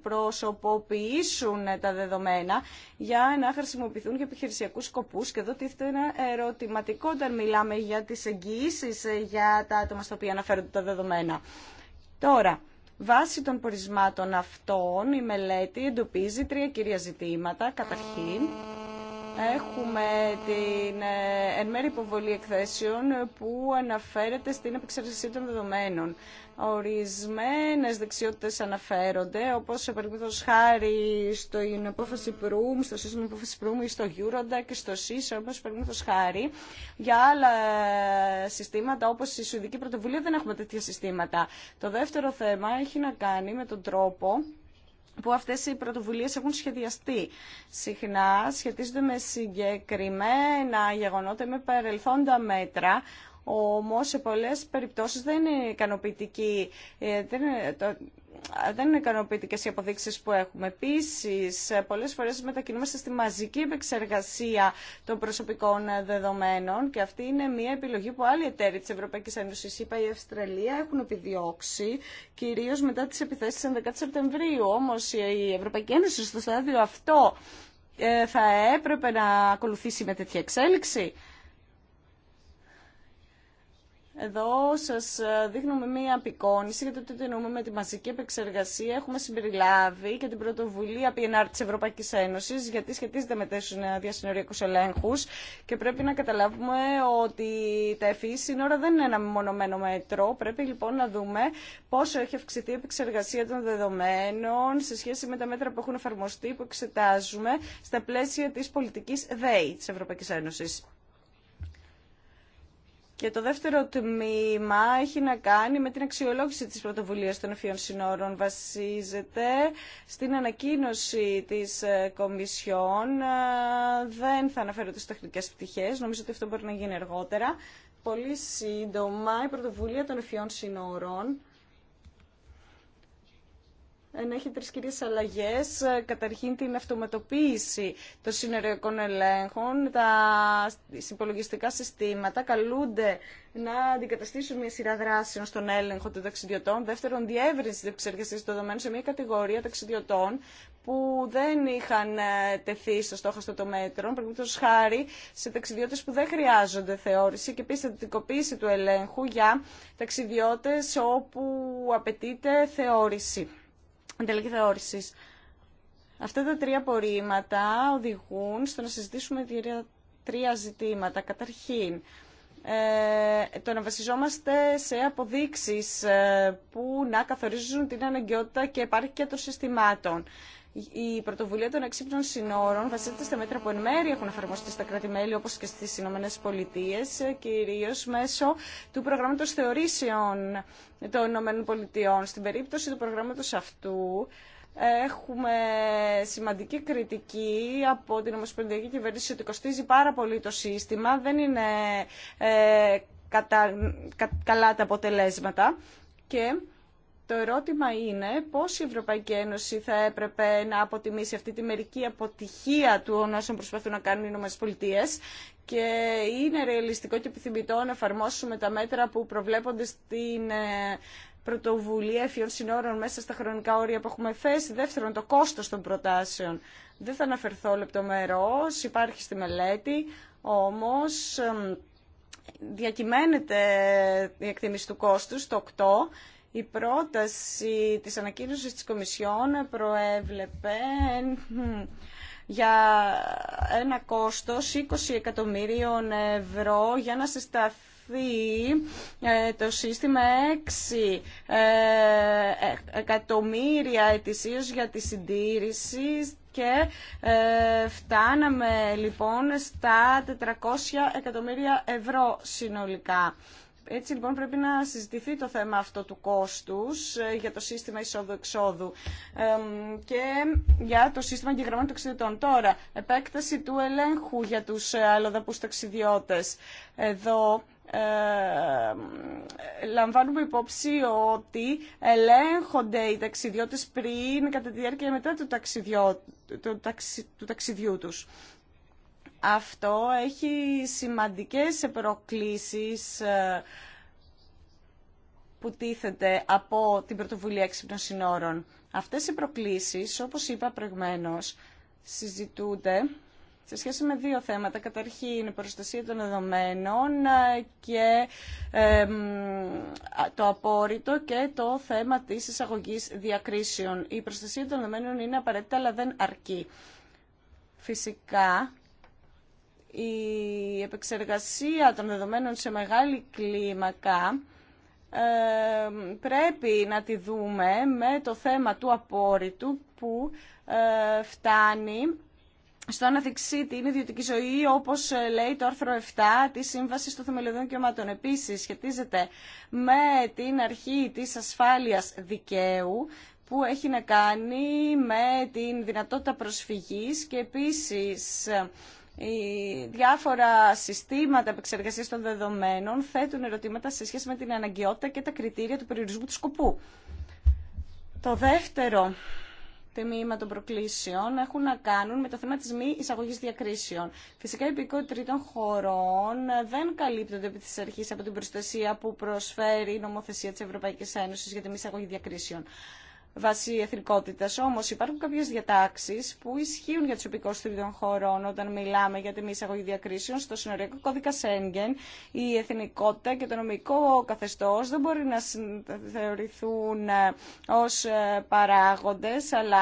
προσωποποιήσουν τα δεδομένα για να χρησιμοποιηθούν για επιχειρησιακούς σκοπούς και εδώ τίθεται ένα ερωτηματικό όταν μιλάμε για τις εγγυήσει για τα άτομα στα οποία αναφέρονται τα δεδομένα. Τώρα, Βάσει των πορισμάτων αυτών, η μελέτη εντοπίζει τρία κυρία ζητήματα. Καταρχήν, Έχουμε την ε, εν μέρη υποβολή εκθέσεων που αναφέρεται στην επεξεργασία των δεδομένων. Ορισμένες δεξιότητες αναφέρονται, όπως σε παρακολουθώς χάρη στο απόφαση Προύμ, στο σύστημα υπόφαση Προύμ ή στο Eurodac και στο ΣΥΣ, όπως παρακολουθώς χάρη. Για άλλα συστήματα, όπως η Σουηδική Πρωτοβουλία, δεν έχουμε τέτοια συστήματα. Το δεύτερο θέμα έχει να κάνει με τον τρόπο που αυτές οι πρωτοβουλίες έχουν σχεδιαστεί. Συχνά σχετίζονται με συγκεκριμένα γεγονότα, με παρελθόντα μέτρα, όμως σε πολλές περιπτώσεις δεν είναι ικανοποιητική ε, δεν είναι ικανοποιητικέ οι αποδείξει που έχουμε. Επίση, πολλέ φορέ μετακινούμαστε στη μαζική επεξεργασία των προσωπικών δεδομένων και αυτή είναι μια επιλογή που άλλοι εταίροι τη Ευρωπαϊκή Ένωση, είπα η Αυστραλία, έχουν επιδιώξει, κυρίω μετά τι επιθέσει τη 11 Σεπτεμβρίου. Όμω η Ευρωπαϊκή Ένωση στο στάδιο αυτό ε, θα έπρεπε να ακολουθήσει με τέτοια εξέλιξη. Εδώ σα ε, δείχνουμε μία απεικόνηση για το τι εννοούμε με τη μαζική επεξεργασία. Έχουμε συμπεριλάβει και την πρωτοβουλία PNR τη Ευρωπαϊκή Ένωση, γιατί σχετίζεται με τέσσερι διασυνοριακού ελέγχου. και πρέπει να καταλάβουμε ότι τα ΕΦΗ e σύνορα δεν είναι ένα μεμονωμένο μέτρο. Πρέπει λοιπόν να δούμε πόσο έχει αυξηθεί η επεξεργασία των δεδομένων σε σχέση με τα μέτρα που έχουν εφαρμοστεί που εξετάζουμε στα πλαίσια τη πολιτική ΔΕΗ τη Ευρωπαϊκή Ένωση. Και το δεύτερο τμήμα έχει να κάνει με την αξιολόγηση της πρωτοβουλίας των ευφύων συνόρων. Βασίζεται στην ανακοίνωση της ε, Κομισιόν. Ε, δεν θα αναφέρω τις τεχνικές πτυχές, νομίζω ότι αυτό μπορεί να γίνει αργότερα. Πολύ σύντομα η πρωτοβουλία των ευφυών συνόρων να έχει τρει κύριε αλλαγέ ε, Καταρχήν την αυτοματοποίηση των συνεργειακών ελέγχων. Τα συμπολογιστικά συστήματα καλούνται να αντικαταστήσουν μια σειρά δράσεων στον έλεγχο των ταξιδιωτών. Δεύτερον, διεύρυνση τη εξεργασία των δεδομένων σε μια κατηγορία ταξιδιωτών που δεν είχαν ε, τεθεί στο στόχο στο το μέτρο, χάρη σε ταξιδιώτε που δεν χρειάζονται θεώρηση και επίση αντικοποίηση του ελέγχου για ταξιδιώτε όπου απαιτείται θεώρηση ανταλλαγή θεώρηση. Αυτά τα τρία απορρίμματα οδηγούν στο να συζητήσουμε τρία ζητήματα. Καταρχήν, ε, το να βασιζόμαστε σε αποδείξεις ε, που να καθορίζουν την αναγκαιότητα και επάρκεια των συστημάτων. Η πρωτοβουλία των εξύπνων συνόρων βασίζεται στα μέτρα που εν μέρει έχουν εφαρμοστεί στα κράτη-μέλη όπως και στις Ηνωμένε Πολιτείες, ε, κυρίω μέσω του προγράμματος θεωρήσεων των Ηνωμένων Πολιτειών. Στην περίπτωση του προγράμματος αυτού, Έχουμε σημαντική κριτική από την Ομοσπονδιακή Κυβέρνηση ότι κοστίζει πάρα πολύ το σύστημα, δεν είναι ε, καλά τα αποτελέσματα και το ερώτημα είναι πώς η Ευρωπαϊκή Ένωση θα έπρεπε να αποτιμήσει αυτή τη μερική αποτυχία του όσων προσπαθούν να κάνουν οι νομές Πολιτείες και είναι ρεαλιστικό και επιθυμητό να εφαρμόσουμε τα μέτρα που προβλέπονται στην ε, πρωτοβουλία εφιών συνόρων μέσα στα χρονικά όρια που έχουμε θέσει. Δεύτερον, το κόστος των προτάσεων. Δεν θα αναφερθώ λεπτομερώς, υπάρχει στη μελέτη, όμως διακυμαίνεται η εκτίμηση του κόστους το 8 η πρόταση της ανακοίνωσης της Κομισιόν προέβλεπε ε, για ένα κόστος 20 εκατομμύριων ευρώ για να συσταθεί ε, το σύστημα 6 ε, εκατομμύρια ετησίως για τη συντήρηση και φτάναμε λοιπόν στα 400 εκατομμύρια ευρώ συνολικά. Έτσι λοιπόν πρέπει να συζητηθεί το θέμα αυτό του κόστους ε, για το σύστημα εισόδου-εξόδου και για το σύστημα εγγεγραμμένων ταξιδιωτών. Τώρα, επέκταση του ελέγχου για τους ε, αλλοδαπούς ταξιδιώτες. Εδώ λαμβάνουμε υπόψη ότι ελέγχονται οι ταξιδιώτες πριν, κατά τη διάρκεια μετά του, ταξιδιού, του, του ταξιδιού τους αυτό έχει σημαντικές προκλήσεις ε, που τίθεται από την πρωτοβουλία έξυπνων συνόρων. Αυτές οι προκλήσεις, όπως είπα προηγμένως, συζητούνται σε σχέση με δύο θέματα. Καταρχήν, η προστασία των δεδομένων ε, και το απόρριτο και το θέμα της εισαγωγής διακρίσεων. Η προστασία των δεδομένων είναι απαραίτητα, αλλά δεν αρκεί. Φυσικά, η επεξεργασία των δεδομένων σε μεγάλη κλίμακα ε, πρέπει να τη δούμε με το θέμα του απόρριτου που ε, φτάνει στο να δείξει την ιδιωτική ζωή, όπως ε, λέει το άρθρο 7 τη Σύμβαση των Θεμελιωδών Δικαιωμάτων. Επίσης σχετίζεται με την αρχή της ασφάλειας δικαίου που έχει να κάνει με την δυνατότητα προσφυγής και επίσης οι διάφορα συστήματα επεξεργασία των δεδομένων θέτουν ερωτήματα σε σχέση με την αναγκαιότητα και τα κριτήρια του περιορισμού του σκοπού. Το δεύτερο τμήμα των προκλήσεων έχουν να κάνουν με το θέμα της μη εισαγωγή διακρίσεων. Φυσικά, οι υπηκοί τρίτων χωρών δεν καλύπτονται επί της αρχή από την προστασία που προσφέρει η νομοθεσία τη Ευρωπαϊκή Ένωση για τη μη εισαγωγή διακρίσεων βάση εθνικότητα, όμω υπάρχουν κάποιε διατάξει που ισχύουν για του υπηκόους τρίτων χωρών όταν μιλάμε για την εισαγωγή διακρίσεων στο συνοριακό κώδικα Σέγγεν. Η εθνικότητα και το νομικό καθεστώ δεν μπορεί να θεωρηθούν ε, ω ε, παράγοντε, αλλά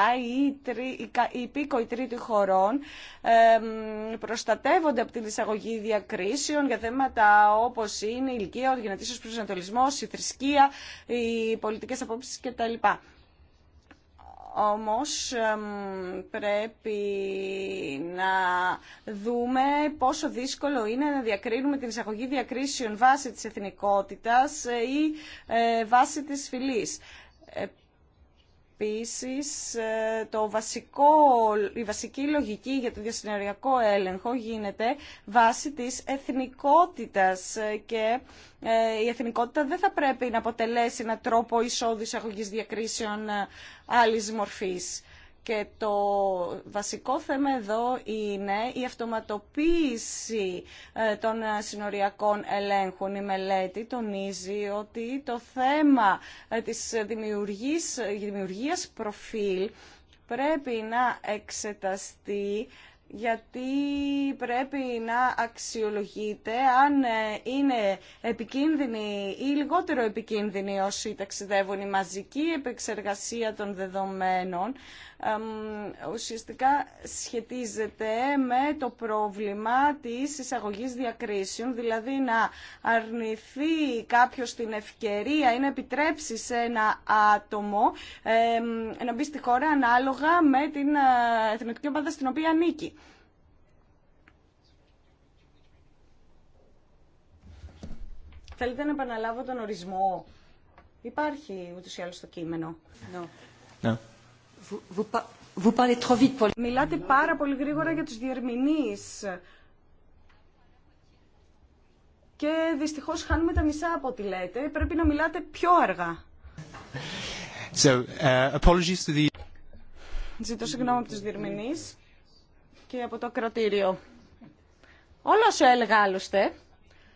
οι υπήκοοι τρίτων χωρών προστατεύονται από την εισαγωγή διακρίσεων για θέματα όπω είναι η ηλικία, ο γενετήσιο προσανατολισμό, η θρησκεία, οι πολιτικέ απόψει κτλ. Όμως πρέπει να δούμε πόσο δύσκολο είναι να διακρίνουμε την εισαγωγή διακρίσεων βάσει της εθνικότητας ή ε, βάσει της φυλής. Επίσης, ε, το βασικό, η βασική λογική για το διασυνοριακό έλεγχο γίνεται βάσει της εθνικότητας ε, και ε, η εθνικότητα δεν θα πρέπει να αποτελέσει έναν τρόπο εισόδου εισαγωγής διακρίσεων άλλης μορφής. Και το βασικό θέμα εδώ είναι η αυτοματοποίηση ε, των ε, συνοριακών ελέγχων. Η μελέτη τονίζει ότι το θέμα ε, της δημιουργίας προφίλ πρέπει να εξεταστεί γιατί πρέπει να αξιολογείται αν είναι επικίνδυνοι ή επικίνδυνη η μαζική επεξεργασία των δεδομένων ουσιαστικά σχετίζεται με το πρόβλημα της εισαγωγής διακρίσεων, δηλαδή να αρνηθεί κάποιος την ευκαιρία ή να επιτρέψει σε ένα άτομο να μπει στη χώρα ανάλογα με την ε, εθνική ομάδα στην οποία ανήκει. Θέλετε να επαναλάβω τον ορισμό. Υπάρχει ούτως ή άλλως το κείμενο. No. Μιλάτε πάρα πολύ γρήγορα για τους διερμηνείς. Και δυστυχώς χάνουμε τα μισά από ό,τι λέτε. Πρέπει να μιλάτε πιο αργά. Uh, Ζητώ συγγνώμη από τους διερμηνείς και από το κρατήριο. Όλα όσο έλεγα άλλωστε.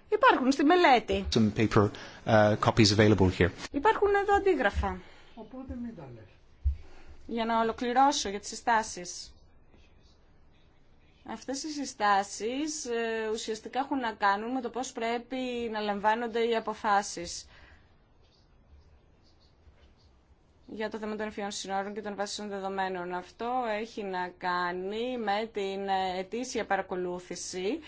Υπάρχουν στη μελέτη. Uh, υπάρχουν εδώ αντίγραφα. Οπότε μην τα για να ολοκληρώσω για τις συστάσεις. Αυτές οι συστάσεις ε, ουσιαστικά έχουν να κάνουν με το πώς πρέπει να λαμβάνονται οι αποφάσεις για το θέμα των ευφυών συνόρων και των βάσεων δεδομένων. Αυτό έχει να κάνει με την ε, ετήσια παρακολούθηση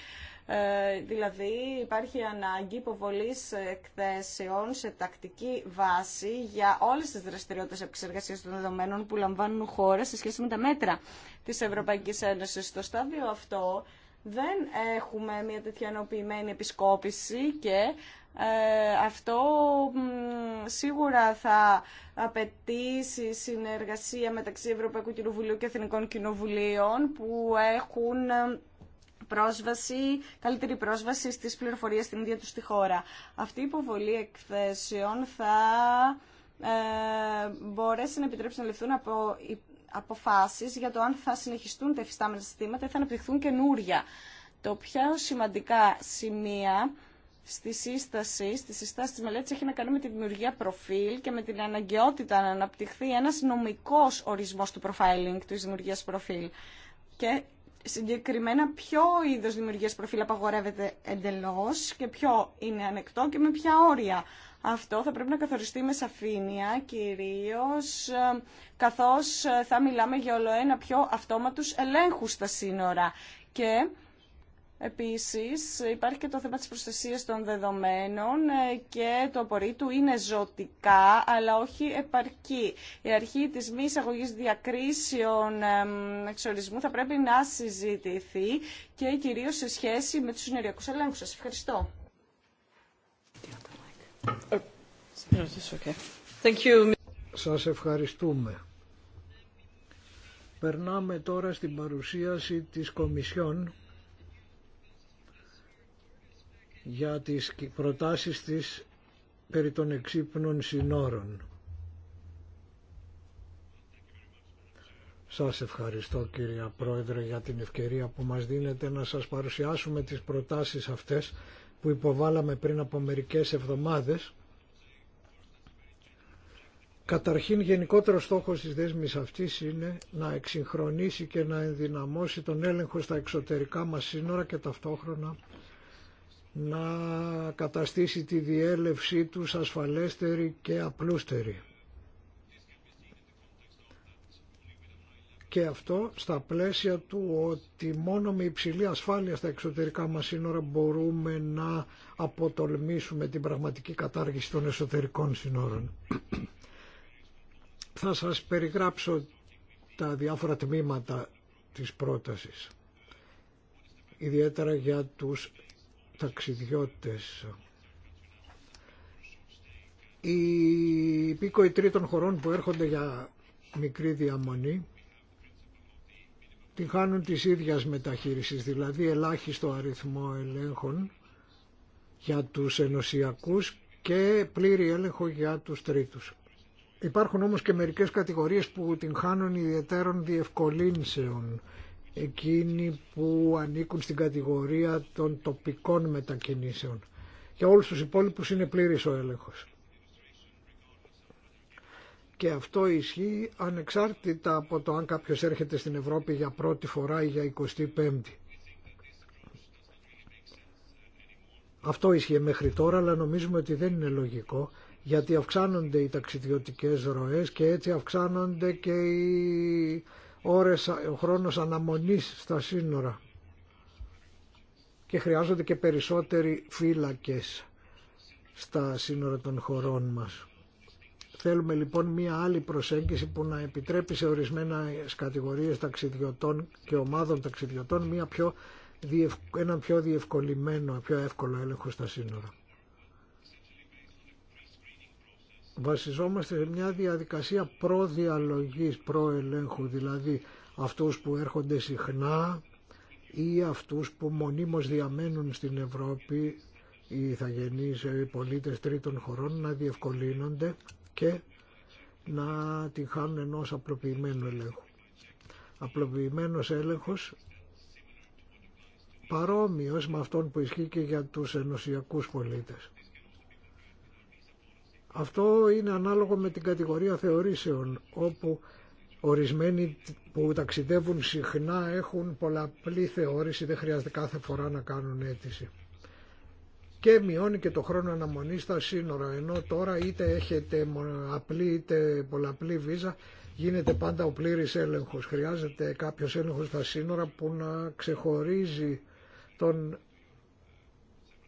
ε, δηλαδή υπάρχει ανάγκη υποβολής εκθέσεων σε τακτική βάση για όλες τις δραστηριότητες επεξεργασία των δεδομένων που λαμβάνουν χώρα σε σχέση με τα μέτρα της Ευρωπαϊκής Ένωσης. Στο στάδιο αυτό δεν έχουμε μια τέτοια ενοποιημένη επισκόπηση και ε, αυτό σίγουρα θα απαιτήσει συνεργασία μεταξύ Ευρωπαϊκού Κοινοβουλίου και Εθνικών Κοινοβουλίων που έχουν πρόσβαση, καλύτερη πρόσβαση στις πληροφορίες στην ίδια τους στη χώρα. Αυτή η υποβολή εκθέσεων θα ε, μπορέσει να επιτρέψει να ληφθούν από αποφάσεις για το αν θα συνεχιστούν τα εφιστάμενα συστήματα ή θα αναπτυχθούν καινούρια. Το πιο σημαντικά σημεία στη σύσταση, στη συστάση της μελέτης έχει να κάνει με τη δημιουργία προφίλ και με την αναγκαιότητα να αναπτυχθεί ένας νομικός ορισμός του profiling, της δημιουργίας προφίλ. Και συγκεκριμένα ποιο είδο δημιουργία προφίλ απαγορεύεται εντελώς και ποιο είναι ανεκτό και με ποια όρια. Αυτό θα πρέπει να καθοριστεί με σαφήνεια κυρίω, ε, καθώς ε, θα μιλάμε για ολοένα πιο αυτόματου ελέγχου στα σύνορα. Και Επίσης υπάρχει και το θέμα της προστασίας των δεδομένων ε, και το απορρίτου είναι ζωτικά αλλά όχι επαρκή. Η αρχή της μη εισαγωγής διακρίσεων εξορισμού θα πρέπει να συζητηθεί και κυρίως σε σχέση με τους συνεργειακούς ελέγχους. Σας ευχαριστώ. Σας ευχαριστούμε. Περνάμε τώρα στην παρουσίαση της Κομισιόν για τις προτάσεις της περί των εξύπνων συνόρων. Σας ευχαριστώ κύριε Πρόεδρε για την ευκαιρία που μας δίνετε να σας παρουσιάσουμε τις προτάσεις αυτές που υποβάλαμε πριν από μερικές εβδομάδες. Καταρχήν γενικότερο στόχος της δέσμης αυτής είναι να εξυγχρονίσει και να ενδυναμώσει τον έλεγχο στα εξωτερικά μας σύνορα και ταυτόχρονα να καταστήσει τη διέλευσή τους ασφαλέστερη και απλούστερη. Και αυτό στα πλαίσια του ότι μόνο με υψηλή ασφάλεια στα εξωτερικά μας σύνορα μπορούμε να αποτολμήσουμε την πραγματική κατάργηση των εσωτερικών σύνορων. Θα σας περιγράψω τα διάφορα τμήματα της πρότασης ιδιαίτερα για τους ταξιδιώτες. Οι υπήκοοι τρίτων χωρών που έρχονται για μικρή διαμονή την χάνουν της ίδιας μεταχείρισης, δηλαδή ελάχιστο αριθμό ελέγχων για τους ενωσιακούς και πλήρη έλεγχο για τους τρίτους. Υπάρχουν όμως και μερικές κατηγορίες που την χάνουν ιδιαίτερων διευκολύνσεων εκείνοι που ανήκουν στην κατηγορία των τοπικών μετακινήσεων. Για όλους τους υπόλοιπους είναι πλήρης ο έλεγχος. Και αυτό ισχύει ανεξάρτητα από το αν κάποιος έρχεται στην Ευρώπη για πρώτη φορά ή για 25η. Αυτό ισχύει μέχρι τώρα, αλλά νομίζουμε ότι δεν είναι λογικό, γιατί αυξάνονται οι ταξιδιωτικές ροές και έτσι αυξάνονται και οι ώρες, ο χρόνος αναμονής στα σύνορα και χρειάζονται και περισσότεροι φύλακες στα σύνορα των χωρών μας. Θέλουμε λοιπόν μία άλλη προσέγγιση που να επιτρέπει σε ορισμένα κατηγορίες ταξιδιωτών και ομάδων ταξιδιωτών μία πιο, έναν πιο διευκολυμένο, πιο εύκολο έλεγχο στα σύνορα. βασιζόμαστε σε μια διαδικασία προδιαλογής, προελέγχου, δηλαδή αυτούς που έρχονται συχνά ή αυτούς που μονίμως διαμένουν στην Ευρώπη οι ηθαγενείς οι πολίτες τρίτων χωρών να διευκολύνονται και να τη χάνουν ενός απλοποιημένου ελέγχου. Απλοποιημένος έλεγχος παρόμοιος με αυτόν που ισχύει και για τους ενωσιακούς πολίτες. Αυτό είναι ανάλογο με την κατηγορία θεωρήσεων, όπου ορισμένοι που ταξιδεύουν συχνά έχουν πολλαπλή θεώρηση, δεν χρειάζεται κάθε φορά να κάνουν αίτηση. Και μειώνει και το χρόνο αναμονή στα σύνορα, ενώ τώρα είτε έχετε απλή είτε πολλαπλή βίζα, γίνεται πάντα ο πλήρης έλεγχος. Χρειάζεται κάποιος έλεγχος στα σύνορα που να ξεχωρίζει τον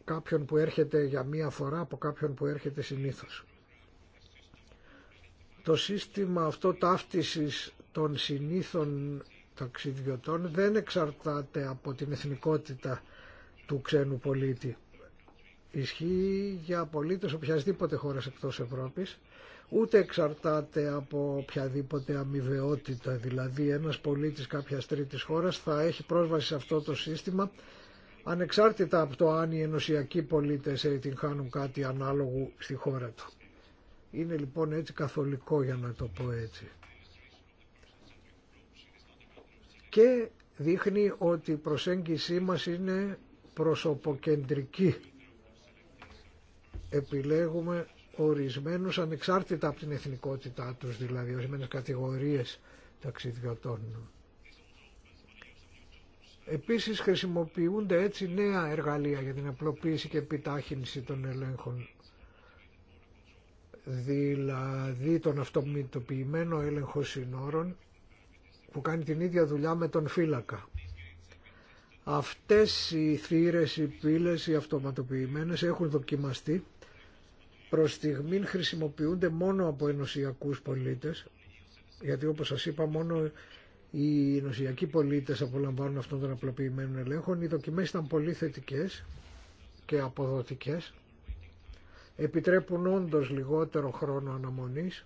κάποιον που έρχεται για μία φορά από κάποιον που έρχεται συνήθως. Το σύστημα αυτό ταύτισης των συνήθων ταξιδιωτών δεν εξαρτάται από την εθνικότητα του ξένου πολίτη. Ισχύει για πολίτες οποιασδήποτε χώρας εκτός Ευρώπης, ούτε εξαρτάται από οποιαδήποτε αμοιβαιότητα. Δηλαδή ένας πολίτης κάποιας τρίτης χώρας θα έχει πρόσβαση σε αυτό το σύστημα ανεξάρτητα από το αν οι ενωσιακοί πολίτες την κάτι ανάλογο στη χώρα του. Είναι λοιπόν έτσι καθολικό για να το πω έτσι. Και δείχνει ότι η προσέγγισή μας είναι προσωποκεντρική. Επιλέγουμε ορισμένους ανεξάρτητα από την εθνικότητά τους, δηλαδή ορισμένες κατηγορίες ταξιδιωτών. Επίσης χρησιμοποιούνται έτσι νέα εργαλεία για την απλοποίηση και επιτάχυνση των ελέγχων δηλαδή τον αυτομητοποιημένο έλεγχο συνόρων που κάνει την ίδια δουλειά με τον φύλακα. Αυτές οι θύρες, οι πύλες, οι αυτοματοποιημένες έχουν δοκιμαστεί. Προς στιγμήν χρησιμοποιούνται μόνο από ενωσιακούς πολίτες, γιατί όπως σας είπα μόνο οι ενωσιακοί πολίτες απολαμβάνουν αυτόν τον απλοποιημένων ελέγχων. Οι δοκιμές ήταν πολύ θετικές και αποδοτικές επιτρέπουν όντως λιγότερο χρόνο αναμονής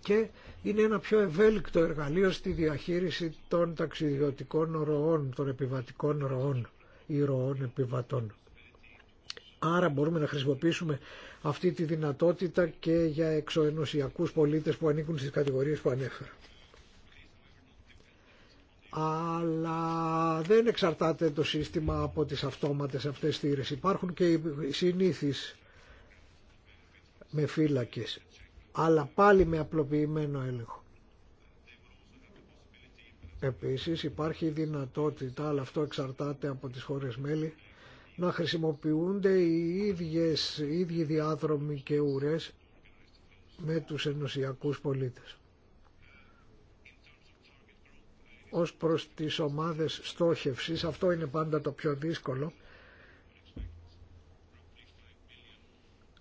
και είναι ένα πιο ευέλικτο εργαλείο στη διαχείριση των ταξιδιωτικών ροών, των επιβατικών ροών ή ροών επιβατών. Άρα μπορούμε να χρησιμοποιήσουμε αυτή τη δυνατότητα και για εξωενωσιακούς πολίτες που ανήκουν στις κατηγορίες που ανέφερα. Αλλά δεν εξαρτάται το σύστημα από τις αυτόματες αυτές στήρες. Υπάρχουν και οι συνήθεις με φύλακες, αλλά πάλι με απλοποιημένο έλεγχο. Επίσης υπάρχει η δυνατότητα, αλλά αυτό εξαρτάται από τις χώρες μέλη, να χρησιμοποιούνται οι ίδιες, οι ίδιοι διάδρομοι και ουρές με τους ενωσιακούς πολίτες. Ως προς τις ομάδες στόχευσης, αυτό είναι πάντα το πιο δύσκολο,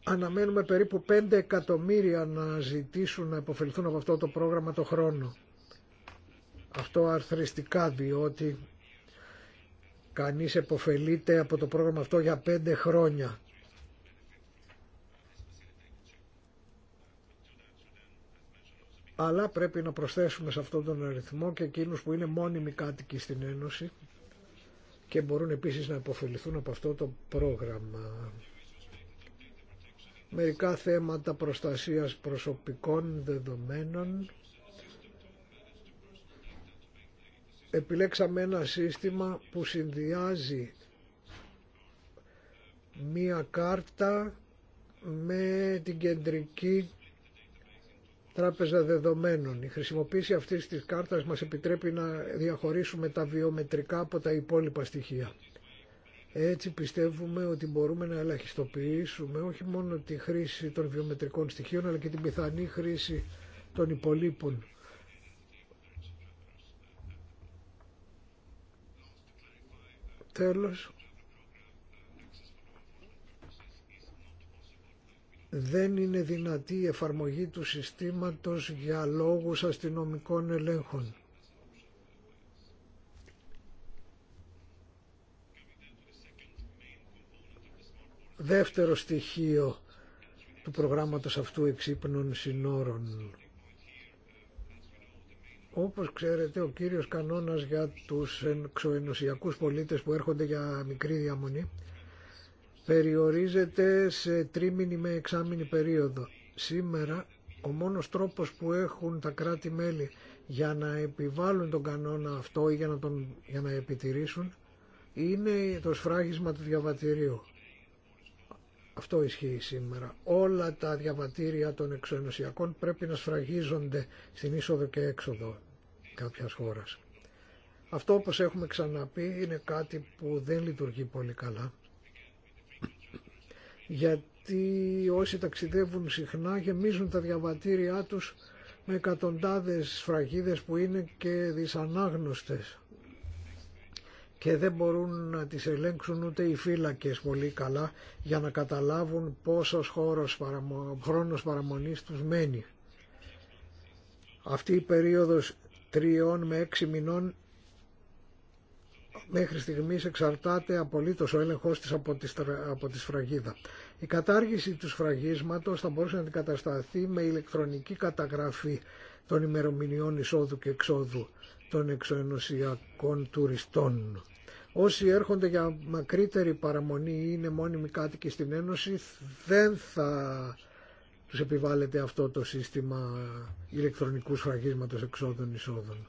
αναμένουμε περίπου 5 εκατομμύρια να ζητήσουν να υποφελθούν από αυτό το πρόγραμμα το χρόνο. Αυτό αρθριστικά διότι κανείς υποφελείται από το πρόγραμμα αυτό για 5 χρόνια. Αλλά πρέπει να προσθέσουμε σε αυτόν τον αριθμό και εκείνους που είναι μόνιμοι κάτοικοι στην Ένωση και μπορούν επίσης να υποφεληθούν από αυτό το πρόγραμμα μερικά θέματα προστασίας προσωπικών δεδομένων. Επιλέξαμε ένα σύστημα που συνδυάζει μία κάρτα με την κεντρική τράπεζα δεδομένων. Η χρησιμοποίηση αυτής της κάρτας μας επιτρέπει να διαχωρίσουμε τα βιομετρικά από τα υπόλοιπα στοιχεία. Έτσι πιστεύουμε ότι μπορούμε να ελαχιστοποιήσουμε όχι μόνο τη χρήση των βιομετρικών στοιχείων αλλά και την πιθανή χρήση των υπολείπων. Τέλος, δεν είναι δυνατή η εφαρμογή του συστήματος για λόγους αστυνομικών ελέγχων. δεύτερο στοιχείο του προγράμματος αυτού εξύπνων συνόρων. Όπως ξέρετε, ο κύριος κανόνας για τους εξωενωσιακούς πολίτες που έρχονται για μικρή διαμονή περιορίζεται σε τρίμηνη με εξάμηνη περίοδο. Σήμερα, ο μόνος τρόπος που έχουν τα κράτη-μέλη για να επιβάλλουν τον κανόνα αυτό ή για να, τον, για να επιτηρήσουν είναι το σφράγισμα του διαβατηρίου. Αυτό ισχύει σήμερα. Όλα τα διαβατήρια των εξωενωσιακών πρέπει να σφραγίζονται στην είσοδο και έξοδο κάποιας χώρας. Αυτό όπως έχουμε ξαναπεί είναι κάτι που δεν λειτουργεί πολύ καλά. Γιατί όσοι ταξιδεύουν συχνά γεμίζουν τα διαβατήριά τους με εκατοντάδες σφραγίδες που είναι και δυσανάγνωστες και δεν μπορούν να τις ελέγξουν ούτε οι φύλακες πολύ καλά για να καταλάβουν πόσος χώρος χρόνος παραμονής τους μένει. Αυτή η περίοδος τριών με έξι μηνών μέχρι στιγμής εξαρτάται απολύτως ο έλεγχός της από τη, από τη σφραγίδα. Η κατάργηση του σφραγίσματος θα μπορούσε να αντικατασταθεί με ηλεκτρονική καταγραφή των ημερομηνιών εισόδου και εξόδου των εξωενωσιακών τουριστών. Όσοι έρχονται για μακρύτερη παραμονή ή είναι μόνιμοι κάτοικοι στην Ένωση δεν θα τους επιβάλλεται αυτό το σύστημα ηλεκτρονικού σφραγίσματος εξόδων-εισόδων.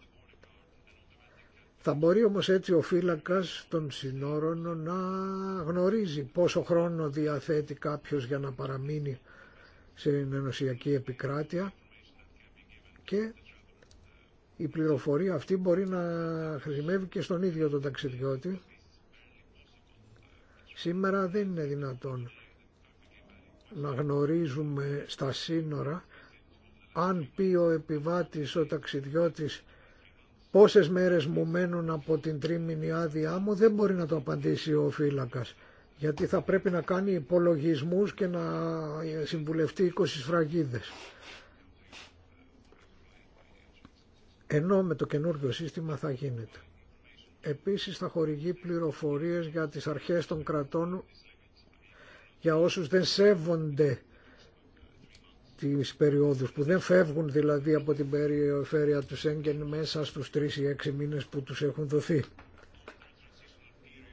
Θα μπορεί όμως έτσι ο φύλακας των συνόρων να γνωρίζει πόσο χρόνο διαθέτει κάποιος για να παραμείνει σε ενωσιακή επικράτεια και η πληροφορία αυτή μπορεί να χρησιμεύει και στον ίδιο τον ταξιδιώτη. Σήμερα δεν είναι δυνατόν να γνωρίζουμε στα σύνορα αν πει ο επιβάτης, ο ταξιδιώτης πόσες μέρες μου μένουν από την τρίμηνη άδειά μου δεν μπορεί να το απαντήσει ο φύλακας γιατί θα πρέπει να κάνει υπολογισμούς και να συμβουλευτεί 20 σφραγίδες. ενώ με το καινούργιο σύστημα θα γίνεται. Επίσης θα χορηγεί πληροφορίες για τις αρχές των κρατών για όσους δεν σέβονται τις περιόδους, που δεν φεύγουν δηλαδή από την περιοφέρεια του Σέγγεν μέσα στους 3 ή 6 μήνες που τους έχουν δοθεί.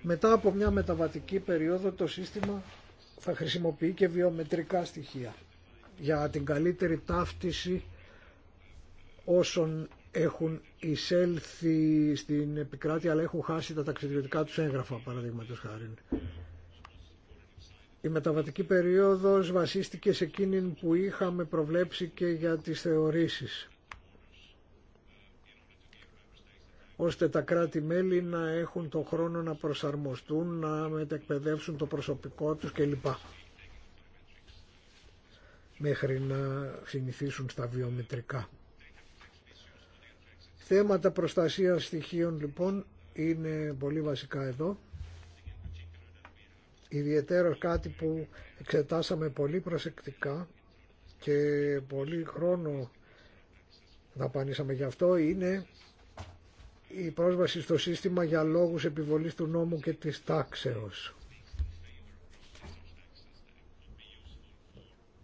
Μετά από μια μεταβατική περίοδο το σύστημα θα χρησιμοποιεί και βιομετρικά στοιχεία για την καλύτερη ταύτιση όσων έχουν εισέλθει στην επικράτεια αλλά έχουν χάσει τα ταξιδιωτικά τους έγγραφα παραδείγματο χάρη. Η μεταβατική περίοδος βασίστηκε σε εκείνη που είχαμε προβλέψει και για τις θεωρήσεις ώστε τα κράτη-μέλη να έχουν τον χρόνο να προσαρμοστούν, να μετεκπαιδεύσουν το προσωπικό τους κλπ. Μέχρι να συνηθίσουν στα βιομητρικά Θέματα προστασίας στοιχείων λοιπόν είναι πολύ βασικά εδώ. Ιδιαίτερο κάτι που εξετάσαμε πολύ προσεκτικά και πολύ χρόνο να γι' αυτό είναι η πρόσβαση στο σύστημα για λόγους επιβολής του νόμου και της τάξεως.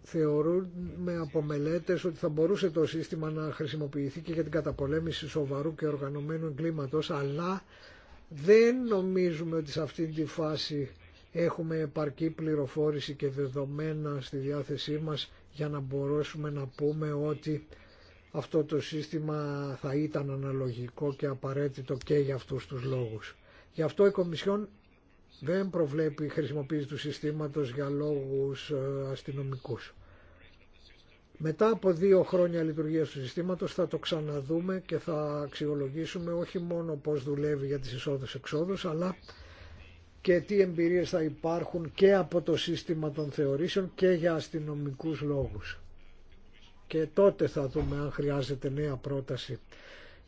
θεωρούμε από μελέτες ότι θα μπορούσε το σύστημα να χρησιμοποιηθεί και για την καταπολέμηση σοβαρού και οργανωμένου εγκλήματος, αλλά δεν νομίζουμε ότι σε αυτή τη φάση έχουμε επαρκή πληροφόρηση και δεδομένα στη διάθεσή μας για να μπορέσουμε να πούμε ότι αυτό το σύστημα θα ήταν αναλογικό και απαραίτητο και για αυτούς τους λόγους. Γι' αυτό η Κομισιόν δεν προβλέπει χρησιμοποίηση του συστήματος για λόγους ε, αστυνομικούς. Μετά από δύο χρόνια λειτουργίας του συστήματος θα το ξαναδούμε και θα αξιολογήσουμε όχι μόνο πώς δουλεύει για τις εισόδους-εξόδους, αλλά και τι εμπειρίες θα υπάρχουν και από το σύστημα των θεωρήσεων και για αστυνομικούς λόγους. Και τότε θα δούμε αν χρειάζεται νέα πρόταση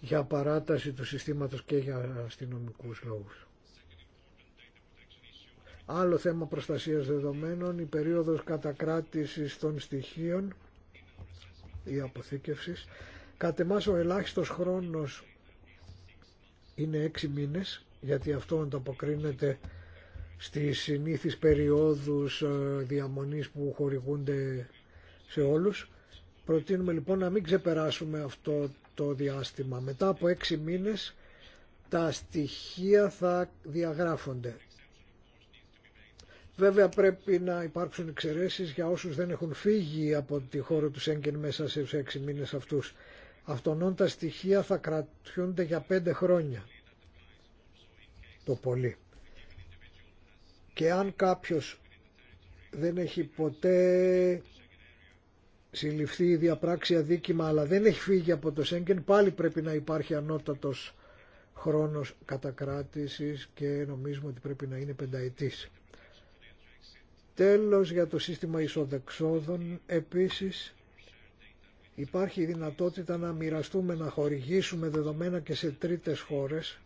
για παράταση του συστήματος και για αστυνομικούς λόγους. Άλλο θέμα προστασίας δεδομένων, η περίοδος κατακράτησης των στοιχείων ή αποθήκευσης. Κατ' εμάς ο ελάχιστος χρόνος είναι έξι μήνες, γιατί αυτό ανταποκρίνεται στις συνήθεις περιόδους ε, διαμονής που χορηγούνται σε όλους. Προτείνουμε λοιπόν να μην ξεπεράσουμε αυτό το διάστημα. Μετά από έξι μήνες τα στοιχεία θα διαγράφονται. Βέβαια πρέπει να υπάρξουν εξαιρέσεις για όσους δεν έχουν φύγει από τη χώρα του Σέγγεν μέσα σε έξι μήνες αυτούς. Αυτονών τα στοιχεία θα κρατιούνται για πέντε χρόνια το πολύ. Και αν κάποιος δεν έχει ποτέ συλληφθεί η διαπράξη αδίκημα αλλά δεν έχει φύγει από το Σέγγεν πάλι πρέπει να υπάρχει ανώτατος χρόνος κατακράτησης και νομίζουμε ότι πρέπει να είναι πενταετής. Τέλος για το σύστημα εισοδεξόδων επίσης υπάρχει η δυνατότητα να μοιραστούμε, να χορηγήσουμε δεδομένα και σε τρίτες χώρες,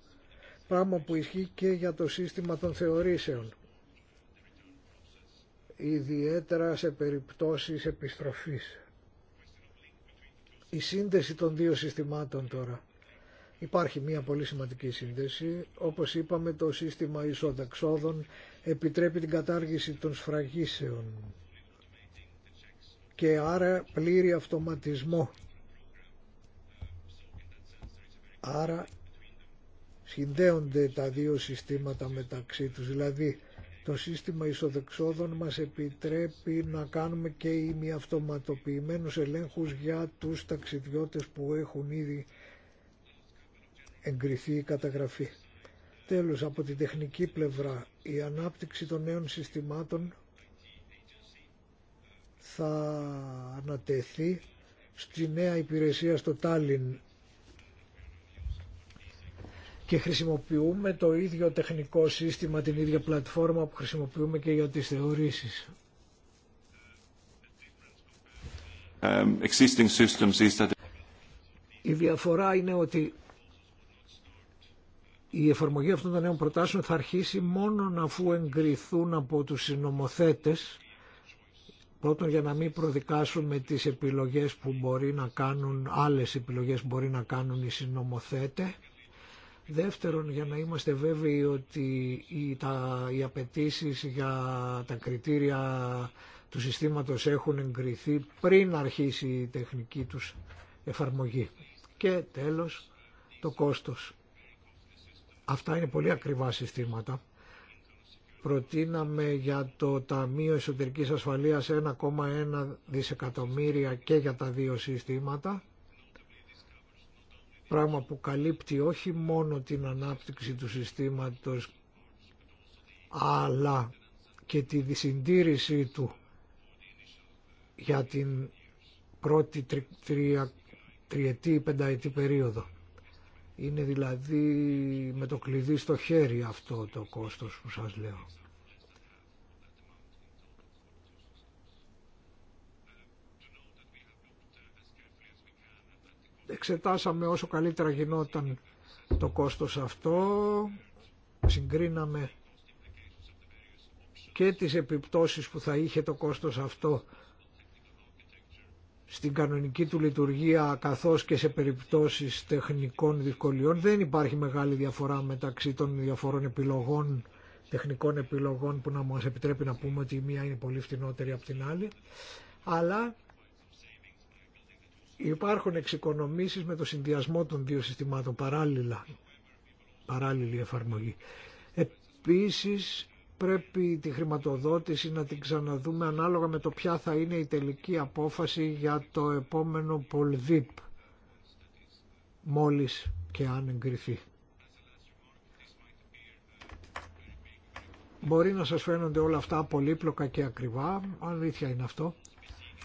πράγμα που ισχύει και για το σύστημα των θεωρήσεων, ιδιαίτερα σε περιπτώσεις επιστροφής. Η σύνδεση των δύο συστημάτων τώρα. Υπάρχει μία πολύ σημαντική σύνδεση. Όπως είπαμε το σύστημα εισοδεξόδων επιτρέπει την κατάργηση των σφραγίσεων και άρα πλήρη αυτοματισμό. Άρα συνδέονται τα δύο συστήματα μεταξύ τους, δηλαδή το σύστημα ισοδεξόδων μας επιτρέπει να κάνουμε και ημιαυτοματοποιημένους ελέγχους για τους ταξιδιώτες που έχουν ήδη εγκριθεί η καταγραφή. Τέλος, από την τεχνική πλευρά, η ανάπτυξη των νέων συστημάτων θα ανατεθεί στη νέα υπηρεσία στο Τάλιν και χρησιμοποιούμε το ίδιο τεχνικό σύστημα, την ίδια πλατφόρμα που χρησιμοποιούμε και για τις θεωρήσεις. Um, η διαφορά είναι ότι η εφαρμογή αυτών των νέων προτάσεων θα αρχίσει μόνο αφού εγκριθούν από τους συνομοθέτες πρώτον για να μην προδικάσουμε τις επιλογές που μπορεί να κάνουν άλλες επιλογές που μπορεί να κάνουν οι συνομοθέτε. Δεύτερον, για να είμαστε βέβαιοι ότι οι, τα, οι απαιτήσει για τα κριτήρια του συστήματος έχουν εγκριθεί πριν αρχίσει η τεχνική τους εφαρμογή. Και τέλος, το κόστος. Αυτά είναι πολύ ακριβά συστήματα. Προτείναμε για το Ταμείο Εσωτερικής Ασφαλείας 1,1 δισεκατομμύρια και για τα δύο συστήματα. Πράγμα που καλύπτει όχι μόνο την ανάπτυξη του συστήματος αλλά και τη συντήρησή του για την πρώτη τρι, τριετή ή πενταετή περίοδο. Είναι δηλαδή με το κλειδί στο χέρι αυτό το κόστος που σας λέω. Εξετάσαμε όσο καλύτερα γινόταν το κόστος αυτό, συγκρίναμε και τις επιπτώσεις που θα είχε το κόστος αυτό στην κανονική του λειτουργία καθώς και σε περιπτώσεις τεχνικών δυσκολιών δεν υπάρχει μεγάλη διαφορά μεταξύ των διαφορών επιλογών τεχνικών επιλογών που να μας επιτρέπει να πούμε ότι η μία είναι πολύ φτηνότερη από την άλλη αλλά υπάρχουν εξοικονομήσεις με το συνδυασμό των δύο συστημάτων παράλληλα παράλληλη εφαρμογή. Επίσης πρέπει τη χρηματοδότηση να την ξαναδούμε ανάλογα με το ποια θα είναι η τελική απόφαση για το επόμενο Πολδίπ μόλις και αν εγκριθεί. Μπορεί να σας φαίνονται όλα αυτά πολύπλοκα και ακριβά, αλήθεια είναι αυτό,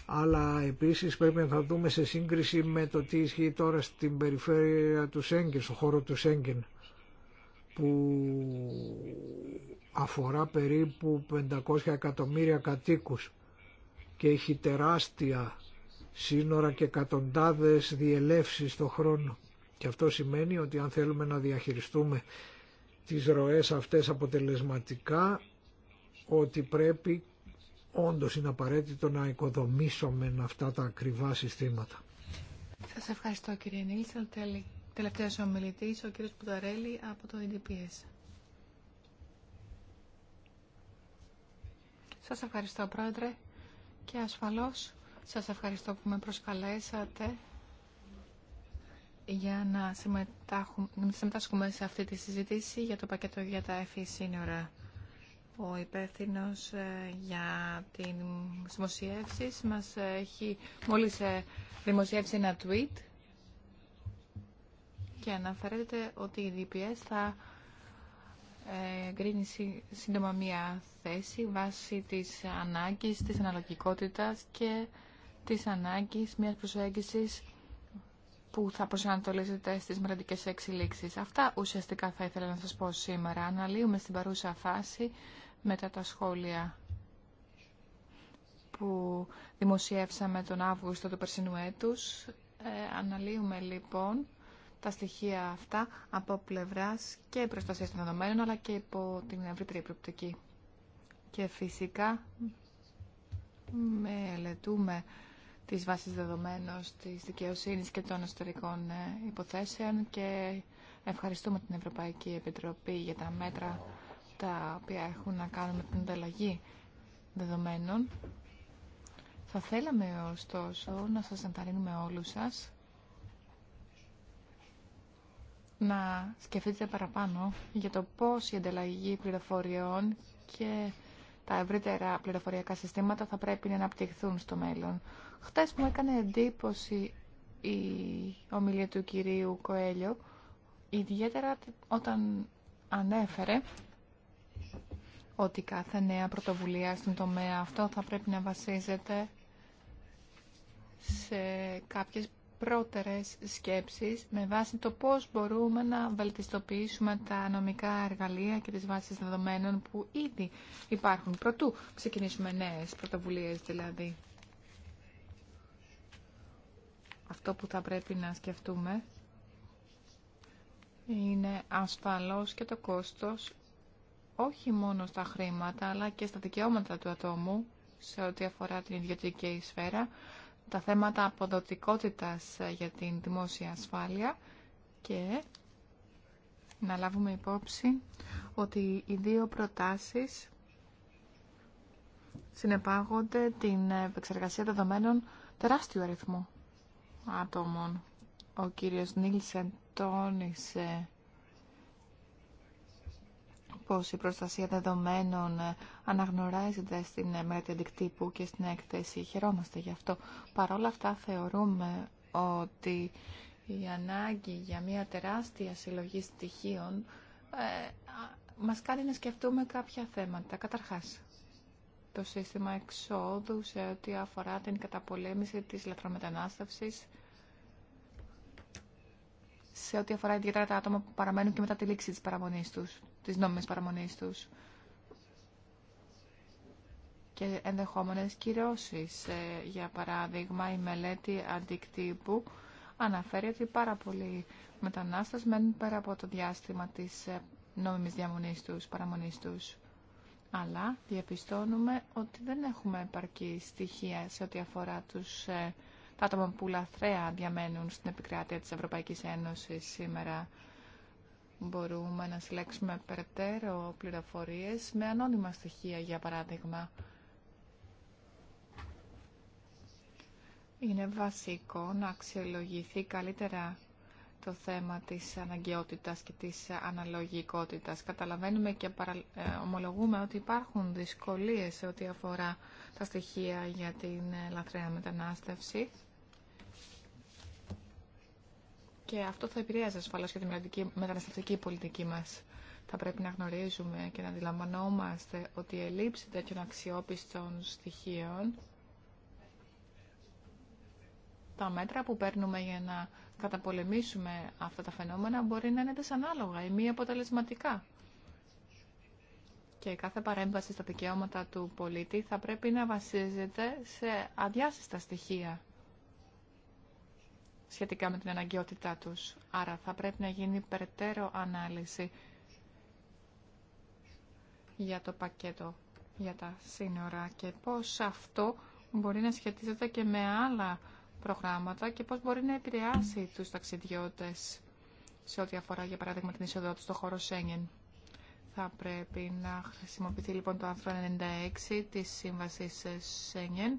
αλλά επίσης πρέπει να δούμε σε σύγκριση με το τι ισχύει τώρα στην περιφέρεια του Σέγγεν, στον χώρο του Σέγγεν, που αφορά περίπου 500 εκατομμύρια κατοίκους και έχει τεράστια σύνορα και εκατοντάδες διελεύσεις το χρόνο. Και αυτό σημαίνει ότι αν θέλουμε να διαχειριστούμε τις ροές αυτές αποτελεσματικά, ότι πρέπει όντως είναι απαραίτητο να οικοδομήσουμε αυτά τα ακριβά συστήματα. Σας ευχαριστώ κύριε Νίλσον. Τελευταίος ομιλητής, ο κύριος Πουταρέλη από το EDPS. Σας ευχαριστώ πρόεδρε και ασφαλώς σας ευχαριστώ που με προσκαλέσατε για να συμμετάσχουμε σε αυτή τη συζήτηση για το πακέτο για τα ΕΦΗ e σύνορα. Ο υπεύθυνο ε, για την δημοσιεύσει μας έχει μόλις ε, δημοσιεύσει ένα tweet και αναφέρεται ότι η DPS θα εγκρίνει σύντομα μία θέση βάσει της ανάγκης, της αναλογικότητας και της ανάγκης μιας προσέγγισης που θα προσανατολίζεται στις μελλοντικές εξελίξεις. Αυτά ουσιαστικά θα ήθελα να σας πω σήμερα. Αναλύουμε στην παρούσα φάση μετά τα σχόλια που δημοσιεύσαμε τον Αύγουστο του περσινού έτους. Ε, αναλύουμε λοιπόν τα στοιχεία αυτά από πλευράς και προστασία των δεδομένων αλλά και υπό την ευρύτερη προοπτική. Και φυσικά μελετούμε τις βάσεις δεδομένων της δικαιοσύνης και των εσωτερικών ε, υποθέσεων και ευχαριστούμε την Ευρωπαϊκή Επιτροπή για τα μέτρα τα οποία έχουν να κάνουν με την ανταλλαγή δεδομένων. Θα θέλαμε ωστόσο να σας ενθαρρύνουμε όλους σας να σκεφτείτε παραπάνω για το πώς η ανταλλαγή πληροφοριών και τα ευρύτερα πληροφοριακά συστήματα θα πρέπει να αναπτυχθούν στο μέλλον. Χτες μου έκανε εντύπωση η ομιλία του κυρίου Κοέλιο, ιδιαίτερα όταν ανέφερε ότι κάθε νέα πρωτοβουλία στον τομέα αυτό θα πρέπει να βασίζεται σε κάποιες πρώτερες σκέψεις με βάση το πώς μπορούμε να βελτιστοποιήσουμε τα νομικά εργαλεία και τις βάσεις δεδομένων που ήδη υπάρχουν. Πρωτού ξεκινήσουμε νέες πρωτοβουλίες δηλαδή. Αυτό που θα πρέπει να σκεφτούμε είναι ασφαλώς και το κόστος όχι μόνο στα χρήματα αλλά και στα δικαιώματα του ατόμου σε ό,τι αφορά την ιδιωτική σφαίρα τα θέματα αποδοτικότητας ε, για την δημόσια ασφάλεια και να λάβουμε υπόψη ότι οι δύο προτάσεις συνεπάγονται την επεξεργασία δεδομένων τεράστιου αριθμού ατόμων. Ο κύριος Νίλσεν τόνισε πως η προστασία δεδομένων ε, αναγνωρίζεται στην ε, μελέτη αντικτύπου και στην έκθεση. Χαιρόμαστε γι' αυτό. Παρ' όλα αυτά θεωρούμε ότι η ανάγκη για μια τεράστια συλλογή στοιχείων ε, μας κάνει να σκεφτούμε κάποια θέματα. Καταρχάς, το σύστημα εξόδου σε ό,τι αφορά την καταπολέμηση της λαθρομετανάστευσης σε ό,τι αφορά ιδιαίτερα τα άτομα που παραμένουν και μετά τη λήξη της παραμονής τους, της νόμιμης παραμονής τους και ενδεχόμενες κυρώσεις. Ε, για παράδειγμα, η μελέτη αντικτύπου αναφέρει ότι πάρα πολλοί μετανάστες μένουν πέρα από το διάστημα της ε, νόμιμης διαμονής τους, παραμονής τους. Αλλά διαπιστώνουμε ότι δεν έχουμε επαρκή στοιχεία σε ό,τι αφορά τους ε, τα άτομα που λαθρέα διαμένουν στην επικράτεια της Ευρωπαϊκής Ένωσης σήμερα. Μπορούμε να συλλέξουμε περαιτέρω πληροφορίες με ανώνυμα στοιχεία, για παράδειγμα. Είναι βασικό να αξιολογηθεί καλύτερα το θέμα της αναγκαιότητας και της αναλογικότητας. Καταλαβαίνουμε και ε, ομολογούμε ότι υπάρχουν δυσκολίες σε ό,τι αφορά τα στοιχεία για την ε, λαθρέα μετανάστευση. Και αυτό θα επηρέαζε ασφαλώς και τη μεταναστευτική πολιτική μας. Θα πρέπει να γνωρίζουμε και να αντιλαμβανόμαστε ότι η ελλείψη τέτοιων αξιόπιστων στοιχείων τα μέτρα που παίρνουμε για να καταπολεμήσουμε αυτά τα φαινόμενα μπορεί να είναι δυσανάλογα ή μη αποτελεσματικά. Και κάθε παρέμβαση στα δικαιώματα του πολίτη θα πρέπει να βασίζεται σε αδιάσυστα στοιχεία σχετικά με την αναγκαιότητά τους. Άρα θα πρέπει να γίνει περαιτέρω ανάλυση για το πακέτο για τα σύνορα και πώς αυτό μπορεί να σχετίζεται και με άλλα προγράμματα και πώς μπορεί να επηρεάσει τους ταξιδιώτες σε ό,τι αφορά για παράδειγμα την είσοδό του στο χώρο Σέγγεν. Θα πρέπει να χρησιμοποιηθεί λοιπόν το άρθρο 96 της Σύμβασης Σέγγεν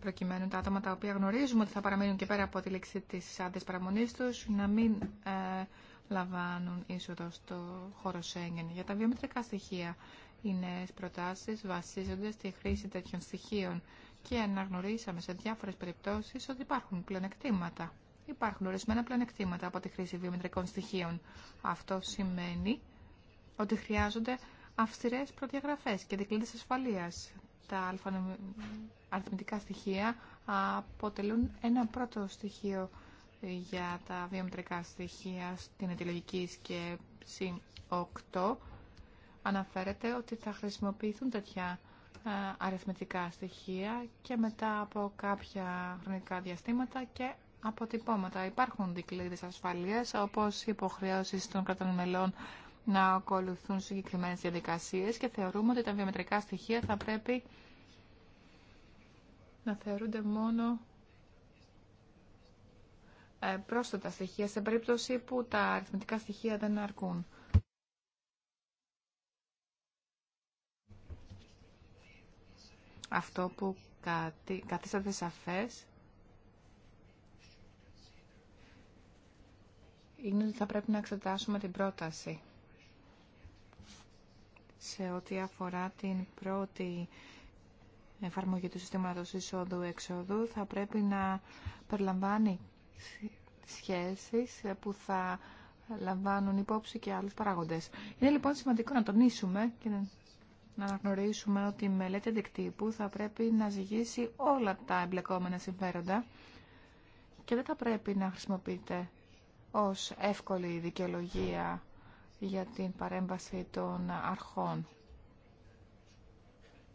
προκειμένου τα άτομα τα οποία γνωρίζουμε ότι θα παραμείνουν και πέρα από τη λήξη τη άντρε παραμονή του να μην ε, λαμβάνουν είσοδο στο χώρο Σέγγεν. Για τα βιομητρικά στοιχεία, οι νέε προτάσεις βασίζονται στη χρήση τέτοιων στοιχείων και αναγνωρίσαμε σε διάφορε περιπτώσει ότι υπάρχουν πλεονεκτήματα. Υπάρχουν ορισμένα πλεονεκτήματα από τη χρήση βιομητρικών στοιχείων. Αυτό σημαίνει ότι χρειάζονται αυστηρέ προδιαγραφέ και δικλείδε ασφαλεία. Τα αριθμητικά στοιχεία αποτελούν ένα πρώτο στοιχείο για τα βιομετρικά στοιχεία στην αιτιολογική σκέψη 8. Αναφέρεται ότι θα χρησιμοποιηθούν τέτοια ε, αριθμητικά στοιχεία και μετά από κάποια χρονικά διαστήματα και αποτυπώματα. Υπάρχουν δικλείδες ασφαλείας, όπως οι υποχρεώσεις των κρατών μελών να ακολουθούν συγκεκριμένες διαδικασίες και θεωρούμε ότι τα βιομετρικά στοιχεία θα πρέπει να θεωρούνται μόνο ε, πρόσθετα στοιχεία σε περίπτωση που τα αριθμητικά στοιχεία δεν αρκούν. Αυτό που καθίσατε σαφές είναι ότι θα πρέπει να εξετάσουμε την πρόταση σε ό,τι αφορά την πρώτη εφαρμογή του συστήματος εισόδου-εξόδου θα πρέπει να περιλαμβάνει σχέσεις που θα λαμβάνουν υπόψη και άλλους παράγοντες. Είναι λοιπόν σημαντικό να τονίσουμε και να αναγνωρίσουμε ότι η μελέτη αντικτύπου θα πρέπει να ζυγίσει όλα τα εμπλεκόμενα συμφέροντα και δεν θα πρέπει να χρησιμοποιείται ως εύκολη δικαιολογία για την παρέμβαση των αρχών.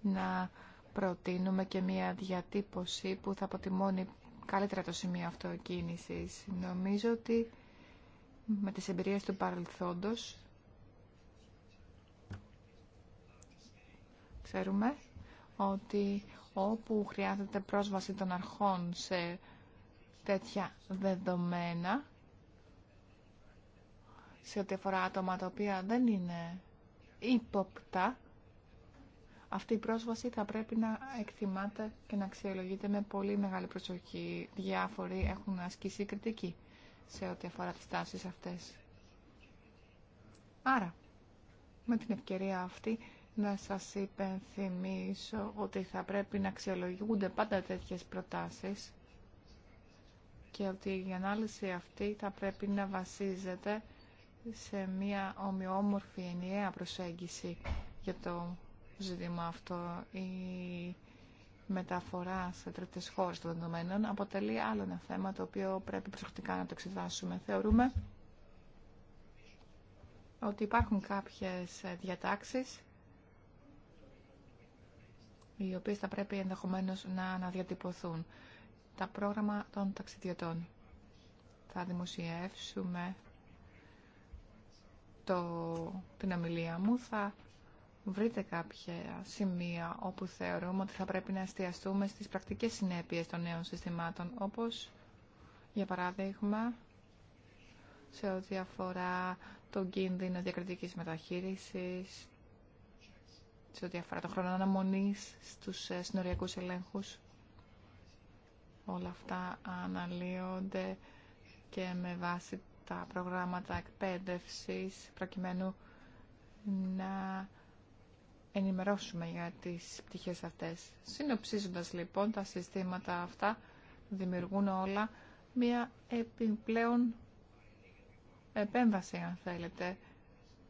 Να προτείνουμε και μια διατύπωση που θα αποτιμώνει καλύτερα το σημείο αυτοκίνησης. Νομίζω ότι με τις εμπειρίες του παρελθόντος ξέρουμε ότι όπου χρειάζεται πρόσβαση των αρχών σε τέτοια δεδομένα σε ό,τι αφορά άτομα τα οποία δεν είναι ύποπτα αυτή η πρόσβαση θα πρέπει να εκτιμάται και να αξιολογείται με πολύ μεγάλη προσοχή. Διάφοροι έχουν ασκήσει κριτική σε ό,τι αφορά τις τάσεις αυτές. Άρα, με την ευκαιρία αυτή, να σας υπενθυμίσω ότι θα πρέπει να αξιολογούνται πάντα τέτοιες προτάσεις και ότι η ανάλυση αυτή θα πρέπει να βασίζεται σε μια ομοιόμορφη ενιαία προσέγγιση για το ζήτημα αυτό. Η μεταφορά σε τρίτες χώρες των δεδομένων αποτελεί άλλο ένα θέμα το οποίο πρέπει προσεκτικά να το εξετάσουμε. Θεωρούμε ότι υπάρχουν κάποιες διατάξεις οι οποίες θα πρέπει ενδεχομένως να αναδιατυπωθούν. Τα πρόγραμμα των ταξιδιωτών. Θα δημοσιεύσουμε το, την ομιλία μου, θα βρείτε κάποια σημεία όπου θεωρούμε ότι θα πρέπει να εστιαστούμε στις πρακτικές συνέπειες των νέων συστημάτων, όπως για παράδειγμα σε ό,τι αφορά τον κίνδυνο διακριτικής μεταχείρισης, σε ό,τι αφορά τον χρόνο αναμονής στους ε, συνοριακούς ελέγχους. Όλα αυτά αναλύονται και με βάση τα προγράμματα εκπαίδευσης προκειμένου να ενημερώσουμε για τις πτυχές αυτές. Συνοψίζοντας λοιπόν τα συστήματα αυτά δημιουργούν όλα μία επιπλέον επέμβαση αν θέλετε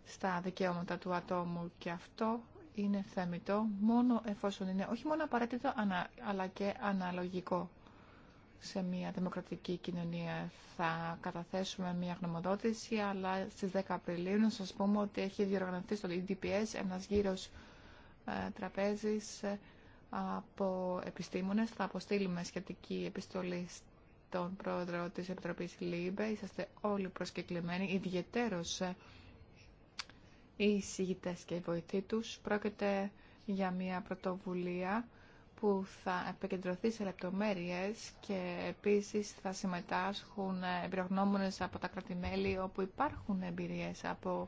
στα δικαιώματα του ατόμου και αυτό είναι θεμητό μόνο εφόσον είναι όχι μόνο απαραίτητο αλλά και αναλογικό σε μια δημοκρατική κοινωνία. Θα καταθέσουμε μια γνωμοδότηση αλλά στις 10 Απριλίου να σας πούμε ότι έχει διοργανωθεί στο DPS ένας γύρος ε, τραπέζης ε, από επιστήμονες. Θα αποστείλουμε σχετική επιστολή στον πρόεδρο της Επιτροπής ΛΥΜΠΕ. Είσαστε όλοι προσκεκλημένοι, ιδιαιτέρως ε, οι συγητές και οι βοηθοί τους. Πρόκειται για μια πρωτοβουλία που θα επικεντρωθεί σε λεπτομέρειες και επίσης θα συμμετάσχουν εμπειρογνώμονες από τα κρατημέλη όπου υπάρχουν εμπειρίες από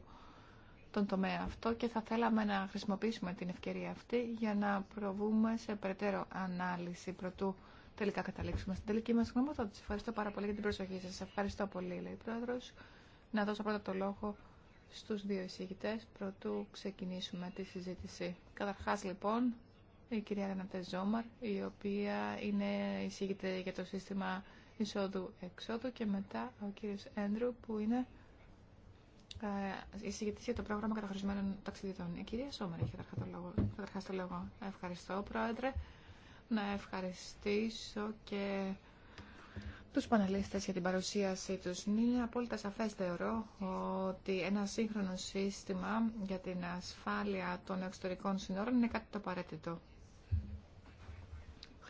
τον τομέα αυτό και θα θέλαμε να χρησιμοποιήσουμε την ευκαιρία αυτή για να προβούμε σε περαιτέρω ανάλυση πρωτού τελικά καταλήξουμε στην τελική μας γνωμοδότηση. Ευχαριστώ πάρα πολύ για την προσοχή σας. Ευχαριστώ πολύ, λέει πρόεδρο, Να δώσω πρώτα το λόγο στους δύο εισηγητές πρωτού ξεκινήσουμε τη συζήτηση. Καταρχάς, λοιπόν, η κυρία Ρενατέ Ζόμαρ, η οποία είναι εισηγητή για το σύστημα εισόδου-εξόδου και μετά ο κύριος Έντρου που είναι εισηγητής για το πρόγραμμα καταχωρισμένων ταξιδιών. Η κυρία Σόμερ έχει καταρχά το λόγο. Ευχαριστώ, Πρόεδρε. Να ευχαριστήσω και τους πανελίστε για την παρουσίασή τους. Είναι απόλυτα σαφές θεωρώ ότι ένα σύγχρονο σύστημα για την ασφάλεια των εξωτερικών συνόρων είναι κάτι το απαραίτητο.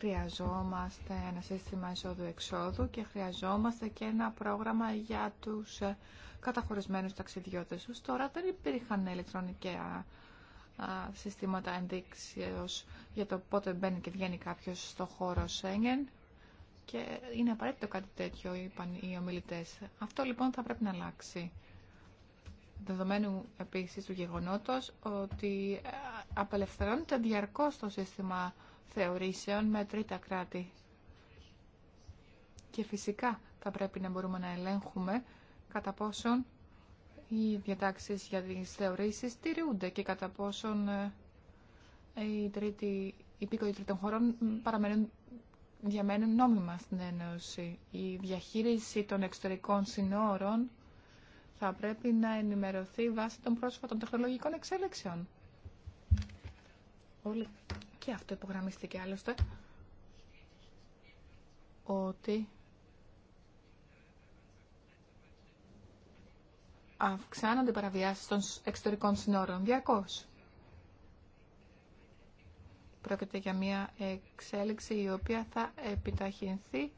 Χρειαζόμαστε ένα σύστημα εισόδου-εξόδου και χρειαζόμαστε και ένα πρόγραμμα για τους ε, καταχωρισμένους ταξιδιώτες. Ως τώρα δεν υπήρχαν ηλεκτρονικά συστήματα ενδείξεως για το πότε μπαίνει και βγαίνει κάποιος στο χώρο Σέγγεν και είναι απαραίτητο κάτι τέτοιο, είπαν οι ομιλητές. Αυτό λοιπόν θα πρέπει να αλλάξει. Δεδομένου επίσης του γεγονότος ότι ε, απελευθερώνεται διαρκώς το σύστημα θεωρήσεων με τρίτα κράτη. Και φυσικά θα πρέπει να μπορούμε να ελέγχουμε κατά πόσον οι διατάξεις για τις θεωρήσεις τηρούνται και κατά πόσον ε, οι τρίτοι υπήκοοι τρίτων χωρών παραμένουν, διαμένουν νόμιμα στην Ένωση. Η διαχείριση των εξωτερικών συνόρων θα πρέπει να ενημερωθεί βάσει των πρόσφατων τεχνολογικών εξέλιξεων. Όλοι και αυτό υπογραμμίστηκε άλλωστε, ότι αυξάνονται οι παραβιάσεις των εξωτερικών συνόρων Διακώς. Πρόκειται για μια εξέλιξη η οποία θα επιταχυνθεί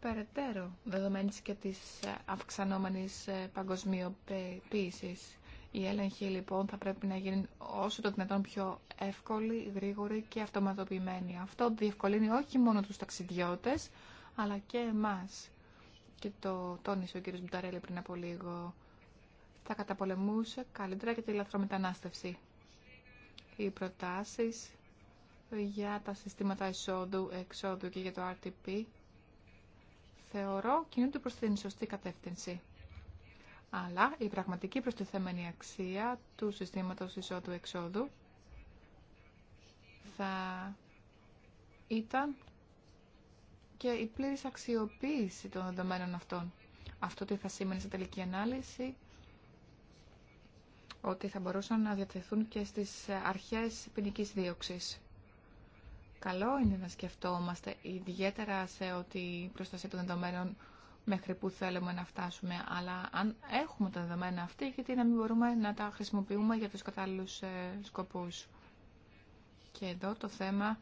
περαιτέρω δεδομένης και της ε, αυξανόμενης ε, παγκοσμιοποίησης η έλεγχη, λοιπόν θα πρέπει να γίνει όσο το δυνατόν πιο εύκολη, γρήγορη και αυτοματοποιημένη. Αυτό διευκολύνει όχι μόνο τους ταξιδιώτες, αλλά και εμάς. Και το τόνισε ο κ. Μπουταρέλη πριν από λίγο. Θα καταπολεμούσε καλύτερα και τη λαθρομετανάστευση. Οι προτάσεις για τα συστήματα εισόδου, εξόδου και για το RTP θεωρώ κινούνται προς την σωστή κατεύθυνση αλλά η πραγματική προστιθέμενη αξία του συστήματος εισόδου-εξόδου θα ήταν και η πλήρης αξιοποίηση των δεδομένων αυτών. Αυτό τι θα σήμαινε σε τελική ανάλυση, ότι θα μπορούσαν να διατεθούν και στις αρχές ποινική δίωξης. Καλό είναι να σκεφτόμαστε ιδιαίτερα σε ότι η προστασία των δεδομένων μέχρι που θέλουμε να φτάσουμε, αλλά αν έχουμε τα δεδομένα αυτή, γιατί να μην μπορούμε να τα χρησιμοποιούμε για τους κατάλληλους ε, σκοπούς. Και εδώ το θέμα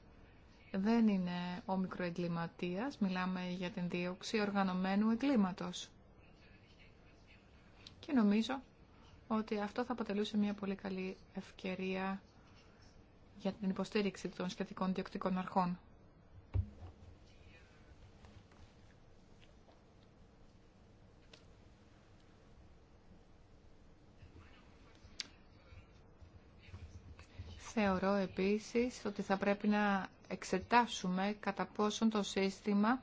δεν είναι ο μικροεγκληματίας, μιλάμε για την δίωξη οργανωμένου εγκλήματος. Και νομίζω ότι αυτό θα αποτελούσε μια πολύ καλή ευκαιρία για την υποστήριξη των σχετικών διοκτικών αρχών. Θεωρώ επίσης ότι θα πρέπει να εξετάσουμε κατά πόσον το σύστημα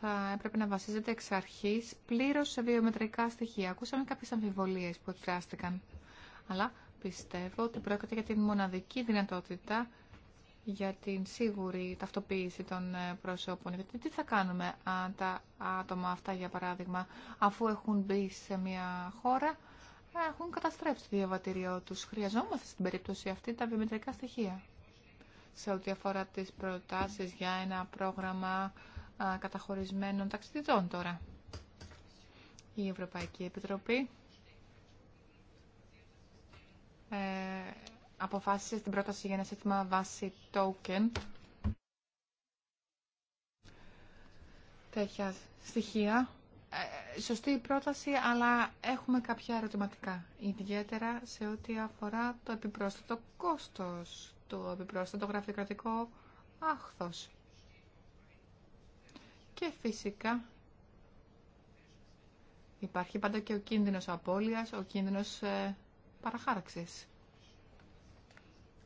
θα έπρεπε να βασίζεται εξ αρχής πλήρως σε βιομετρικά στοιχεία. Ακούσαμε κάποιες αμφιβολίες που εκφράστηκαν, αλλά πιστεύω ότι πρόκειται για την μοναδική δυνατότητα για την σίγουρη ταυτοποίηση των ε, προσώπων. Γιατί τι θα κάνουμε αν τα άτομα αυτά, για παράδειγμα, αφού έχουν μπει σε μια χώρα, έχουν καταστρέψει το διαβατήριό του. Χρειαζόμαστε στην περίπτωση αυτή τα βιομητρικά στοιχεία. Σε ό,τι αφορά τις προτάσεις για ένα πρόγραμμα καταχωρισμένων ταξιδιτών τώρα. Η Ευρωπαϊκή Επιτροπή ε, αποφάσισε την πρόταση για ένα σύστημα βάση token τέτοια στοιχεία σωστή η πρόταση, αλλά έχουμε κάποια ερωτηματικά. Ιδιαίτερα σε ό,τι αφορά το επιπρόσθετο κόστος, το επιπρόσθετο γραφειοκρατικό άχθος. Και φυσικά υπάρχει πάντα και ο κίνδυνος απώλειας, ο κίνδυνος ε, παραχάραξης.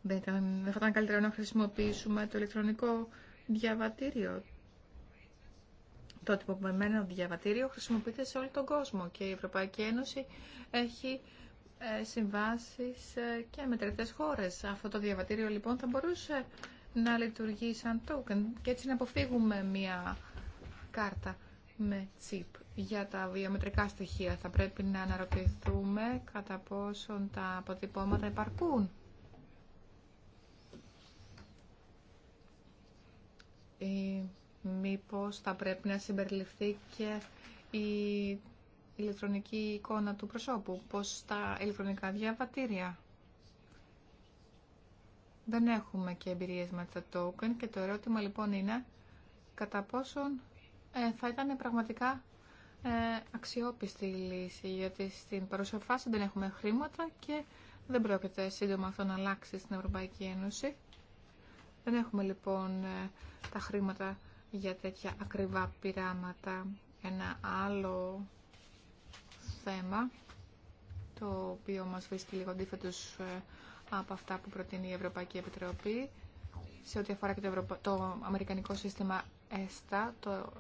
δεν θα ήταν καλύτερο να χρησιμοποιήσουμε το ηλεκτρονικό διαβατήριο, το τυποποιημένο διαβατήριο χρησιμοποιείται σε όλο τον κόσμο και η Ευρωπαϊκή Ένωση έχει ε, συμβάσεις ε, και με τρίτες χώρες. Αυτό το διαβατήριο λοιπόν θα μπορούσε να λειτουργεί σαν token και έτσι να αποφύγουμε μια κάρτα με chip Για τα βιομετρικά στοιχεία θα πρέπει να αναρωτηθούμε κατά πόσον τα αποτυπώματα υπαρκούν. Η Μήπως θα πρέπει να συμπεριληφθεί και η ηλεκτρονική εικόνα του προσώπου, πως τα ηλεκτρονικά διαβατήρια. Δεν έχουμε και εμπειρίες με τα token και το ερώτημα λοιπόν είναι κατά πόσον ε, θα ήταν πραγματικά ε, αξιόπιστη η λύση, γιατί στην παρουσία δεν έχουμε χρήματα και δεν πρόκειται σύντομα αυτό να αλλάξει στην Ευρωπαϊκή Ένωση. Δεν έχουμε λοιπόν ε, τα χρήματα για τέτοια ακριβά πειράματα. Ένα άλλο θέμα, το οποίο μας βρίσκει λίγο αντίθετος ε, από αυτά που προτείνει η Ευρωπαϊκή Επιτροπή, σε ό,τι αφορά και το, το αμερικανικό σύστημα ΕΣΤΑ, το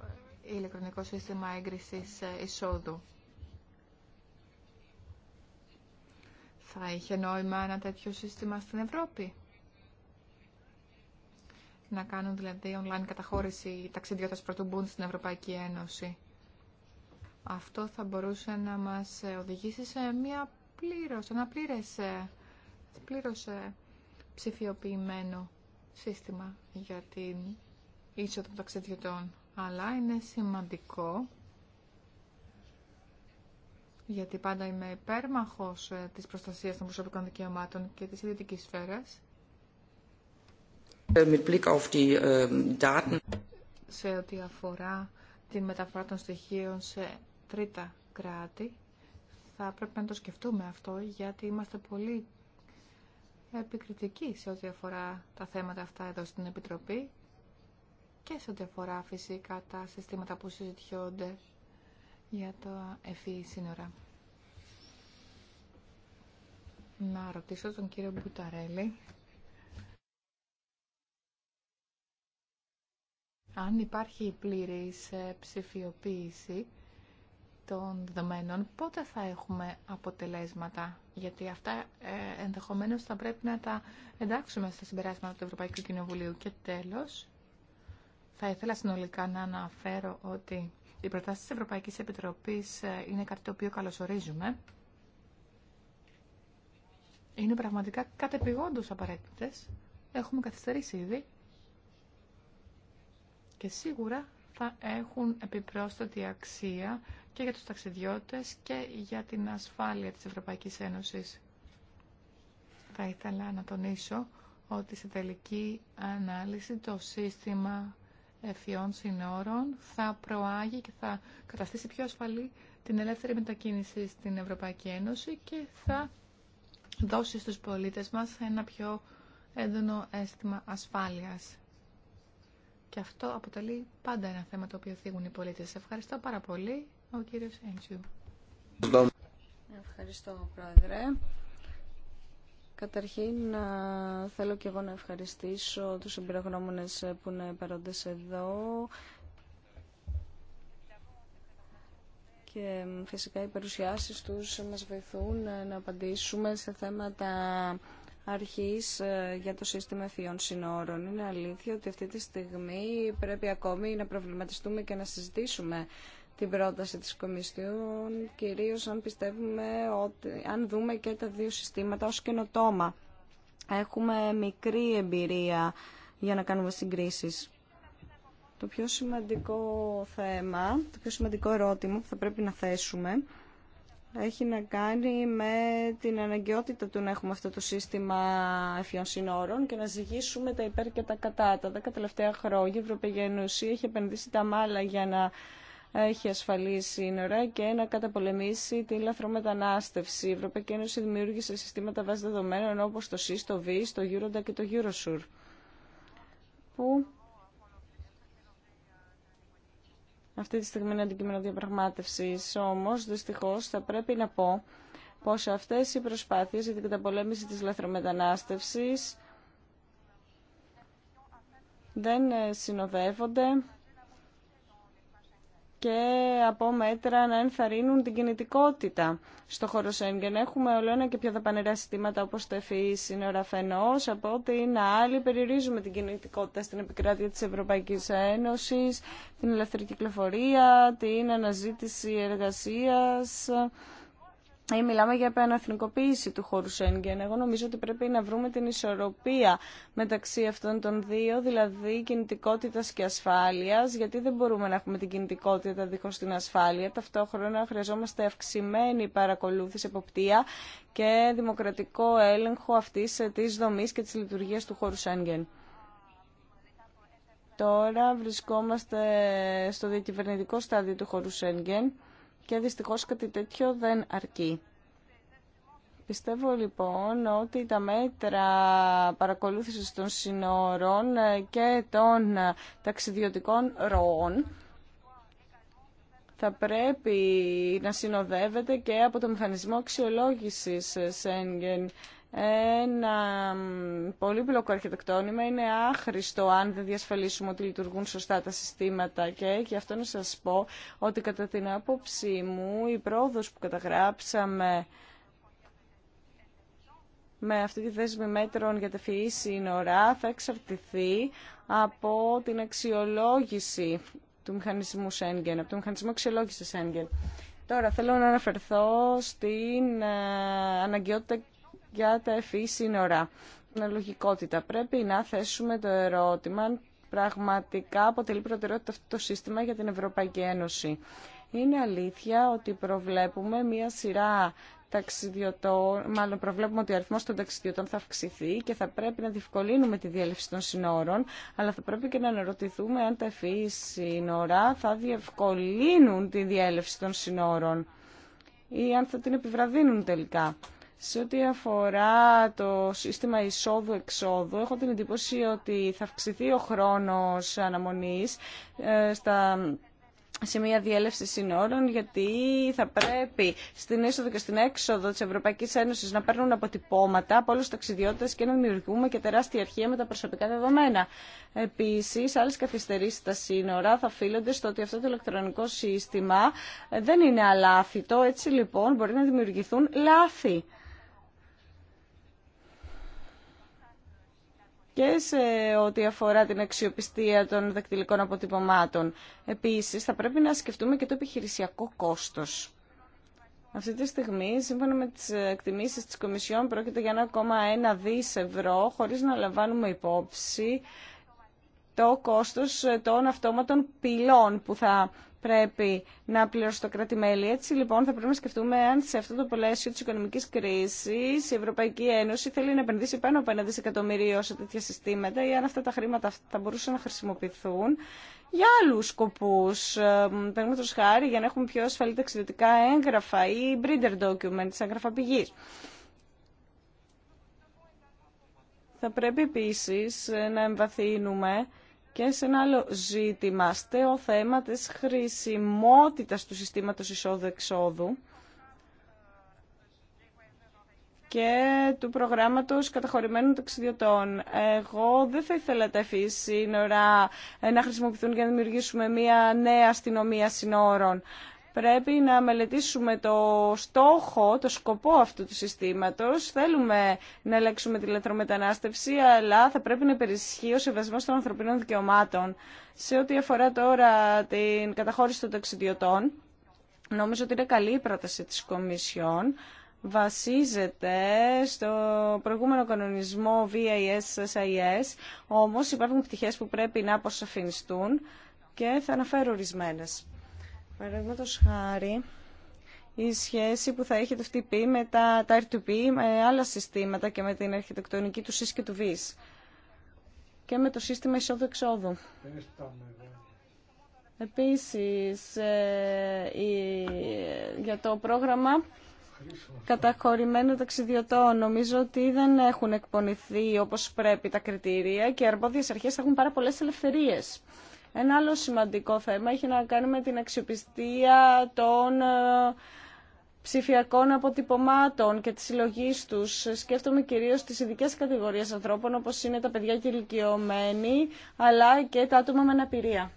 ηλεκτρονικό σύστημα έγκρισης ε, εισόδου. Θα είχε νόημα ένα τέτοιο σύστημα στην Ευρώπη να κάνουν δηλαδή online καταχώρηση ταξιδιώτες πρωτού μπουν στην Ευρωπαϊκή Ένωση. Αυτό θα μπορούσε να μας οδηγήσει σε μια πλήρως, ένα πλήρες, πλήρως ε, ψηφιοποιημένο σύστημα για την είσοδο των ταξιδιωτών. Αλλά είναι σημαντικό γιατί πάντα είμαι υπέρμαχος ε, της προστασίας των προσωπικών δικαιωμάτων και της ιδιωτικής σφαίρας Ähm, σε ό,τι αφορά τη μεταφορά των στοιχείων σε τρίτα κράτη, θα πρέπει να το σκεφτούμε αυτό, γιατί είμαστε πολύ επικριτικοί σε ό,τι αφορά τα θέματα αυτά εδώ στην Επιτροπή και σε ό,τι αφορά φυσικά τα συστήματα που συζητιώνται για το ΕΦΗ σύνορα. Να ρωτήσω τον κύριο Μπουταρέλη αν υπάρχει πλήρης ε, ψηφιοποίηση των δεδομένων, πότε θα έχουμε αποτελέσματα. Γιατί αυτά ε, ενδεχομένως θα πρέπει να τα εντάξουμε στα συμπεράσματα του Ευρωπαϊκού Κοινοβουλίου. Και τέλος, θα ήθελα συνολικά να αναφέρω ότι οι προτάσει της Ευρωπαϊκής Επιτροπής ε, είναι κάτι το οποίο καλωσορίζουμε. Είναι πραγματικά κατεπηγόντως απαραίτητες. Έχουμε καθυστερήσει ήδη και σίγουρα θα έχουν επιπρόσθετη αξία και για τους ταξιδιώτες και για την ασφάλεια της Ευρωπαϊκής Ένωσης. Θα ήθελα να τονίσω ότι σε τελική ανάλυση το σύστημα ευφυών συνόρων θα προάγει και θα καταστήσει πιο ασφαλή την ελεύθερη μετακίνηση στην Ευρωπαϊκή Ένωση και θα δώσει στους πολίτες μας ένα πιο έντονο αίσθημα ασφάλειας. Και αυτό αποτελεί πάντα ένα θέμα το οποίο θίγουν οι πολίτες. Ευχαριστώ πάρα πολύ, ο κύριο Έντσιου. Ευχαριστώ, Πρόεδρε. Καταρχήν, θέλω και εγώ να ευχαριστήσω τους εμπειρογνώμονες που είναι παρόντες εδώ. και φυσικά οι παρουσιάσεις τους μας βοηθούν να απαντήσουμε σε θέματα αρχής ε, για το σύστημα ευφυών συνόρων. Είναι αλήθεια ότι αυτή τη στιγμή πρέπει ακόμη να προβληματιστούμε και να συζητήσουμε την πρόταση της Κομισιόν, κυρίως αν πιστεύουμε ότι, αν δούμε και τα δύο συστήματα ως καινοτόμα. Έχουμε μικρή εμπειρία για να κάνουμε συγκρίσεις. Το πιο σημαντικό θέμα, το πιο σημαντικό ερώτημα που θα πρέπει να θέσουμε έχει να κάνει με την αναγκαιότητα του να έχουμε αυτό το σύστημα ευφυών συνόρων και να ζυγίσουμε τα υπέρ και τα κατά. Τα δέκα τελευταία χρόνια η Ευρωπαϊκή Ένωση έχει επενδύσει τα μάλα για να έχει ασφαλή σύνορα και να καταπολεμήσει την λαθρομετανάστευση. Η Ευρωπαϊκή Ένωση δημιούργησε συστήματα βάση δεδομένων όπως το ΣΥΣ, το ΒΙΣ, το Eurodac και το Eurosur που αυτή τη στιγμή είναι αντικείμενο διαπραγμάτευση. Όμω, δυστυχώ, θα πρέπει να πω πω αυτέ οι προσπάθειε για την καταπολέμηση τη λαθρομετανάστευση δεν ε, συνοδεύονται και από μέτρα να ενθαρρύνουν την κινητικότητα στο χώρο Σέγγεν. Έχουμε όλο ένα και πιο δαπανερά συστήματα όπως το ΕΦΗ σύνορα φαινός, από είναι άλλη περιορίζουμε την κινητικότητα στην επικράτεια της Ευρωπαϊκής Ένωσης, την ελεύθερη κυκλοφορία, την αναζήτηση εργασίας ή ε, μιλάμε για επαναθνικοποίηση του χώρου Σέγγεν. Εγώ νομίζω ότι πρέπει να βρούμε την ισορροπία μεταξύ αυτών των δύο, δηλαδή κινητικότητα και ασφάλεια, γιατί δεν μπορούμε να έχουμε την κινητικότητα δίχω την ασφάλεια. Ταυτόχρονα χρειαζόμαστε αυξημένη παρακολούθηση, εποπτεία και δημοκρατικό έλεγχο αυτή τη δομή και τη λειτουργία του χώρου Σέγγεν. Τώρα βρισκόμαστε στο διακυβερνητικό στάδιο του χώρου Σέγγεν και δυστυχώς κάτι τέτοιο δεν αρκεί. Πιστεύω λοιπόν ότι τα μέτρα παρακολούθησης των συνόρων και των ταξιδιωτικών ροών θα πρέπει να συνοδεύεται και από το μηχανισμό αξιολόγησης Σέγγεν ένα πολύπλοκο αρχιτεκτόνημα είναι άχρηστο αν δεν διασφαλίσουμε ότι λειτουργούν σωστά τα συστήματα και γι' αυτό να σας πω ότι κατά την άποψή μου η πρόοδος που καταγράψαμε με αυτή τη δέσμη μέτρων για τα φυή σύνορα θα εξαρτηθεί από την αξιολόγηση του μηχανισμού Σέγγεν, από το μηχανισμό αξιολόγηση Σέγγεν. Τώρα θέλω να αναφερθώ στην ε, αναγκαιότητα για τα ευφύ σύνορα. Την λογικότητα. Πρέπει να θέσουμε το ερώτημα αν πραγματικά αποτελεί προτεραιότητα αυτό το σύστημα για την Ευρωπαϊκή Ένωση. Είναι αλήθεια ότι προβλέπουμε μία σειρά ταξιδιωτών, μάλλον προβλέπουμε ότι ο αριθμός των ταξιδιωτών θα αυξηθεί και θα πρέπει να διευκολύνουμε τη διέλευση των συνόρων, αλλά θα πρέπει και να αναρωτηθούμε αν τα ευφυή σύνορα θα διευκολύνουν τη διέλευση των συνόρων ή αν θα την επιβραδύνουν τελικά. Σε ό,τι αφορά το σύστημα εισόδου-εξόδου, έχω την εντύπωση ότι θα αυξηθεί ο χρόνος αναμονής ε, στα μία διέλευση συνόρων, γιατί θα πρέπει στην είσοδο και στην έξοδο της Ευρωπαϊκής Ένωσης να παίρνουν αποτυπώματα από όλου τους ταξιδιώτες και να δημιουργούμε και τεράστια αρχεία με τα προσωπικά δεδομένα. Επίσης, άλλες καθυστερήσεις στα σύνορα θα οφείλονται στο ότι αυτό το ηλεκτρονικό σύστημα δεν είναι αλάθητο, έτσι λοιπόν μπορεί να δημιουργηθούν λάθη. και σε ό,τι αφορά την αξιοπιστία των δακτυλικών αποτυπωμάτων. Επίσης, θα πρέπει να σκεφτούμε και το επιχειρησιακό κόστος. Αυτή τη στιγμή, σύμφωνα με τις εκτιμήσεις της Κομισιόν, πρόκειται για 1,1 δις ευρώ, χωρίς να λαμβάνουμε υπόψη το κόστος των αυτόματων πυλών που θα πρέπει να πληρώσει το κράτη-μέλη. Έτσι λοιπόν θα πρέπει να σκεφτούμε αν σε αυτό το πλαίσιο τη οικονομική κρίση η Ευρωπαϊκή Ένωση θέλει να επενδύσει πάνω από ένα δισεκατομμύριο σε τέτοια συστήματα ή αν αυτά τα χρήματα θα μπορούσαν να χρησιμοποιηθούν για άλλου σκοπού. Παίρνουμε χάρη για να έχουμε πιο ασφαλή ταξιδιωτικά έγγραφα ή breeder documents, έγγραφα πηγή. Θα πρέπει επίσης να εμβαθύνουμε και σε ένα άλλο ζήτημα, στο θέμα της χρησιμότητας του συστήματος εισόδου-εξόδου και του προγράμματος καταχωρημένων ταξιδιωτών. Εγώ δεν θα ήθελα τα εφή σύνορα ε, να χρησιμοποιηθούν για να δημιουργήσουμε μια νέα αστυνομία σύνορων πρέπει να μελετήσουμε το στόχο, το σκοπό αυτού του συστήματος. Θέλουμε να ελέγξουμε τη λαθρομετανάστευση, αλλά θα πρέπει να υπερισχύει ο σεβασμός των ανθρωπίνων δικαιωμάτων. Σε ό,τι αφορά τώρα την καταχώρηση των ταξιδιωτών, νομίζω ότι είναι καλή η πρόταση της Κομισιόν. Βασίζεται στο προηγούμενο κανονισμό VIS-SIS, όμως υπάρχουν πτυχές που πρέπει να αποσαφινιστούν και θα αναφέρω ορισμένες. Παραδείγματο χάρη, η σχέση που θα έχετε το με τα, τα R2P, με άλλα συστήματα και με την αρχιτεκτονική του ΣΥΣ και του ΒΙΣ και με το σύστημα εισόδου-εξόδου. Επίσης, ε, για το πρόγραμμα καταχωρημένων ταξιδιωτών, νομίζω ότι δεν έχουν εκπονηθεί όπως πρέπει τα κριτήρια και οι αρμόδιες αρχές έχουν πάρα πολλές ελευθερίες. Ένα άλλο σημαντικό θέμα έχει να κάνει με την αξιοπιστία των ε, ψηφιακών αποτυπωμάτων και τη συλλογή του. Σκέφτομαι κυρίω τι ειδικέ κατηγορίε ανθρώπων, όπω είναι τα παιδιά και ηλικιωμένοι, αλλά και τα άτομα με αναπηρία.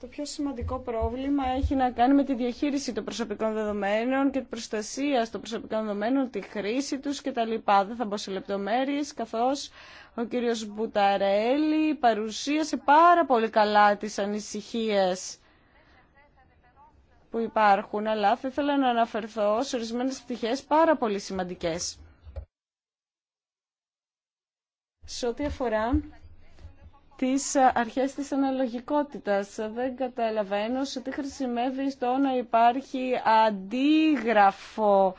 Το πιο σημαντικό πρόβλημα έχει να κάνει με τη διαχείριση των προσωπικών δεδομένων και την προστασία των προσωπικών δεδομένων, τη χρήση τους κτλ. Δεν θα μπω σε λεπτομέρειες, καθώς ο κύριος Μπουταρέλη παρουσίασε πάρα πολύ καλά τις ανησυχίες που υπάρχουν, αλλά θα ήθελα να αναφερθώ σε ορισμένες πτυχές πάρα πολύ σημαντικές. Σε ό,τι αφορά τις αρχές της αναλογικότητας. Δεν καταλαβαίνω σε τι χρησιμεύει στο να υπάρχει αντίγραφο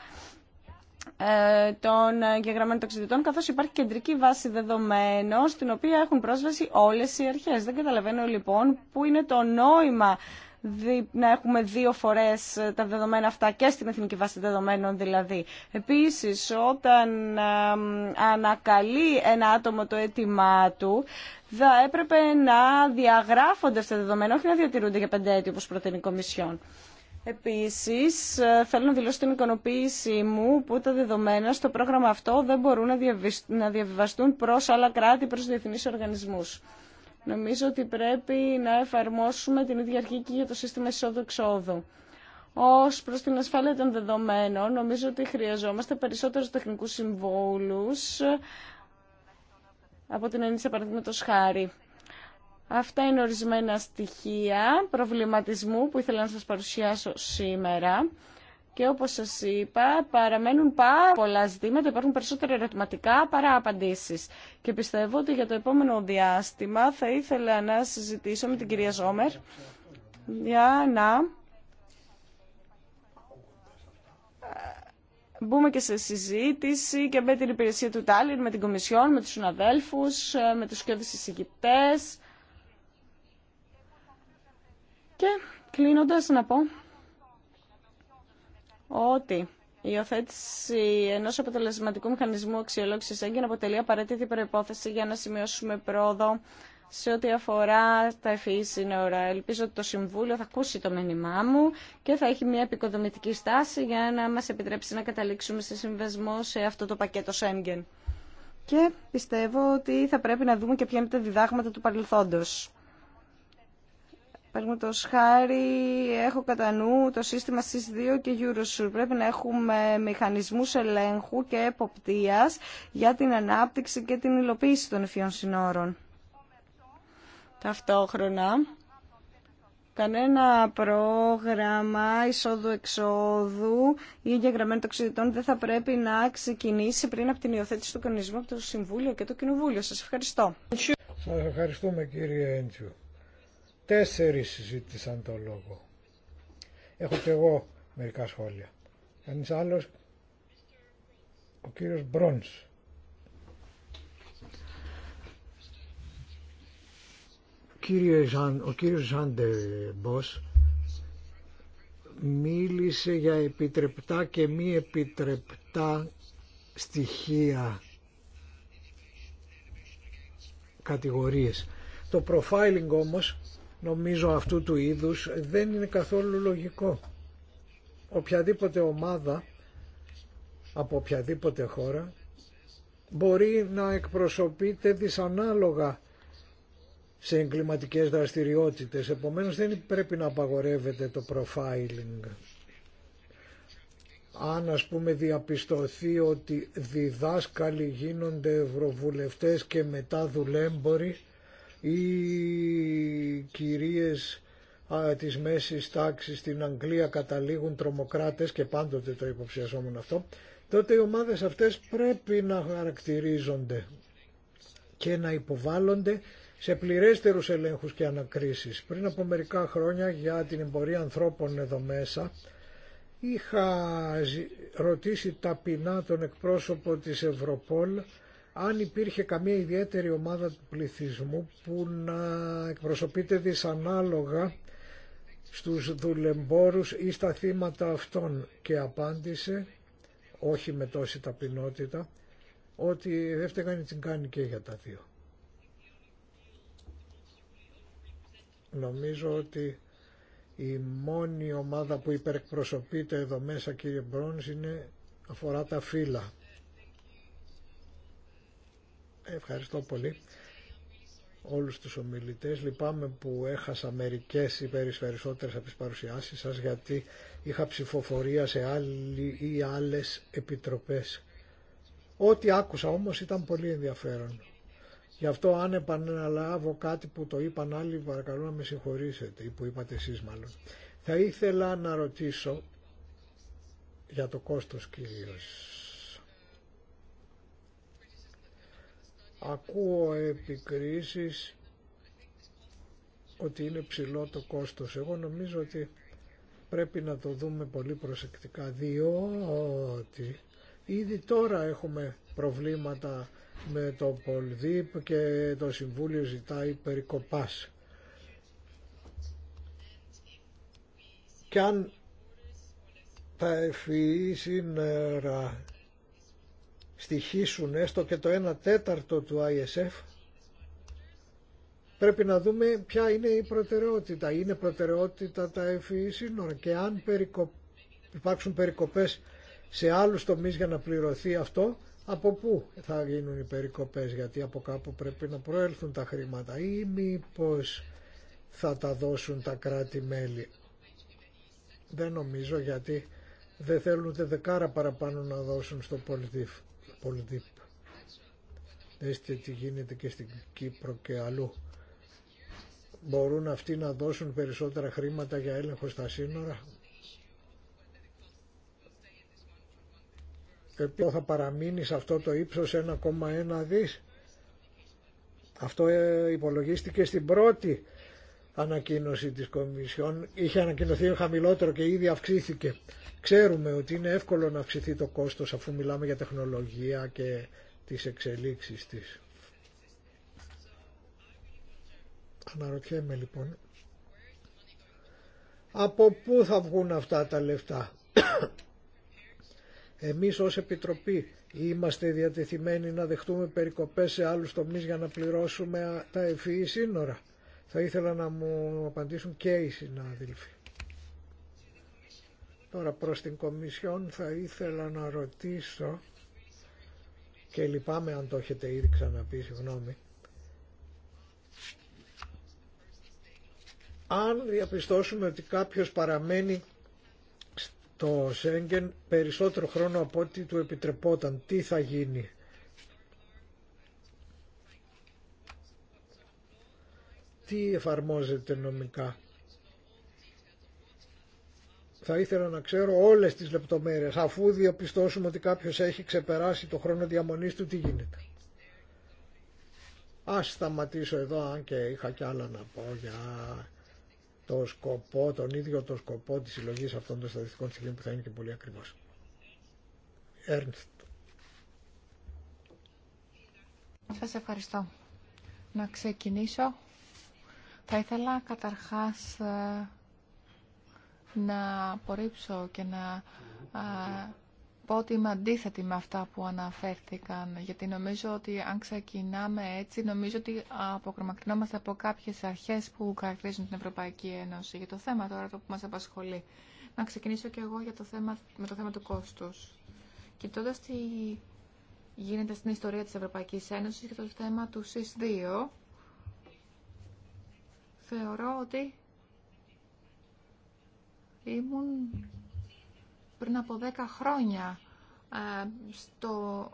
ε, των εγγεγραμμένων ταξιδιωτών, καθώς υπάρχει κεντρική βάση δεδομένων, στην οποία έχουν πρόσβαση όλες οι αρχέ. Δεν καταλαβαίνω λοιπόν πού είναι το νόημα να έχουμε δύο φορές τα δεδομένα αυτά και στην Εθνική Βάση Δεδομένων δηλαδή. Επίση, όταν ανακαλεί ένα άτομο το αίτημά του, θα έπρεπε να διαγράφονται αυτά τα δεδομένα, όχι να διατηρούνται για πέντε έτη όπω προτείνει η Κομισιόν. Επίσης, ε, θέλω να δηλώσω την ικανοποίησή μου που τα δεδομένα στο πρόγραμμα αυτό δεν μπορούν να διαβιβαστούν προς άλλα κράτη, προς διεθνείς οργανισμούς. Νομίζω ότι πρέπει να εφαρμόσουμε την ίδια αρχή και για το σύστημα εισόδου-εξόδου. Ω προ την ασφάλεια των δεδομένων, νομίζω ότι χρειαζόμαστε περισσότερου τεχνικού συμβόλου ε, από την έννοια, παραδείγματο χάρη. Αυτά είναι ορισμένα στοιχεία προβληματισμού που ήθελα να σας παρουσιάσω σήμερα. Και όπως σας είπα, παραμένουν πάρα πολλά ζητήματα, υπάρχουν περισσότερα ερωτηματικά παρά απαντήσεις. Και πιστεύω ότι για το επόμενο διάστημα θα ήθελα να συζητήσω με την κυρία Ζόμερ για να ε, μπούμε και σε συζήτηση και με την υπηρεσία του Τάλιν, με την Κομισιόν, με τους συναδέλφους, ε, με τους και εισηγητές και κλείνοντας να πω ότι η υιοθέτηση ενό αποτελεσματικού μηχανισμού αξιολόγηση έγκεν αποτελεί απαραίτητη προπόθεση για να σημειώσουμε πρόοδο σε ό,τι αφορά τα ευφυή σύνορα. Ελπίζω ότι το Συμβούλιο θα ακούσει το μήνυμά μου και θα έχει μια επικοδομητική στάση για να μας επιτρέψει να καταλήξουμε σε συμβεσμό σε αυτό το πακέτο Σέγγεν. Και πιστεύω ότι θα πρέπει να δούμε και ποια είναι τα διδάγματα του παρελθόντος το χάρη, έχω κατά νου το σύστημα sis 2 και Eurosur. Πρέπει να έχουμε μηχανισμούς ελέγχου και εποπτείας για την ανάπτυξη και την υλοποίηση των ευφυών συνόρων. Ταυτόχρονα, κανένα πρόγραμμα εισόδου-εξόδου ή εγγεγραμμένων τοξιδιτών δεν θα πρέπει να ξεκινήσει πριν από την υιοθέτηση του κανονισμού από το Συμβούλιο και το Κοινοβούλιο. Σας ευχαριστώ. Σας ευχαριστούμε κύριε Έντσιου. Τέσσερις συζήτησαν το λόγο. Έχω και εγώ μερικά σχόλια. Κανείς άλλος, ο κύριος Μπρόνς. Ο κύριος Ζάντε μίλησε για επιτρεπτά και μη επιτρεπτά στοιχεία κατηγορίες. Το profiling όμως νομίζω αυτού του είδους δεν είναι καθόλου λογικό. Οποιαδήποτε ομάδα από οποιαδήποτε χώρα μπορεί να εκπροσωπείται δυσανάλογα σε εγκληματικές δραστηριότητες. Επομένως δεν πρέπει να απαγορεύεται το profiling. Αν ας πούμε διαπιστωθεί ότι διδάσκαλοι γίνονται ευρωβουλευτές και μετά δουλέμποροι, οι κυρίες της μέσης τάξης στην Αγγλία καταλήγουν τρομοκράτες και πάντοτε το υποψιαζόμουν αυτό, τότε οι ομάδες αυτές πρέπει να χαρακτηρίζονται και να υποβάλλονται σε πληρέστερους ελέγχους και ανακρίσεις. Πριν από μερικά χρόνια για την εμπορία ανθρώπων εδώ μέσα είχα ρωτήσει ταπεινά τον εκπρόσωπο της Ευρωπόλ αν υπήρχε καμία ιδιαίτερη ομάδα του πληθυσμού που να εκπροσωπείται δυσανάλογα στους δουλεμπόρους ή στα θύματα αυτών και απάντησε όχι με τόση ταπεινότητα ότι δεν φταίγανε την κάνει και για τα δύο. Νομίζω ότι η μόνη ομάδα που υπερεκπροσωπείται εδώ μέσα κύριε Μπρόνς είναι αφορά τα φύλλα. Ευχαριστώ πολύ όλους τους ομιλητές. Λυπάμαι που έχασα μερικές ή περισσότερες από τις παρουσιάσεις σας γιατί είχα ψηφοφορία σε άλλη ή άλλες επιτροπές. Ό,τι άκουσα όμως ήταν πολύ ενδιαφέρον. Γι' αυτό αν επαναλάβω κάτι που το είπαν άλλοι παρακαλώ να με συγχωρήσετε ή που είπατε εσείς μάλλον. Θα ήθελα να ρωτήσω για το κόστος κυρίως Ακούω κρίσης ότι είναι ψηλό το κόστος. Εγώ νομίζω ότι πρέπει να το δούμε πολύ προσεκτικά διότι ήδη τώρα έχουμε προβλήματα με το Πολδίπ και το Συμβούλιο ζητάει περικοπάς. Και αν τα ευφυή στοιχήσουν έστω και το 1 τέταρτο του ISF, πρέπει να δούμε ποια είναι η προτεραιότητα. Είναι προτεραιότητα τα FEE e σύνορα και αν περικο... υπάρξουν περικοπές σε άλλους τομείς για να πληρωθεί αυτό, από πού θα γίνουν οι περικοπές, γιατί από κάπου πρέπει να προέλθουν τα χρήματα ή μήπω θα τα δώσουν τα κράτη-μέλη. Δεν νομίζω γιατί δεν θέλουν ούτε δεκάρα παραπάνω να δώσουν στο πολιτήφ. Πολδίπ. τι γίνεται και στην Κύπρο και αλλού. Μπορούν αυτοί να δώσουν περισσότερα χρήματα για έλεγχο στα σύνορα. ποιο θα παραμείνει σε αυτό το ύψος 1,1 δις. Αυτό ε, υπολογίστηκε στην πρώτη ανακοίνωση της Κομισιόν. Είχε ανακοινωθεί χαμηλότερο και ήδη αυξήθηκε. Ξέρουμε ότι είναι εύκολο να αυξηθεί το κόστος αφού μιλάμε για τεχνολογία και τις εξελίξεις της. Αναρωτιέμαι λοιπόν από πού θα βγουν αυτά τα λεφτά. Εμείς ως Επιτροπή είμαστε διατεθειμένοι να δεχτούμε περικοπές σε άλλους τομείς για να πληρώσουμε τα ευφυή σύνορα. Θα ήθελα να μου απαντήσουν και οι συνάδελφοι. Τώρα προς την Κομισιόν θα ήθελα να ρωτήσω και λυπάμαι αν το έχετε ήδη ξαναπεί, συγγνώμη. Αν διαπιστώσουμε ότι κάποιος παραμένει στο Σέγγεν περισσότερο χρόνο από ό,τι του επιτρεπόταν, τι θα γίνει. τι εφαρμόζεται νομικά. Θα ήθελα να ξέρω όλες τις λεπτομέρειες, αφού διαπιστώσουμε ότι κάποιος έχει ξεπεράσει το χρόνο διαμονής του, τι γίνεται. Ας σταματήσω εδώ, αν και είχα κι άλλα να πω για το σκοπό, τον ίδιο το σκοπό της συλλογή αυτών των στατιστικών στιγμών που θα είναι και πολύ ακριβώς. Ernst. Σας ευχαριστώ. Να ξεκινήσω θα ήθελα καταρχάς ε, να απορρίψω και να πω ότι είμαι αντίθετη με αυτά που αναφέρθηκαν, γιατί νομίζω ότι αν ξεκινάμε έτσι, νομίζω ότι αποκρομακρυνόμαστε από κάποιες αρχές που χαρακτηρίζουν την Ευρωπαϊκή Ένωση. Για το θέμα τώρα το που μας απασχολεί. Να ξεκινήσω και εγώ για το θέμα, με το θέμα του κόστους. Κοιτώντας τι γίνεται στην ιστορία της Ευρωπαϊκής Ένωσης και το θέμα του ΣΥΣ 2, θεωρώ ότι ήμουν πριν από δέκα χρόνια ε, στο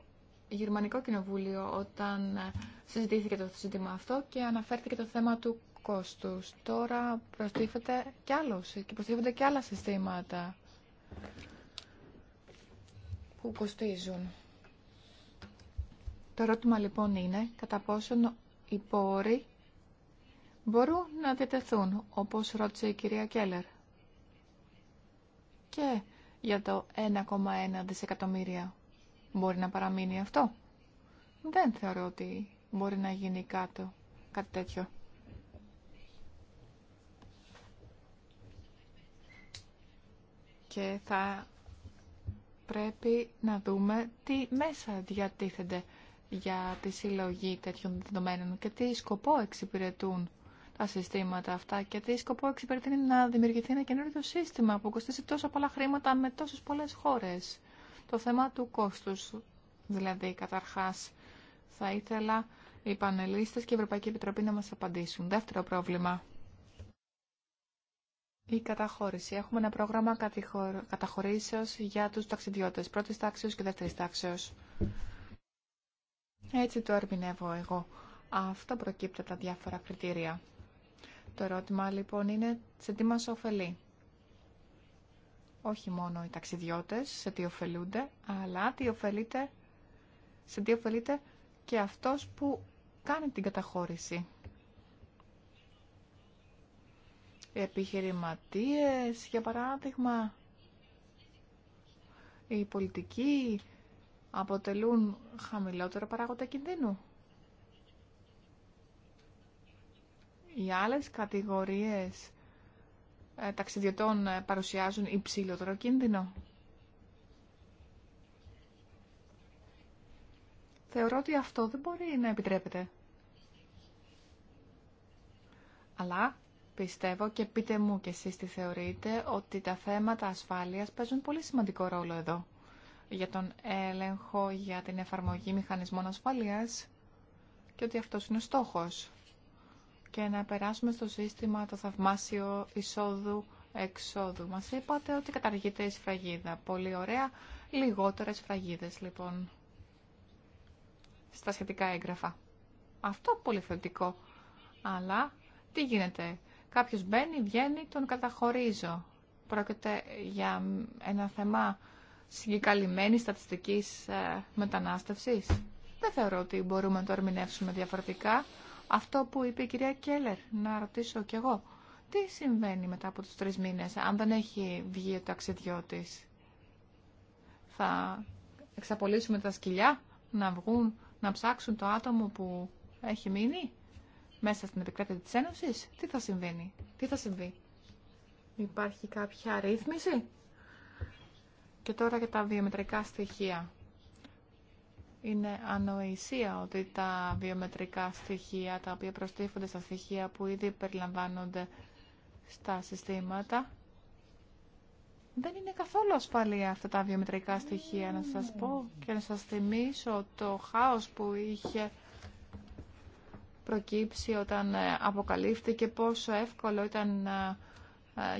Γερμανικό Κοινοβούλιο όταν ε, συζητήθηκε το ζήτημα αυτό και αναφέρθηκε το θέμα του κόστους. Τώρα προστίθεται κι άλλους και προστίθεται και άλλα συστήματα που κοστίζουν. Το ερώτημα λοιπόν είναι κατά πόσον οι πόροι μπορούν να διατεθούν, όπως ρώτησε η κυρία Κέλλερ. Και για το 1,1 δισεκατομμύρια μπορεί να παραμείνει αυτό. Δεν θεωρώ ότι μπορεί να γίνει κάτω, κάτι τέτοιο. Και θα πρέπει να δούμε τι μέσα διατίθενται για τη συλλογή τέτοιων δεδομένων και τι σκοπό εξυπηρετούν τα συστήματα αυτά και τι σκοπό εξυπηρετεί να δημιουργηθεί ένα καινούριο σύστημα που κοστίζει τόσο πολλά χρήματα με τόσε πολλέ χώρε. Το θέμα του κόστου, δηλαδή, καταρχά. θα ήθελα οι πανελίστε και η Ευρωπαϊκή Επιτροπή να μα απαντήσουν. Δεύτερο πρόβλημα. Η καταχώρηση. Έχουμε ένα πρόγραμμα καταχωρήσεω για του ταξιδιώτε πρώτη τάξεως και δεύτερη τάξεως. Έτσι το ερμηνεύω εγώ. Αυτό προκύπτει τα διάφορα κριτήρια. Το ερώτημα λοιπόν είναι σε τι μας ωφελεί. Όχι μόνο οι ταξιδιώτες, σε τι ωφελούνται, αλλά τι ωφελείται, σε τι ωφελείται και αυτός που κάνει την καταχώρηση. Οι επιχειρηματίες, για παράδειγμα, οι πολιτικοί αποτελούν χαμηλότερο παράγοντα κινδύνου. Οι άλλες κατηγορίες ε, ταξιδιωτών ε, παρουσιάζουν υψηλότερο κίνδυνο. Θεωρώ ότι αυτό δεν μπορεί να επιτρέπεται. Αλλά πιστεύω και πείτε μου και εσείς τι θεωρείτε ότι τα θέματα ασφάλειας παίζουν πολύ σημαντικό ρόλο εδώ. Για τον έλεγχο, για την εφαρμογή μηχανισμών ασφαλείας και ότι αυτός είναι ο στόχος και να περάσουμε στο σύστημα το θαυμάσιο εισόδου-εξόδου. Μας είπατε ότι καταργείται η σφραγίδα. Πολύ ωραία. Λιγότερες σφραγίδες, λοιπόν, στα σχετικά έγγραφα. Αυτό πολύ θετικό. Αλλά τι γίνεται. Κάποιος μπαίνει, βγαίνει, τον καταχωρίζω. Πρόκειται για ένα θέμα συγκεκαλυμμένης στατιστικής ε, μετανάστευσης. Δεν θεωρώ ότι μπορούμε να το ερμηνεύσουμε διαφορετικά αυτό που είπε η κυρία Κέλλερ, να ρωτήσω κι εγώ. Τι συμβαίνει μετά από τους τρεις μήνες, αν δεν έχει βγει το ταξιδιώτης. Θα εξαπολύσουμε τα σκυλιά να βγουν, να ψάξουν το άτομο που έχει μείνει μέσα στην επικράτεια της Ένωσης. Τι θα συμβαίνει, τι θα συμβεί. Υπάρχει κάποια ρύθμιση. Και τώρα για τα βιομετρικά στοιχεία είναι ανοησία ότι τα βιομετρικά στοιχεία, τα οποία προστίφονται στα στοιχεία που ήδη περιλαμβάνονται στα συστήματα, δεν είναι καθόλου ασφαλή αυτά τα βιομετρικά στοιχεία, να σας πω και να σας θυμίσω το χάος που είχε προκύψει όταν αποκαλύφθηκε πόσο εύκολο ήταν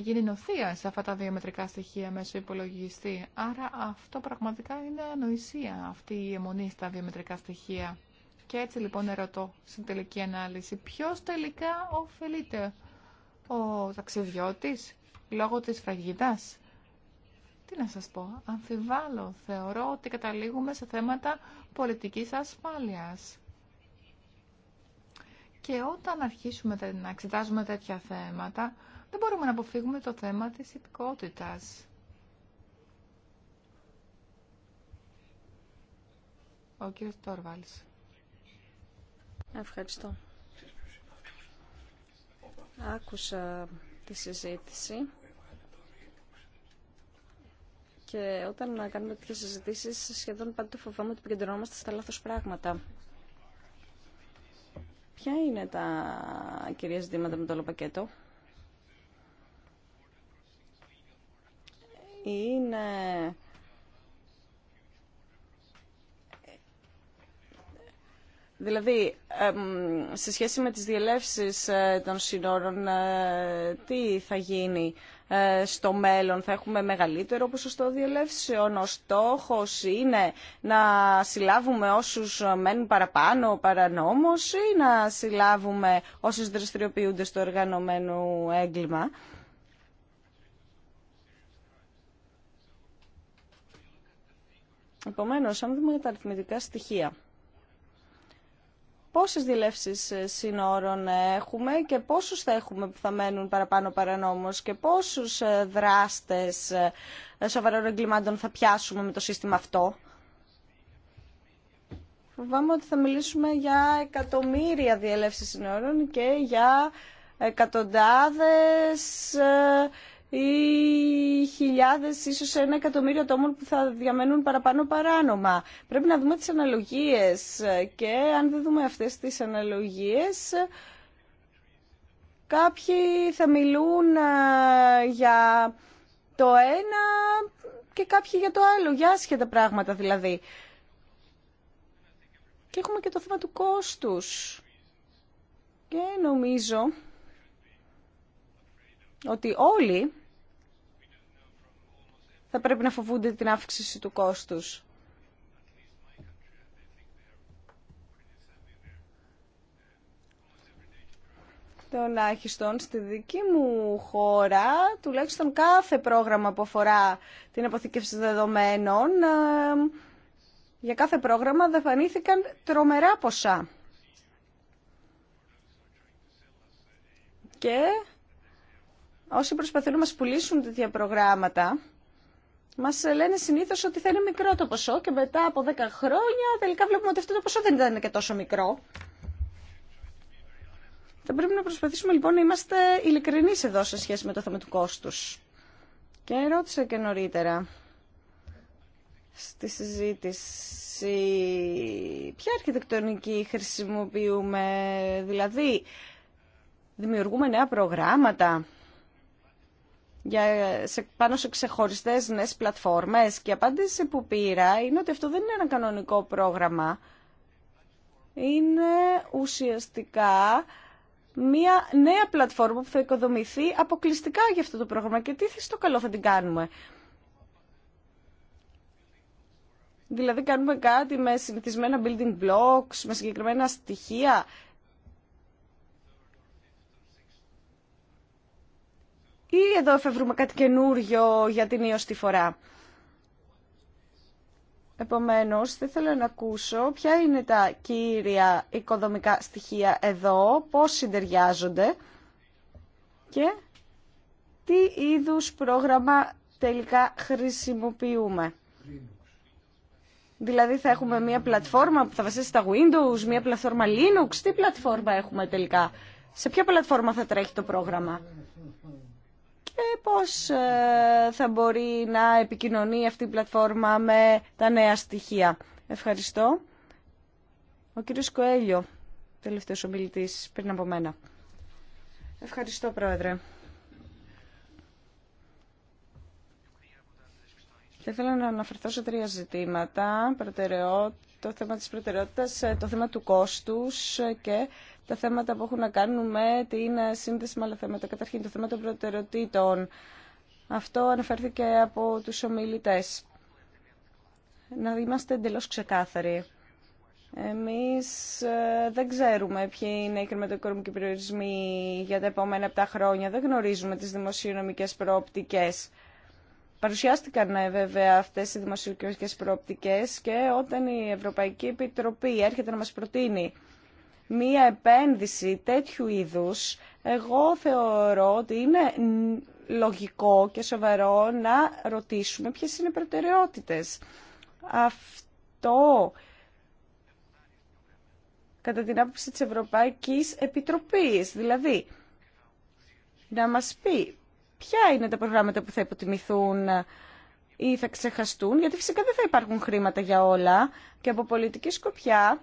γίνει νοθεία σε αυτά τα βιομετρικά στοιχεία μέσω υπολογιστή. Άρα αυτό πραγματικά είναι ανοησία αυτή η αιμονή στα βιομετρικά στοιχεία. Και έτσι λοιπόν ερωτώ στην τελική ανάλυση ποιος τελικά ωφελείται ο ταξιδιώτης λόγω της φραγίδας. Τι να σας πω, αμφιβάλλω, θεωρώ ότι καταλήγουμε σε θέματα πολιτικής ασφάλειας. Και όταν αρχίσουμε να εξετάζουμε τέτοια θέματα, δεν μπορούμε να αποφύγουμε το θέμα της υπηκότητας. Ο κύριος Τόρβαλς. Ευχαριστώ. Άκουσα τη συζήτηση και όταν κάνουμε τέτοιε συζητήσει, σχεδόν πάντα φοβάμαι ότι επικεντρωνόμαστε στα λάθο πράγματα. Ποια είναι τα κυρία ζητήματα με το όλο πακέτο, είναι Δηλαδή, σε σχέση με τις διελεύσεις ε, των σύνορων, ε, τι θα γίνει ε, στο μέλλον, θα έχουμε μεγαλύτερο ποσοστό διελεύσεων. Ο στόχος είναι να συλλάβουμε όσους μένουν παραπάνω παρανόμως ή να συλλάβουμε όσους δραστηριοποιούνται στο οργανωμένο έγκλημα. Επομένω, αν δούμε τα αριθμητικά στοιχεία, πόσες διελεύσεις ε, σύνορων έχουμε και πόσους θα έχουμε που θα μένουν παραπάνω παρανόμω και πόσους ε, δράστες ε, σοβαρών εγκλημάτων θα πιάσουμε με το σύστημα αυτό. Φοβάμαι ότι θα μιλήσουμε για εκατομμύρια διελεύσεις σύνορων και για εκατοντάδες ή χιλιάδες, ίσως ένα εκατομμύριο ατόμων που θα διαμένουν παραπάνω παράνομα. Πρέπει να δούμε τις αναλογίες και αν δεν δούμε αυτές τις αναλογίες... Κάποιοι θα μιλούν ε, για το ένα και κάποιοι για το άλλο, για άσχετα πράγματα δηλαδή. Και έχουμε και το θέμα του κόστους. Και νομίζω ότι όλοι πρέπει να φοβούνται την αύξηση του κόστους. Τουλάχιστον στη δική μου χώρα, τουλάχιστον κάθε πρόγραμμα που αφορά την αποθήκευση δεδομένων, ε, για κάθε πρόγραμμα δεφανήθηκαν τρομερά ποσά. Και όσοι προσπαθούν να μας πουλήσουν τέτοια προγράμματα, Μα λένε συνήθως ότι θα είναι μικρό το ποσό και μετά από 10 χρόνια τελικά βλέπουμε ότι αυτό το ποσό δεν ήταν και τόσο μικρό. Θα πρέπει να προσπαθήσουμε λοιπόν να είμαστε ειλικρινεί εδώ σε σχέση με το θέμα του κόστου. Και ρώτησα και νωρίτερα στη συζήτηση ποια αρχιτεκτονική χρησιμοποιούμε, δηλαδή δημιουργούμε νέα προγράμματα για, σε, πάνω σε ξεχωριστές νέες πλατφόρμες και η απάντηση που πήρα είναι ότι αυτό δεν είναι ένα κανονικό πρόγραμμα. Είναι ουσιαστικά μια νέα πλατφόρμα που θα οικοδομηθεί αποκλειστικά για αυτό το πρόγραμμα και τι το καλό θα την κάνουμε. Δηλαδή κάνουμε κάτι με συνηθισμένα building blocks, με συγκεκριμένα στοιχεία ή εδώ εφεύρουμε κάτι καινούριο για την ίωστη φορά. Επομένως, δεν ήθελα να ακούσω ποια είναι τα κύρια οικοδομικά στοιχεία εδώ, πώς συντεριάζονται και τι είδους πρόγραμμα τελικά χρησιμοποιούμε. Δηλαδή θα έχουμε μια πλατφόρμα που θα βασίσει στα Windows, μια πλατφόρμα Linux, τι πλατφόρμα έχουμε τελικά. Σε ποια πλατφόρμα θα τρέχει το πρόγραμμα. Ε, πώς ε, θα μπορεί να επικοινωνεί αυτή η πλατφόρμα με τα νέα στοιχεία. Ευχαριστώ. Ο κύριος Κοέλιο, τελευταίος ομιλητής πριν από μένα. Ευχαριστώ, Πρόεδρε. Θα ήθελα να αναφερθώ σε τρία ζητήματα. Προτεραιότητα, το θέμα της προτεραιότητας, ε, το θέμα του κόστους και τα θέματα που έχουν να κάνουν με την ε, σύνδεση με άλλα θέματα. Καταρχήν το θέμα των προτεραιοτήτων. Αυτό αναφέρθηκε από τους ομιλητές. Να είμαστε εντελώ ξεκάθαροι. Εμείς ε, δεν ξέρουμε ποιοι είναι οι κρηματοοικονομικοί προορισμοί για τα επόμενα 7 χρόνια. Δεν γνωρίζουμε τις δημοσιονομικές προοπτικές. Παρουσιάστηκαν ε, βέβαια αυτές οι δημοσιονομικές προοπτικές και όταν η Ευρωπαϊκή Επιτροπή έρχεται να μας προτείνει μία επένδυση τέτοιου είδους, εγώ θεωρώ ότι είναι λογικό και σοβαρό να ρωτήσουμε ποιες είναι οι προτεραιότητες. Αυτό κατά την άποψη της Ευρωπαϊκής Επιτροπής. Δηλαδή, να μας πει ποια είναι τα προγράμματα που θα υποτιμηθούν ή θα ξεχαστούν, γιατί φυσικά δεν θα υπάρχουν χρήματα για όλα και από πολιτική σκοπιά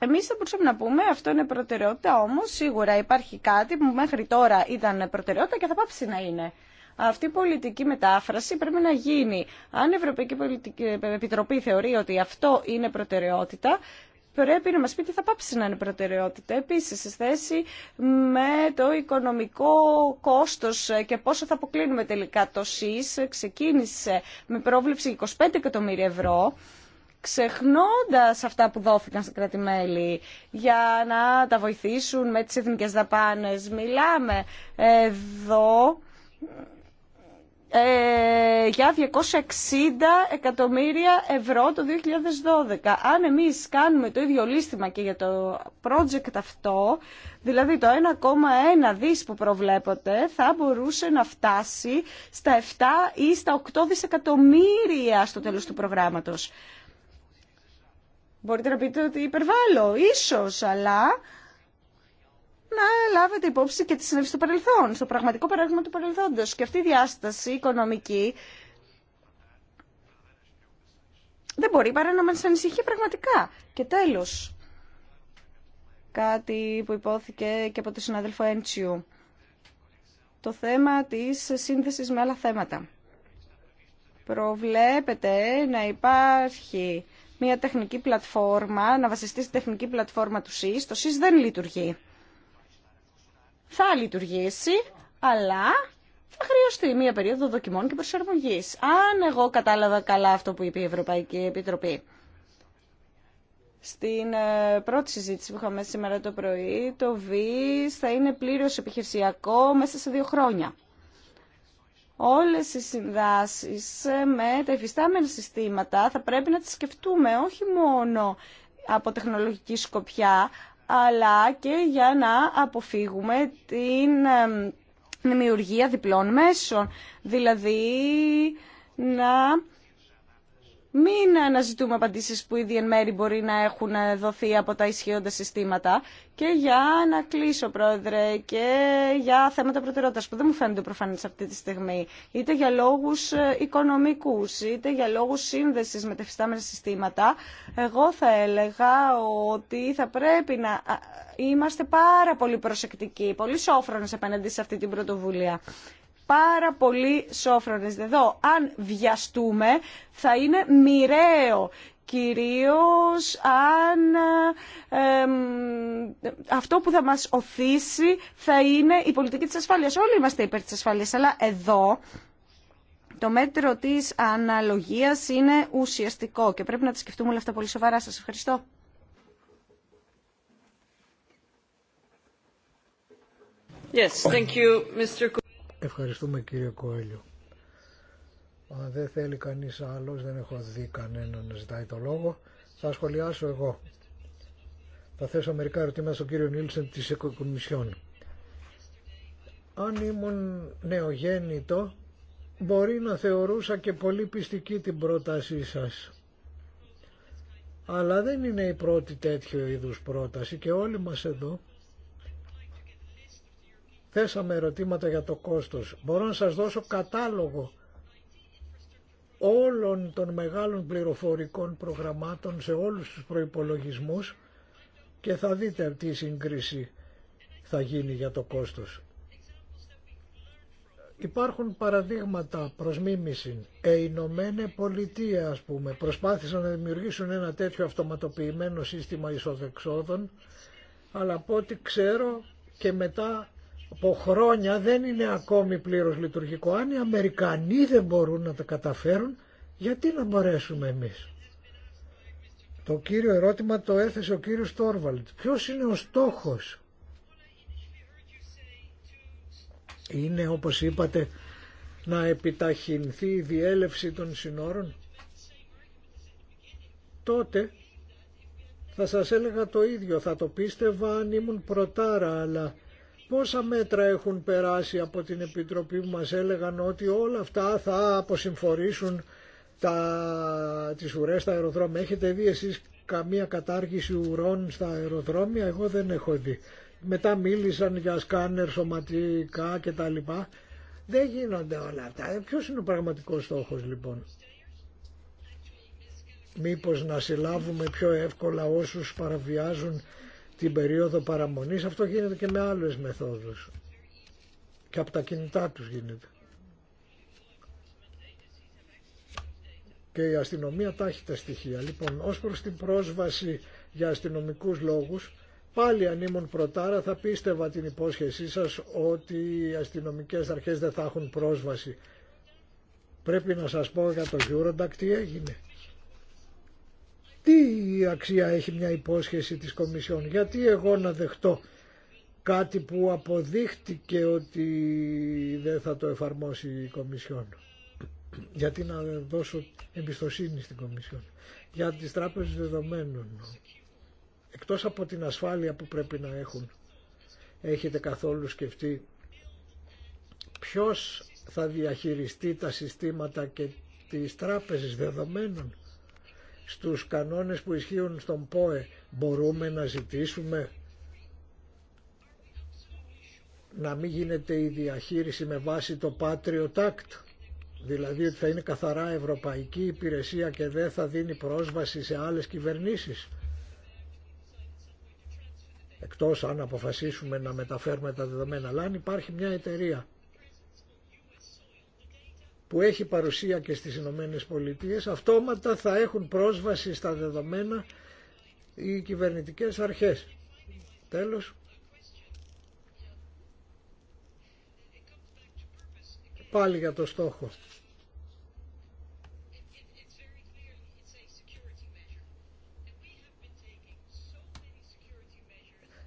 εμείς θα μπορούσαμε να πούμε αυτό είναι προτεραιότητα, όμως σίγουρα υπάρχει κάτι που μέχρι τώρα ήταν προτεραιότητα και θα πάψει να είναι. Αυτή η πολιτική μετάφραση πρέπει να γίνει. Αν η Ευρωπαϊκή πολιτική Επιτροπή θεωρεί ότι αυτό είναι προτεραιότητα, πρέπει να μας πει τι θα πάψει να είναι προτεραιότητα. Επίσης, σε θέση με το οικονομικό κόστος και πόσο θα αποκλίνουμε τελικά το ΣΥΣ, ξεκίνησε με πρόβλεψη 25 εκατομμύρια ευρώ ξεχνώντας αυτά που δόθηκαν στα κρατη για να τα βοηθήσουν με τις εθνικές δαπάνες. Μιλάμε εδώ ε, για 260 εκατομμύρια ευρώ το 2012. Αν εμείς κάνουμε το ίδιο λίστημα και για το project αυτό, δηλαδή το 1,1 δις που προβλέπονται, θα μπορούσε να φτάσει στα 7 ή στα 8 δισεκατομμύρια στο τέλος του προγράμματος. Μπορείτε να πείτε ότι υπερβάλλω, ίσως, αλλά να λάβετε υπόψη και τη συνέβη στο παρελθόν, στο πραγματικό παράδειγμα του παρελθόντος. Και αυτή η διάσταση οικονομική δεν μπορεί παρά να μας ανησυχεί πραγματικά. Και τέλος, κάτι που υπόθηκε και από τον συνάδελφο Έντσιου, το θέμα της σύνδεσης με άλλα θέματα. Προβλέπεται να υπάρχει μια τεχνική πλατφόρμα, να βασιστεί στη τεχνική πλατφόρμα του ΣΥΣ, το ΣΥΣ δεν λειτουργεί. Θα λειτουργήσει, αλλά θα χρειαστεί μια περίοδο δοκιμών και προσαρμογή. Αν εγώ κατάλαβα καλά αυτό που είπε η Ευρωπαϊκή Επιτροπή. Στην ε, πρώτη συζήτηση που είχαμε σήμερα το πρωί, το ΒΙΣ θα είναι πλήρως επιχειρησιακό μέσα σε δύο χρόνια όλες οι συνδάσεις με τα υφιστάμενα συστήματα θα πρέπει να τις σκεφτούμε όχι μόνο από τεχνολογική σκοπιά, αλλά και για να αποφύγουμε την δημιουργία διπλών μέσων. Δηλαδή να μην αναζητούμε απαντήσεις που ήδη εν μέρη μπορεί να έχουν δοθεί από τα ισχύοντα συστήματα. Και για να κλείσω, Πρόεδρε, και για θέματα προτεραιότητας που δεν μου φαίνονται προφανείς αυτή τη στιγμή, είτε για λόγους ε, οικονομικούς, είτε για λόγους σύνδεσης με τα φυστάμενα συστήματα, εγώ θα έλεγα ότι θα πρέπει να είμαστε πάρα πολύ προσεκτικοί, πολύ σόφρονες απέναντι σε αυτή την πρωτοβουλία πάρα πολύ σόφρονες. Εδώ, αν βιαστούμε, θα είναι μοιραίο κυρίως αν αυτό που θα μας οθήσει θα είναι η πολιτική της ασφάλειας. Όλοι είμαστε υπέρ της ασφάλειας, αλλά εδώ το μέτρο της αναλογίας είναι ουσιαστικό και πρέπει να τα σκεφτούμε όλα αυτά πολύ σοβαρά. Σας ευχαριστώ. Yes, thank you, Mr. Ευχαριστούμε κύριε Κοέλιο. Αν δεν θέλει κανείς άλλος, δεν έχω δει κανέναν να ζητάει το λόγο, θα σχολιάσω εγώ. Θα θέσω μερικά ερωτήματα στον κύριο Νίλσεν της Εκοκομισιόν. Αν ήμουν νεογέννητο, μπορεί να θεωρούσα και πολύ πιστική την πρότασή σας. Αλλά δεν είναι η πρώτη τέτοιο είδους πρόταση και όλοι μας εδώ Θέσαμε ερωτήματα για το κόστος. Μπορώ να σας δώσω κατάλογο όλων των μεγάλων πληροφορικών προγραμμάτων σε όλους τους προϋπολογισμούς και θα δείτε τι σύγκριση θα γίνει για το κόστος. Υπάρχουν παραδείγματα προς μίμηση. Ε, Ηνωμένε Πολιτεία, ας πούμε, προσπάθησαν να δημιουργήσουν ένα τέτοιο αυτοματοποιημένο σύστημα εισοδεξόδων, αλλά από ό,τι ξέρω και μετά από χρόνια δεν είναι ακόμη πλήρως λειτουργικό. Αν οι Αμερικανοί δεν μπορούν να τα καταφέρουν, γιατί να μπορέσουμε εμείς. Το κύριο ερώτημα το έθεσε ο κύριος Τόρβαλτ. Ποιος είναι ο στόχος. Είναι όπως είπατε να επιταχυνθεί η διέλευση των συνόρων. Τότε θα σας έλεγα το ίδιο, θα το πίστευα αν ήμουν προτάρα, αλλά Πόσα μέτρα έχουν περάσει από την Επιτροπή που μας έλεγαν ότι όλα αυτά θα αποσυμφορήσουν τα, τις ουρές στα αεροδρόμια. Έχετε δει εσείς καμία κατάργηση ουρών στα αεροδρόμια, εγώ δεν έχω δει. Μετά μίλησαν για σκάνερ σωματικά και κτλ. Δεν γίνονται όλα αυτά. Ε, ποιος είναι ο πραγματικός στόχος λοιπόν. Μήπως να συλλάβουμε πιο εύκολα όσους παραβιάζουν την περίοδο παραμονής. Αυτό γίνεται και με άλλες μεθόδους. Και από τα κινητά τους γίνεται. Και η αστυνομία τα έχει τα στοιχεία. Λοιπόν, ως προς την πρόσβαση για αστυνομικούς λόγους, πάλι αν ήμουν προτάρα θα πίστευα την υπόσχεσή σας ότι οι αστυνομικές αρχές δεν θα έχουν πρόσβαση. Πρέπει να σας πω για το Eurodac τι έγινε. Τι αξία έχει μια υπόσχεση της Κομισιόν. Γιατί εγώ να δεχτώ κάτι που αποδείχτηκε ότι δεν θα το εφαρμόσει η Κομισιόν. Γιατί να δώσω εμπιστοσύνη στην Κομισιόν. Για τις τράπεζες δεδομένων. Εκτός από την ασφάλεια που πρέπει να έχουν. Έχετε καθόλου σκεφτεί ποιος θα διαχειριστεί τα συστήματα και τις τράπεζες δεδομένων στους κανόνες που ισχύουν στον ΠΟΕ. Μπορούμε να ζητήσουμε να μην γίνεται η διαχείριση με βάση το Patriot Act, δηλαδή ότι θα είναι καθαρά ευρωπαϊκή υπηρεσία και δεν θα δίνει πρόσβαση σε άλλες κυβερνήσεις. Εκτός αν αποφασίσουμε να μεταφέρουμε τα δεδομένα, αλλά αν υπάρχει μια εταιρεία που έχει παρουσία και στις Ηνωμένες Πολιτείες, αυτόματα θα έχουν πρόσβαση στα δεδομένα οι κυβερνητικές αρχές. Τέλος. Πάλι για το στόχο.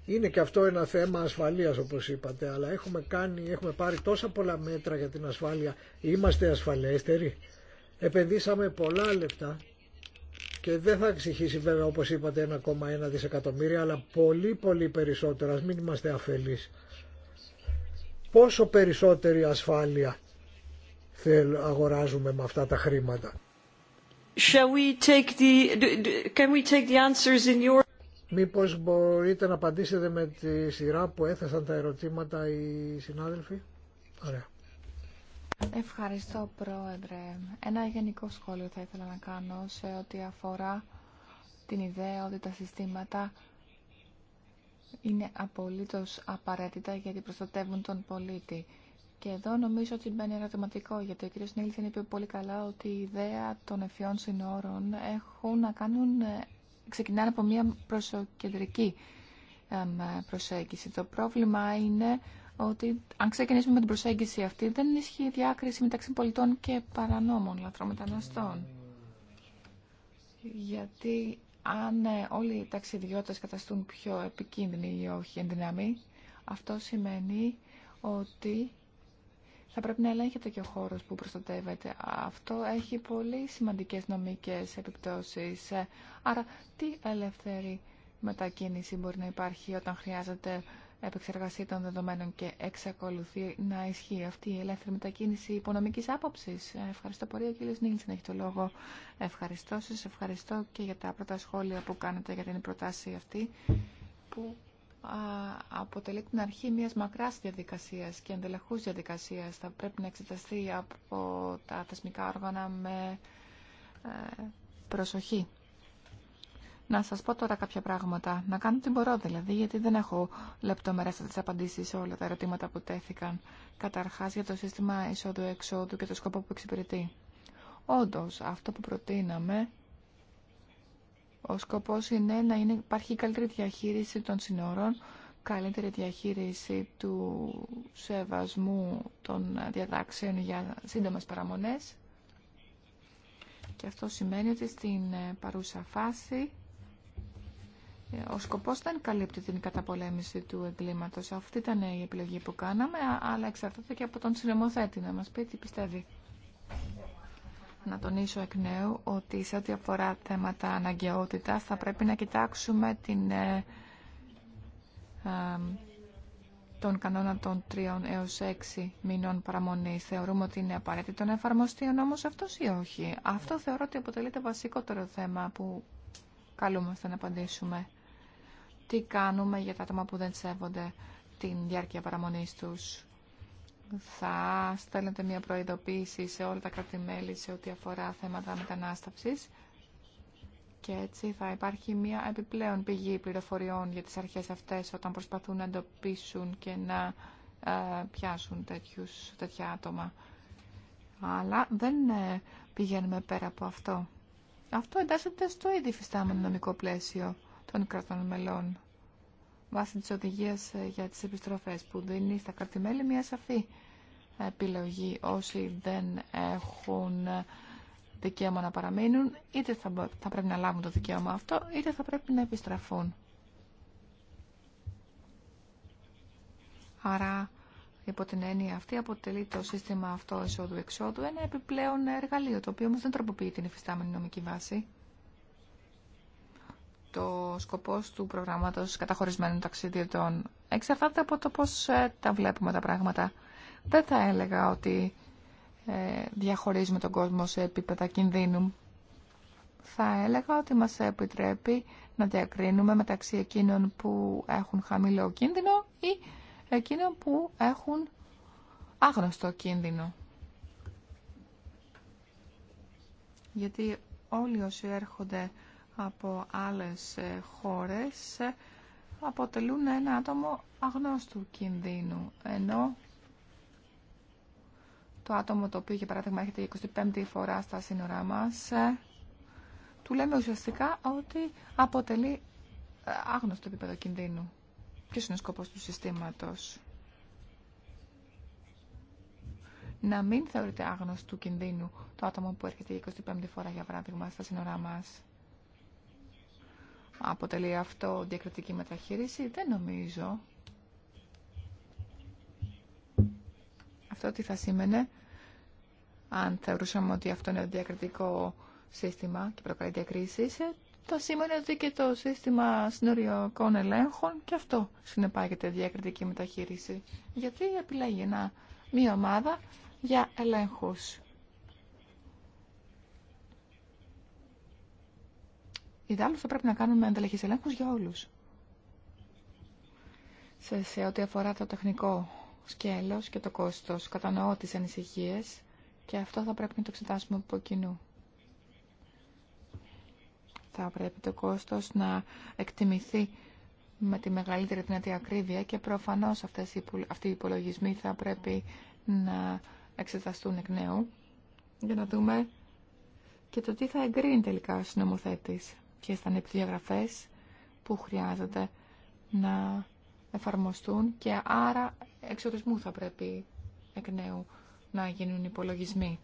Είναι και αυτό ένα θέμα ασφαλείας όπως είπατε, αλλά έχουμε, κάνει, έχουμε πάρει τόσα πολλά μέτρα για την ασφάλεια. Είμαστε ασφαλέστεροι. Επενδύσαμε πολλά λεφτά και δεν θα εξηγήσει βέβαια όπως είπατε 1,1 δισεκατομμύρια, αλλά πολύ πολύ περισσότερα, μην είμαστε αφελείς. Πόσο περισσότερη ασφάλεια θέλ, αγοράζουμε με αυτά τα χρήματα. Shall we take the, can we take the Μήπως μπορείτε να απαντήσετε με τη σειρά που έθεσαν τα ερωτήματα οι συνάδελφοι. Ωραία. Ευχαριστώ Πρόεδρε. Ένα γενικό σχόλιο θα ήθελα να κάνω σε ό,τι αφορά την ιδέα ότι τα συστήματα είναι απολύτως απαραίτητα γιατί προστατεύουν τον πολίτη. Και εδώ νομίζω ότι μπαίνει ερωτηματικό, γιατί ο κ. Νίλθεν είπε πολύ καλά ότι η ιδέα των ευφυών συνόρων έχουν να κάνουν ξεκινάνε από μια προσοκεντρική προσέγγιση. Το πρόβλημα είναι ότι αν ξεκινήσουμε με την προσέγγιση αυτή δεν ισχύει διάκριση μεταξύ πολιτών και παρανόμων λαθρομεταναστών. Γιατί αν ε, όλοι οι ταξιδιώτες καταστούν πιο επικίνδυνοι ή όχι εν αυτό σημαίνει ότι θα πρέπει να ελέγχεται και ο χώρος που προστατεύεται. Αυτό έχει πολύ σημαντικές νομικές επιπτώσεις. Ε, άρα, τι ελεύθερη μετακίνηση μπορεί να υπάρχει όταν χρειάζεται επεξεργασία των δεδομένων και εξακολουθεί να ισχύει αυτή η ελεύθερη μετακίνηση υπονομικής άποψης. Ε, ευχαριστώ πολύ. Ο κύριος Νίλης έχει το λόγο. Ευχαριστώ σας. Ευχαριστώ και για τα πρώτα σχόλια που κάνετε για την προτάση αυτή που αποτελεί την αρχή μιας μακράς διαδικασίας και εντελεχούς διαδικασίας. Θα πρέπει να εξεταστεί από τα θεσμικά όργανα με ε, προσοχή. Να σας πω τώρα κάποια πράγματα. Να κάνω την μπορώ δηλαδή, γιατί δεν έχω λεπτομερέστατες τις απαντήσεις σε όλα τα ερωτήματα που τέθηκαν. Καταρχάς για το σύστημα εισόδου-εξόδου και το σκόπο που εξυπηρετεί. Όντως, αυτό που προτείναμε ο σκοπός είναι να είναι, υπάρχει καλύτερη διαχείριση των συνόρων, καλύτερη διαχείριση του σεβασμού των διαδάξεων για σύντομες παραμονές. Και αυτό σημαίνει ότι στην ε, παρούσα φάση ε, ο σκοπός δεν καλύπτει την καταπολέμηση του εγκλήματος. Αυτή ήταν η επιλογή που κάναμε, αλλά εξαρτάται και από τον συνομοθέτη να μας πει τι πιστεύει να τονίσω εκ νέου ότι σε ό,τι αφορά θέματα αναγκαιότητας θα πρέπει να κοιτάξουμε την, ε, τον κανόνα των 3 έως 6 μηνών παραμονής. Θεωρούμε ότι είναι απαραίτητο να εφαρμοστεί ο νόμος αυτός ή όχι. Αυτό θεωρώ ότι αποτελείται βασικότερο θέμα που καλούμαστε να απαντήσουμε. Τι κάνουμε για τα άτομα που δεν σέβονται την διάρκεια παραμονής τους θα στέλνετε μια προειδοποίηση σε όλα τα κρατη σε ό,τι αφορά θέματα μετανάστευσης και έτσι θα υπάρχει μια επιπλέον πηγή πληροφοριών για τις αρχές αυτές όταν προσπαθούν να εντοπίσουν και να ε, πιάσουν τέτοιους, τέτοια άτομα. Αλλά δεν ε, πηγαίνουμε πέρα από αυτό. Αυτό εντάσσεται στο ήδη φυστάμενο νομικό πλαίσιο των κρατών μελών βάσει τη οδηγία ε, για τις επιστροφές που δίνει στα καρτιμέλη μια σαφή επιλογή όσοι δεν έχουν ε, δικαίωμα να παραμείνουν είτε θα, θα πρέπει να λάβουν το δικαίωμα αυτό είτε θα πρέπει να επιστραφούν. Άρα υπό την έννοια αυτή αποτελεί το σύστημα αυτό εισόδου-εξόδου ένα επιπλέον εργαλείο το οποίο όμως δεν τροποποιεί την υφιστάμενη νομική βάση το σκοπός του προγράμματος καταχωρισμένων ταξιδιωτών. Εξαρτάται από το πώς ε, τα βλέπουμε τα πράγματα. Δεν θα έλεγα ότι ε, διαχωρίζουμε τον κόσμο σε επίπεδα κινδύνου. Θα έλεγα ότι μας επιτρέπει να διακρίνουμε μεταξύ εκείνων που έχουν χαμηλό κίνδυνο ή εκείνων που έχουν άγνωστο κίνδυνο. Γιατί όλοι όσοι έρχονται από άλλες ε, χώρες ε, αποτελούν ένα άτομο αγνώστου κινδύνου, ενώ το άτομο το οποίο, για παράδειγμα, έρχεται 25η φορά στα σύνορά μας, ε, του λέμε ουσιαστικά ότι αποτελεί άγνωστο επίπεδο κινδύνου. Ποιος είναι ο σκοπός του συστήματος. Να μην θεωρείται άγνωστο κινδύνου το άτομο που έρχεται 25η φορά, για παράδειγμα, στα σύνορά μας αποτελεί αυτό διακριτική μεταχείριση. Δεν νομίζω. Αυτό τι θα σήμαινε αν θεωρούσαμε ότι αυτό είναι διακριτικό σύστημα και προκαλεί διακρίσει, ε, θα σήμαινε ότι και το σύστημα συνοριακών ελέγχων και αυτό συνεπάγεται διακριτική μεταχείριση. Γιατί επιλέγει να; μία ομάδα για ελέγχους. Ιδάλλως θα πρέπει να κάνουμε ανταλλαγές ελέγχους για όλους. Σε, σε ό,τι αφορά το τεχνικό σκέλος και το κόστος, κατανοώ τις ανησυχίες και αυτό θα πρέπει να το εξετάσουμε από κοινού. Θα πρέπει το κόστος να εκτιμηθεί με τη μεγαλύτερη δυνατή ακρίβεια και προφανώς αυτοί οι υπολογισμοί θα πρέπει να εξεταστούν εκ νέου για να δούμε και το τι θα εγκρίνει τελικά ο συνομοθέτης και θα είναι οι που χρειάζεται να εφαρμοστούν και άρα εξορισμού θα πρέπει εκ νέου να γίνουν υπολογισμοί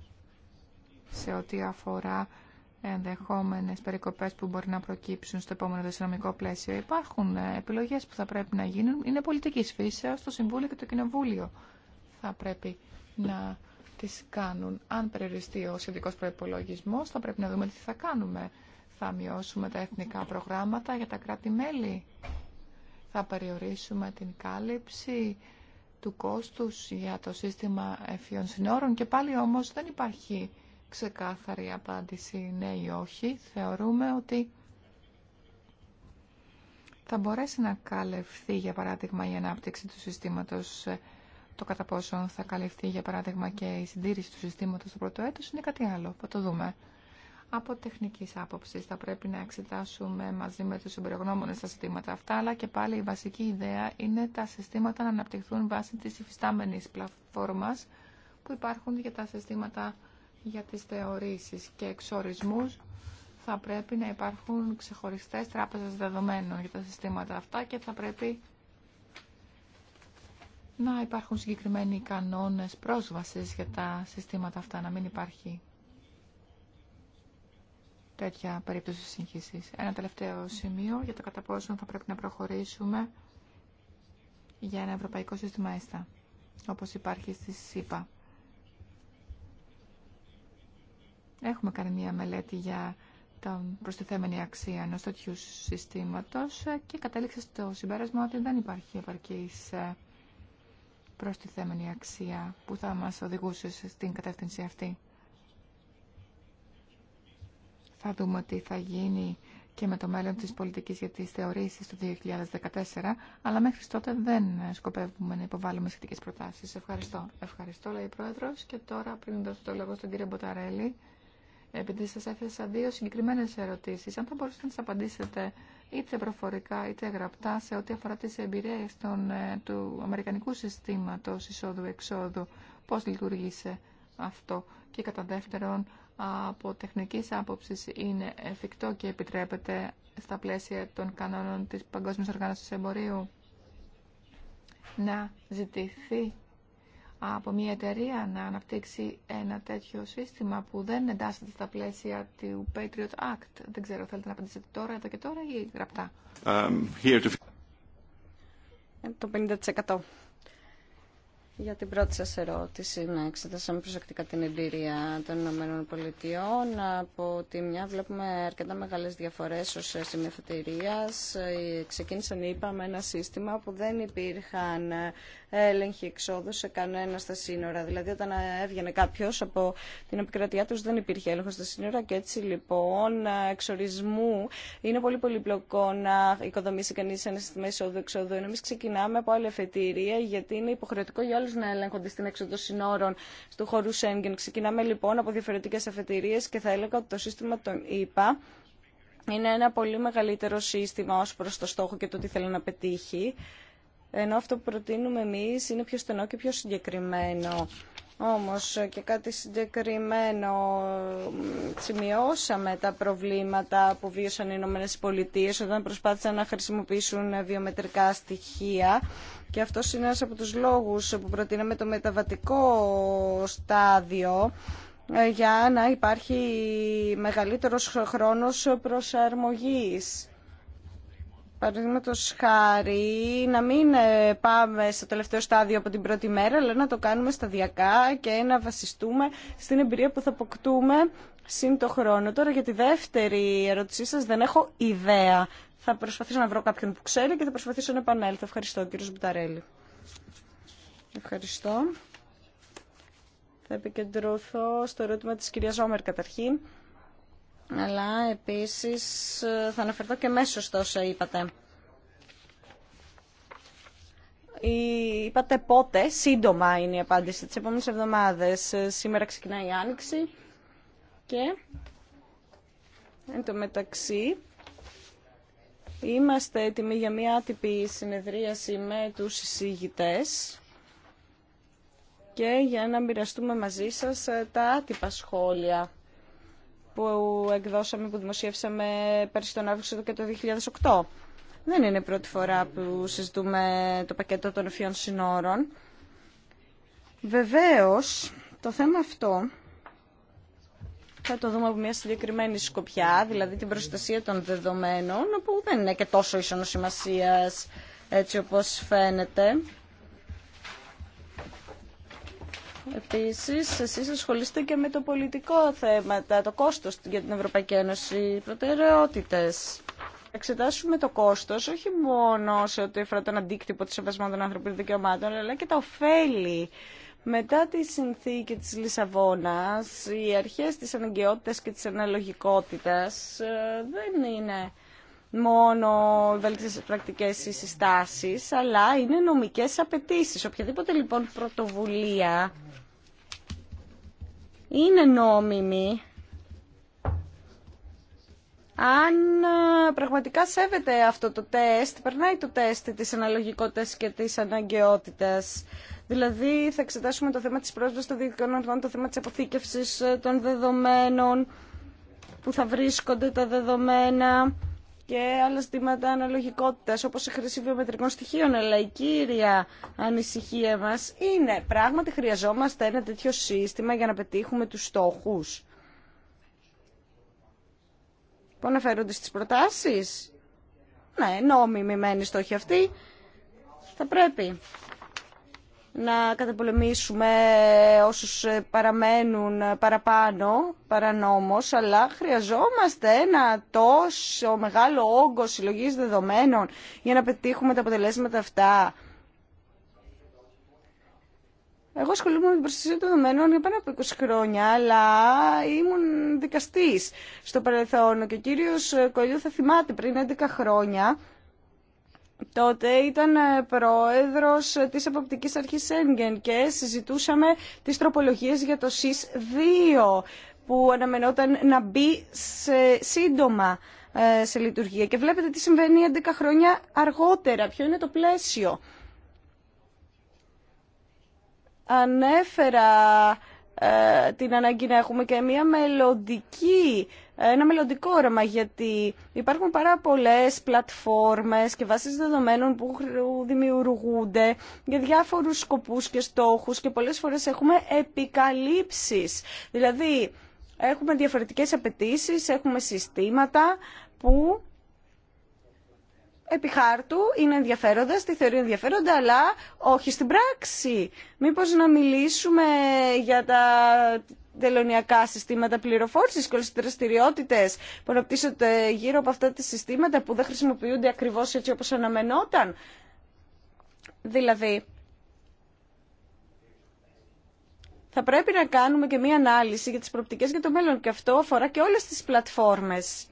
σε ό,τι αφορά ενδεχόμενε περικοπέ που μπορεί να προκύψουν στο επόμενο δεσυνομικό πλαίσιο. Υπάρχουν ε, επιλογές που θα πρέπει να γίνουν. Είναι πολιτική φύσεω. Το Συμβούλιο και το Κοινοβούλιο θα πρέπει να τις κάνουν. Αν περιοριστεί ο σχετικό προπολογισμό, θα πρέπει να δούμε τι θα κάνουμε θα μειώσουμε τα εθνικά προγράμματα για τα κράτη-μέλη. Θα περιορίσουμε την κάλυψη του κόστους για το σύστημα ευφυών συνόρων και πάλι όμως δεν υπάρχει ξεκάθαρη απάντηση ναι ή όχι. Θεωρούμε ότι θα μπορέσει να καλυφθεί για παράδειγμα η ανάπτυξη του συστήματος το κατά πόσο θα καλυφθεί για παράδειγμα και η συντήρηση του συστήματος το πρώτο έτος είναι κάτι άλλο. Θα το δούμε. Από τεχνική άποψη θα πρέπει να εξετάσουμε μαζί με τους εμπειρογνώμονες τα συστήματα αυτά, αλλά και πάλι η βασική ιδέα είναι τα συστήματα να αναπτυχθούν βάσει τη υφιστάμενη πλατφόρμας που υπάρχουν για τα συστήματα για τις θεωρήσεις και εξορισμούς θα πρέπει να υπάρχουν ξεχωριστές τράπεζες δεδομένων για τα συστήματα αυτά και θα πρέπει να υπάρχουν συγκεκριμένοι κανόνες πρόσβασης για τα συστήματα αυτά, να μην υπάρχει τέτοια περίπτωση σύγχυση. Ένα τελευταίο σημείο για το κατά πόσο θα πρέπει να προχωρήσουμε για ένα ευρωπαϊκό σύστημα ΕΣΤΑ, όπως υπάρχει στη ΣΥΠΑ. Έχουμε κάνει μια μελέτη για την προστιθέμενη αξία ενός τέτοιου συστήματος και κατέληξε στο συμπέρασμα ότι δεν υπάρχει επαρκής ε, προστιθέμενη αξία που θα μας οδηγούσε στην κατεύθυνση αυτή. Θα δούμε τι θα γίνει και με το μέλλον της πολιτικής για τις θεωρήσεις του 2014, αλλά μέχρι τότε δεν σκοπεύουμε να υποβάλουμε σχετικές προτάσεις. Ευχαριστώ. Ευχαριστώ, λέει η Πρόεδρος. Και τώρα, πριν δώσω το λόγο στον κύριο Μποταρέλη, επειδή σας έθεσα δύο συγκεκριμένες ερωτήσεις, αν θα μπορούσατε να τις απαντήσετε είτε προφορικά είτε γραπτά σε ό,τι αφορά τις εμπειρίες των, ε, του Αμερικανικού συστήματος εισόδου-εξόδου, πώς λειτουργήσε αυτό και κατά δεύτερον από τεχνικής άποψης είναι εφικτό και επιτρέπεται στα πλαίσια των κανόνων της Παγκόσμιας Οργάνωσης Εμπορίου να ζητηθεί από μια εταιρεία να αναπτύξει ένα τέτοιο σύστημα που δεν εντάσσεται στα πλαίσια του Patriot Act. Δεν ξέρω, θέλετε να απαντήσετε τώρα, εδώ και τώρα ή γραπτά. Um, ε, το 50%. Για την πρώτη σας ερώτηση, να εξετάσαμε προσεκτικά την εμπειρία των Ηνωμένων Πολιτειών. Από τη μια βλέπουμε αρκετά μεγάλες διαφορές ως σημεία φετηρία Ξεκίνησαν, είπαμε, ένα σύστημα που δεν υπήρχαν έλεγχοι εξόδου σε κανένα στα σύνορα. Δηλαδή, όταν έβγαινε κάποιο από την επικρατεία του, δεν υπήρχε έλεγχο στα σύνορα και έτσι λοιπόν εξορισμού είναι πολύ πολυπλοκό να οικοδομήσει κανεί ένα σύστημα εισόδου-εξόδου. Εμεί ξεκινάμε από άλλη εφετηρία γιατί είναι υποχρεωτικό για όλε να ελέγχονται στην έξοδο συνόρων του χώρου Σέγγεν. Ξεκινάμε λοιπόν από διαφορετικές αφετηρίες και θα έλεγα ότι το σύστημα των ΙΠΑ είναι ένα πολύ μεγαλύτερο σύστημα ως προς το στόχο και το τι θέλει να πετύχει. Ενώ αυτό που προτείνουμε εμείς είναι πιο στενό και πιο συγκεκριμένο. Όμως και κάτι συγκεκριμένο σημειώσαμε τα προβλήματα που βίωσαν οι Ηνωμένες Πολιτείες όταν προσπάθησαν να χρησιμοποιήσουν βιομετρικά στοιχεία και αυτό είναι ένας από τους λόγους που προτείναμε το μεταβατικό στάδιο ε, για να υπάρχει μεγαλύτερος χρόνος προσαρμογής. Παραδείγματο χάρη, να μην ε, πάμε στο τελευταίο στάδιο από την πρώτη μέρα, αλλά να το κάνουμε σταδιακά και να βασιστούμε στην εμπειρία που θα αποκτούμε σύν το χρόνο. Τώρα για τη δεύτερη ερώτησή σας δεν έχω ιδέα. Θα προσπαθήσω να βρω κάποιον που ξέρει και θα προσπαθήσω να επανέλθω. Ευχαριστώ κύριο Μπουταρέλη. Ευχαριστώ. Θα επικεντρωθώ στο ερώτημα της κυρίας Ζόμερ καταρχήν αλλά επίσης ε, θα αναφερθώ και μέσω στο όσα είπατε. Είπατε πότε, σύντομα είναι η απάντηση, τις επόμενες εβδομάδες. Ε, σήμερα ξεκινάει η Άνοιξη και εν τω μεταξύ είμαστε έτοιμοι για μια άτυπη συνεδρίαση με τους συζήτητες και για να μοιραστούμε μαζί σας ε, τα άτυπα σχόλια που εκδώσαμε, που δημοσίευσαμε πέρσι τον Αύγουστο και το 2008. Δεν είναι η πρώτη φορά που συζητούμε το πακέτο των ευφυών συνόρων. Βεβαίως, το θέμα αυτό θα το δούμε από μια συγκεκριμένη σκοπιά, δηλαδή την προστασία των δεδομένων, που δεν είναι και τόσο ίσονο σημασία έτσι όπως φαίνεται. Επίσης, εσείς ασχολείστε και με το πολιτικό θέμα, το κόστος για την Ευρωπαϊκή Ένωση, οι προτεραιότητες. Εξετάσουμε το κόστος όχι μόνο σε ό,τι αφορά τον αντίκτυπο του σεβασμού των ανθρωπίνων δικαιωμάτων, αλλά και τα ωφέλη. Μετά τη συνθήκη της Λισαβόνας, οι αρχές της αναγκαιότητας και της αναλογικότητας ε, δεν είναι μόνο βέλτιστε πρακτικές ή συστάσεις, αλλά είναι νομικές απαιτήσει. Οποιαδήποτε λοιπόν πρωτοβουλία είναι νόμιμη αν ε, πραγματικά σέβεται αυτό το τεστ, περνάει το τεστ της αναλογικότητας και της αναγκαιότητας. Δηλαδή θα εξετάσουμε το θέμα της πρόσβασης των διοικητικών οργάνων, το θέμα της αποθήκευσης ε, των δεδομένων, που θα βρίσκονται τα δεδομένα, και άλλα ζητήματα αναλογικότητας, όπως η χρήση βιομετρικών στοιχείων. Αλλά η κύρια ανησυχία μας είναι πράγματι χρειαζόμαστε ένα τέτοιο σύστημα για να πετύχουμε τους στόχους. Που αναφέρονται στις προτάσεις. Ναι, νόμιμη μένει στόχη αυτή. Θα πρέπει να καταπολεμήσουμε όσους ε, παραμένουν ε, παραπάνω παρανόμως, αλλά χρειαζόμαστε ένα τόσο μεγάλο όγκο συλλογής δεδομένων για να πετύχουμε τα αποτελέσματα αυτά. Εγώ ασχολούμαι με την προστασία των δεδομένων για πάνω από 20 χρόνια, αλλά ήμουν δικαστής στο παρελθόν και ο κύριος ε, Κολλιού θα θυμάται πριν 11 χρόνια τότε ήταν ε, πρόεδρος ε, της Εποπτικής Αρχής Ένγκεν και συζητούσαμε τις τροπολογίες για το ΣΥΣ 2 που αναμενόταν να μπει σε σύντομα ε, σε λειτουργία. Και βλέπετε τι συμβαίνει 11 χρόνια αργότερα, ποιο είναι το πλαίσιο. Ανέφερα την ανάγκη να έχουμε και μια μελλοντική ένα μελλοντικό όραμα, γιατί υπάρχουν πάρα πολλές πλατφόρμες και βάσεις δεδομένων που δημιουργούνται για διάφορους σκοπούς και στόχους και πολλές φορές έχουμε επικαλύψεις. Δηλαδή, έχουμε διαφορετικές απαιτήσει, έχουμε συστήματα που επί χάρτου είναι ενδιαφέροντα, στη θεωρία ενδιαφέροντα, αλλά όχι στην πράξη. Μήπως να μιλήσουμε για τα τελωνιακά συστήματα πληροφόρηση, και δραστηριότητε που αναπτύσσονται γύρω από αυτά τα συστήματα που δεν χρησιμοποιούνται ακριβώ έτσι όπω αναμενόταν. Δηλαδή, θα πρέπει να κάνουμε και μία ανάλυση για τις προοπτικές για το μέλλον και αυτό αφορά και όλες τις πλατφόρμες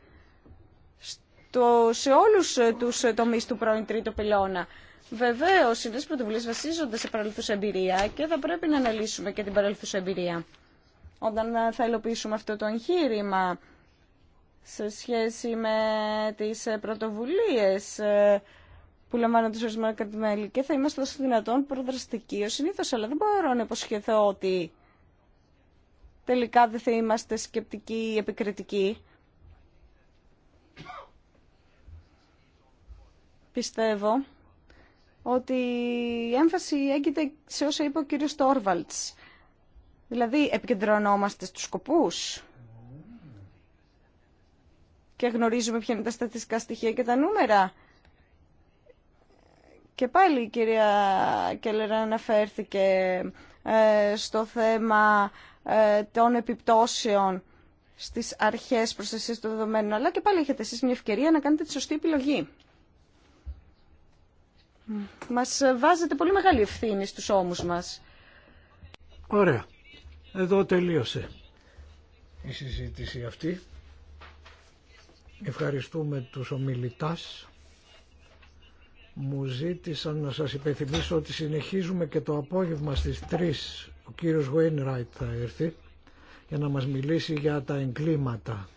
σε όλους τους τομείς του πρώην τρίτου πυλώνα. Βεβαίω, οι νέε πρωτοβουλίε βασίζονται σε παρελθούσα εμπειρία και θα πρέπει να αναλύσουμε και την παρελθούσα εμπειρία όταν θα υλοποιήσουμε αυτό το εγχείρημα σε σχέση με τις ε, πρωτοβουλίες ε, που λαμβάνονται τις ορισμένα κρατημέλη και θα είμαστε τόσο δυνατόν προδραστικοί ως συνήθως, αλλά δεν μπορώ να υποσχεθώ ότι τελικά δεν θα είμαστε σκεπτικοί ή επικριτικοί. Πιστεύω ότι η έμφαση έγκυται σε όσα είπε ο κύριος Τόρβαλτς Δηλαδή επικεντρωνόμαστε στους σκοπούς και γνωρίζουμε ποια είναι τα στατιστικά στοιχεία και τα νούμερα. Και πάλι η κυρία Κέλλερ αναφέρθηκε ε, στο θέμα ε, των επιπτώσεων στις αρχές προστασίας του δεδομένου. Αλλά και πάλι έχετε εσείς μια ευκαιρία να κάνετε τη σωστή επιλογή. Μας βάζετε πολύ μεγάλη ευθύνη στους ώμους μας. Ωραία. Εδώ τελείωσε η συζήτηση αυτή. Ευχαριστούμε τους ομιλητάς. Μου ζήτησαν να σας υπενθυμίσω ότι συνεχίζουμε και το απόγευμα στις 3 ο κύριος Ράιτ θα έρθει για να μας μιλήσει για τα εγκλήματα.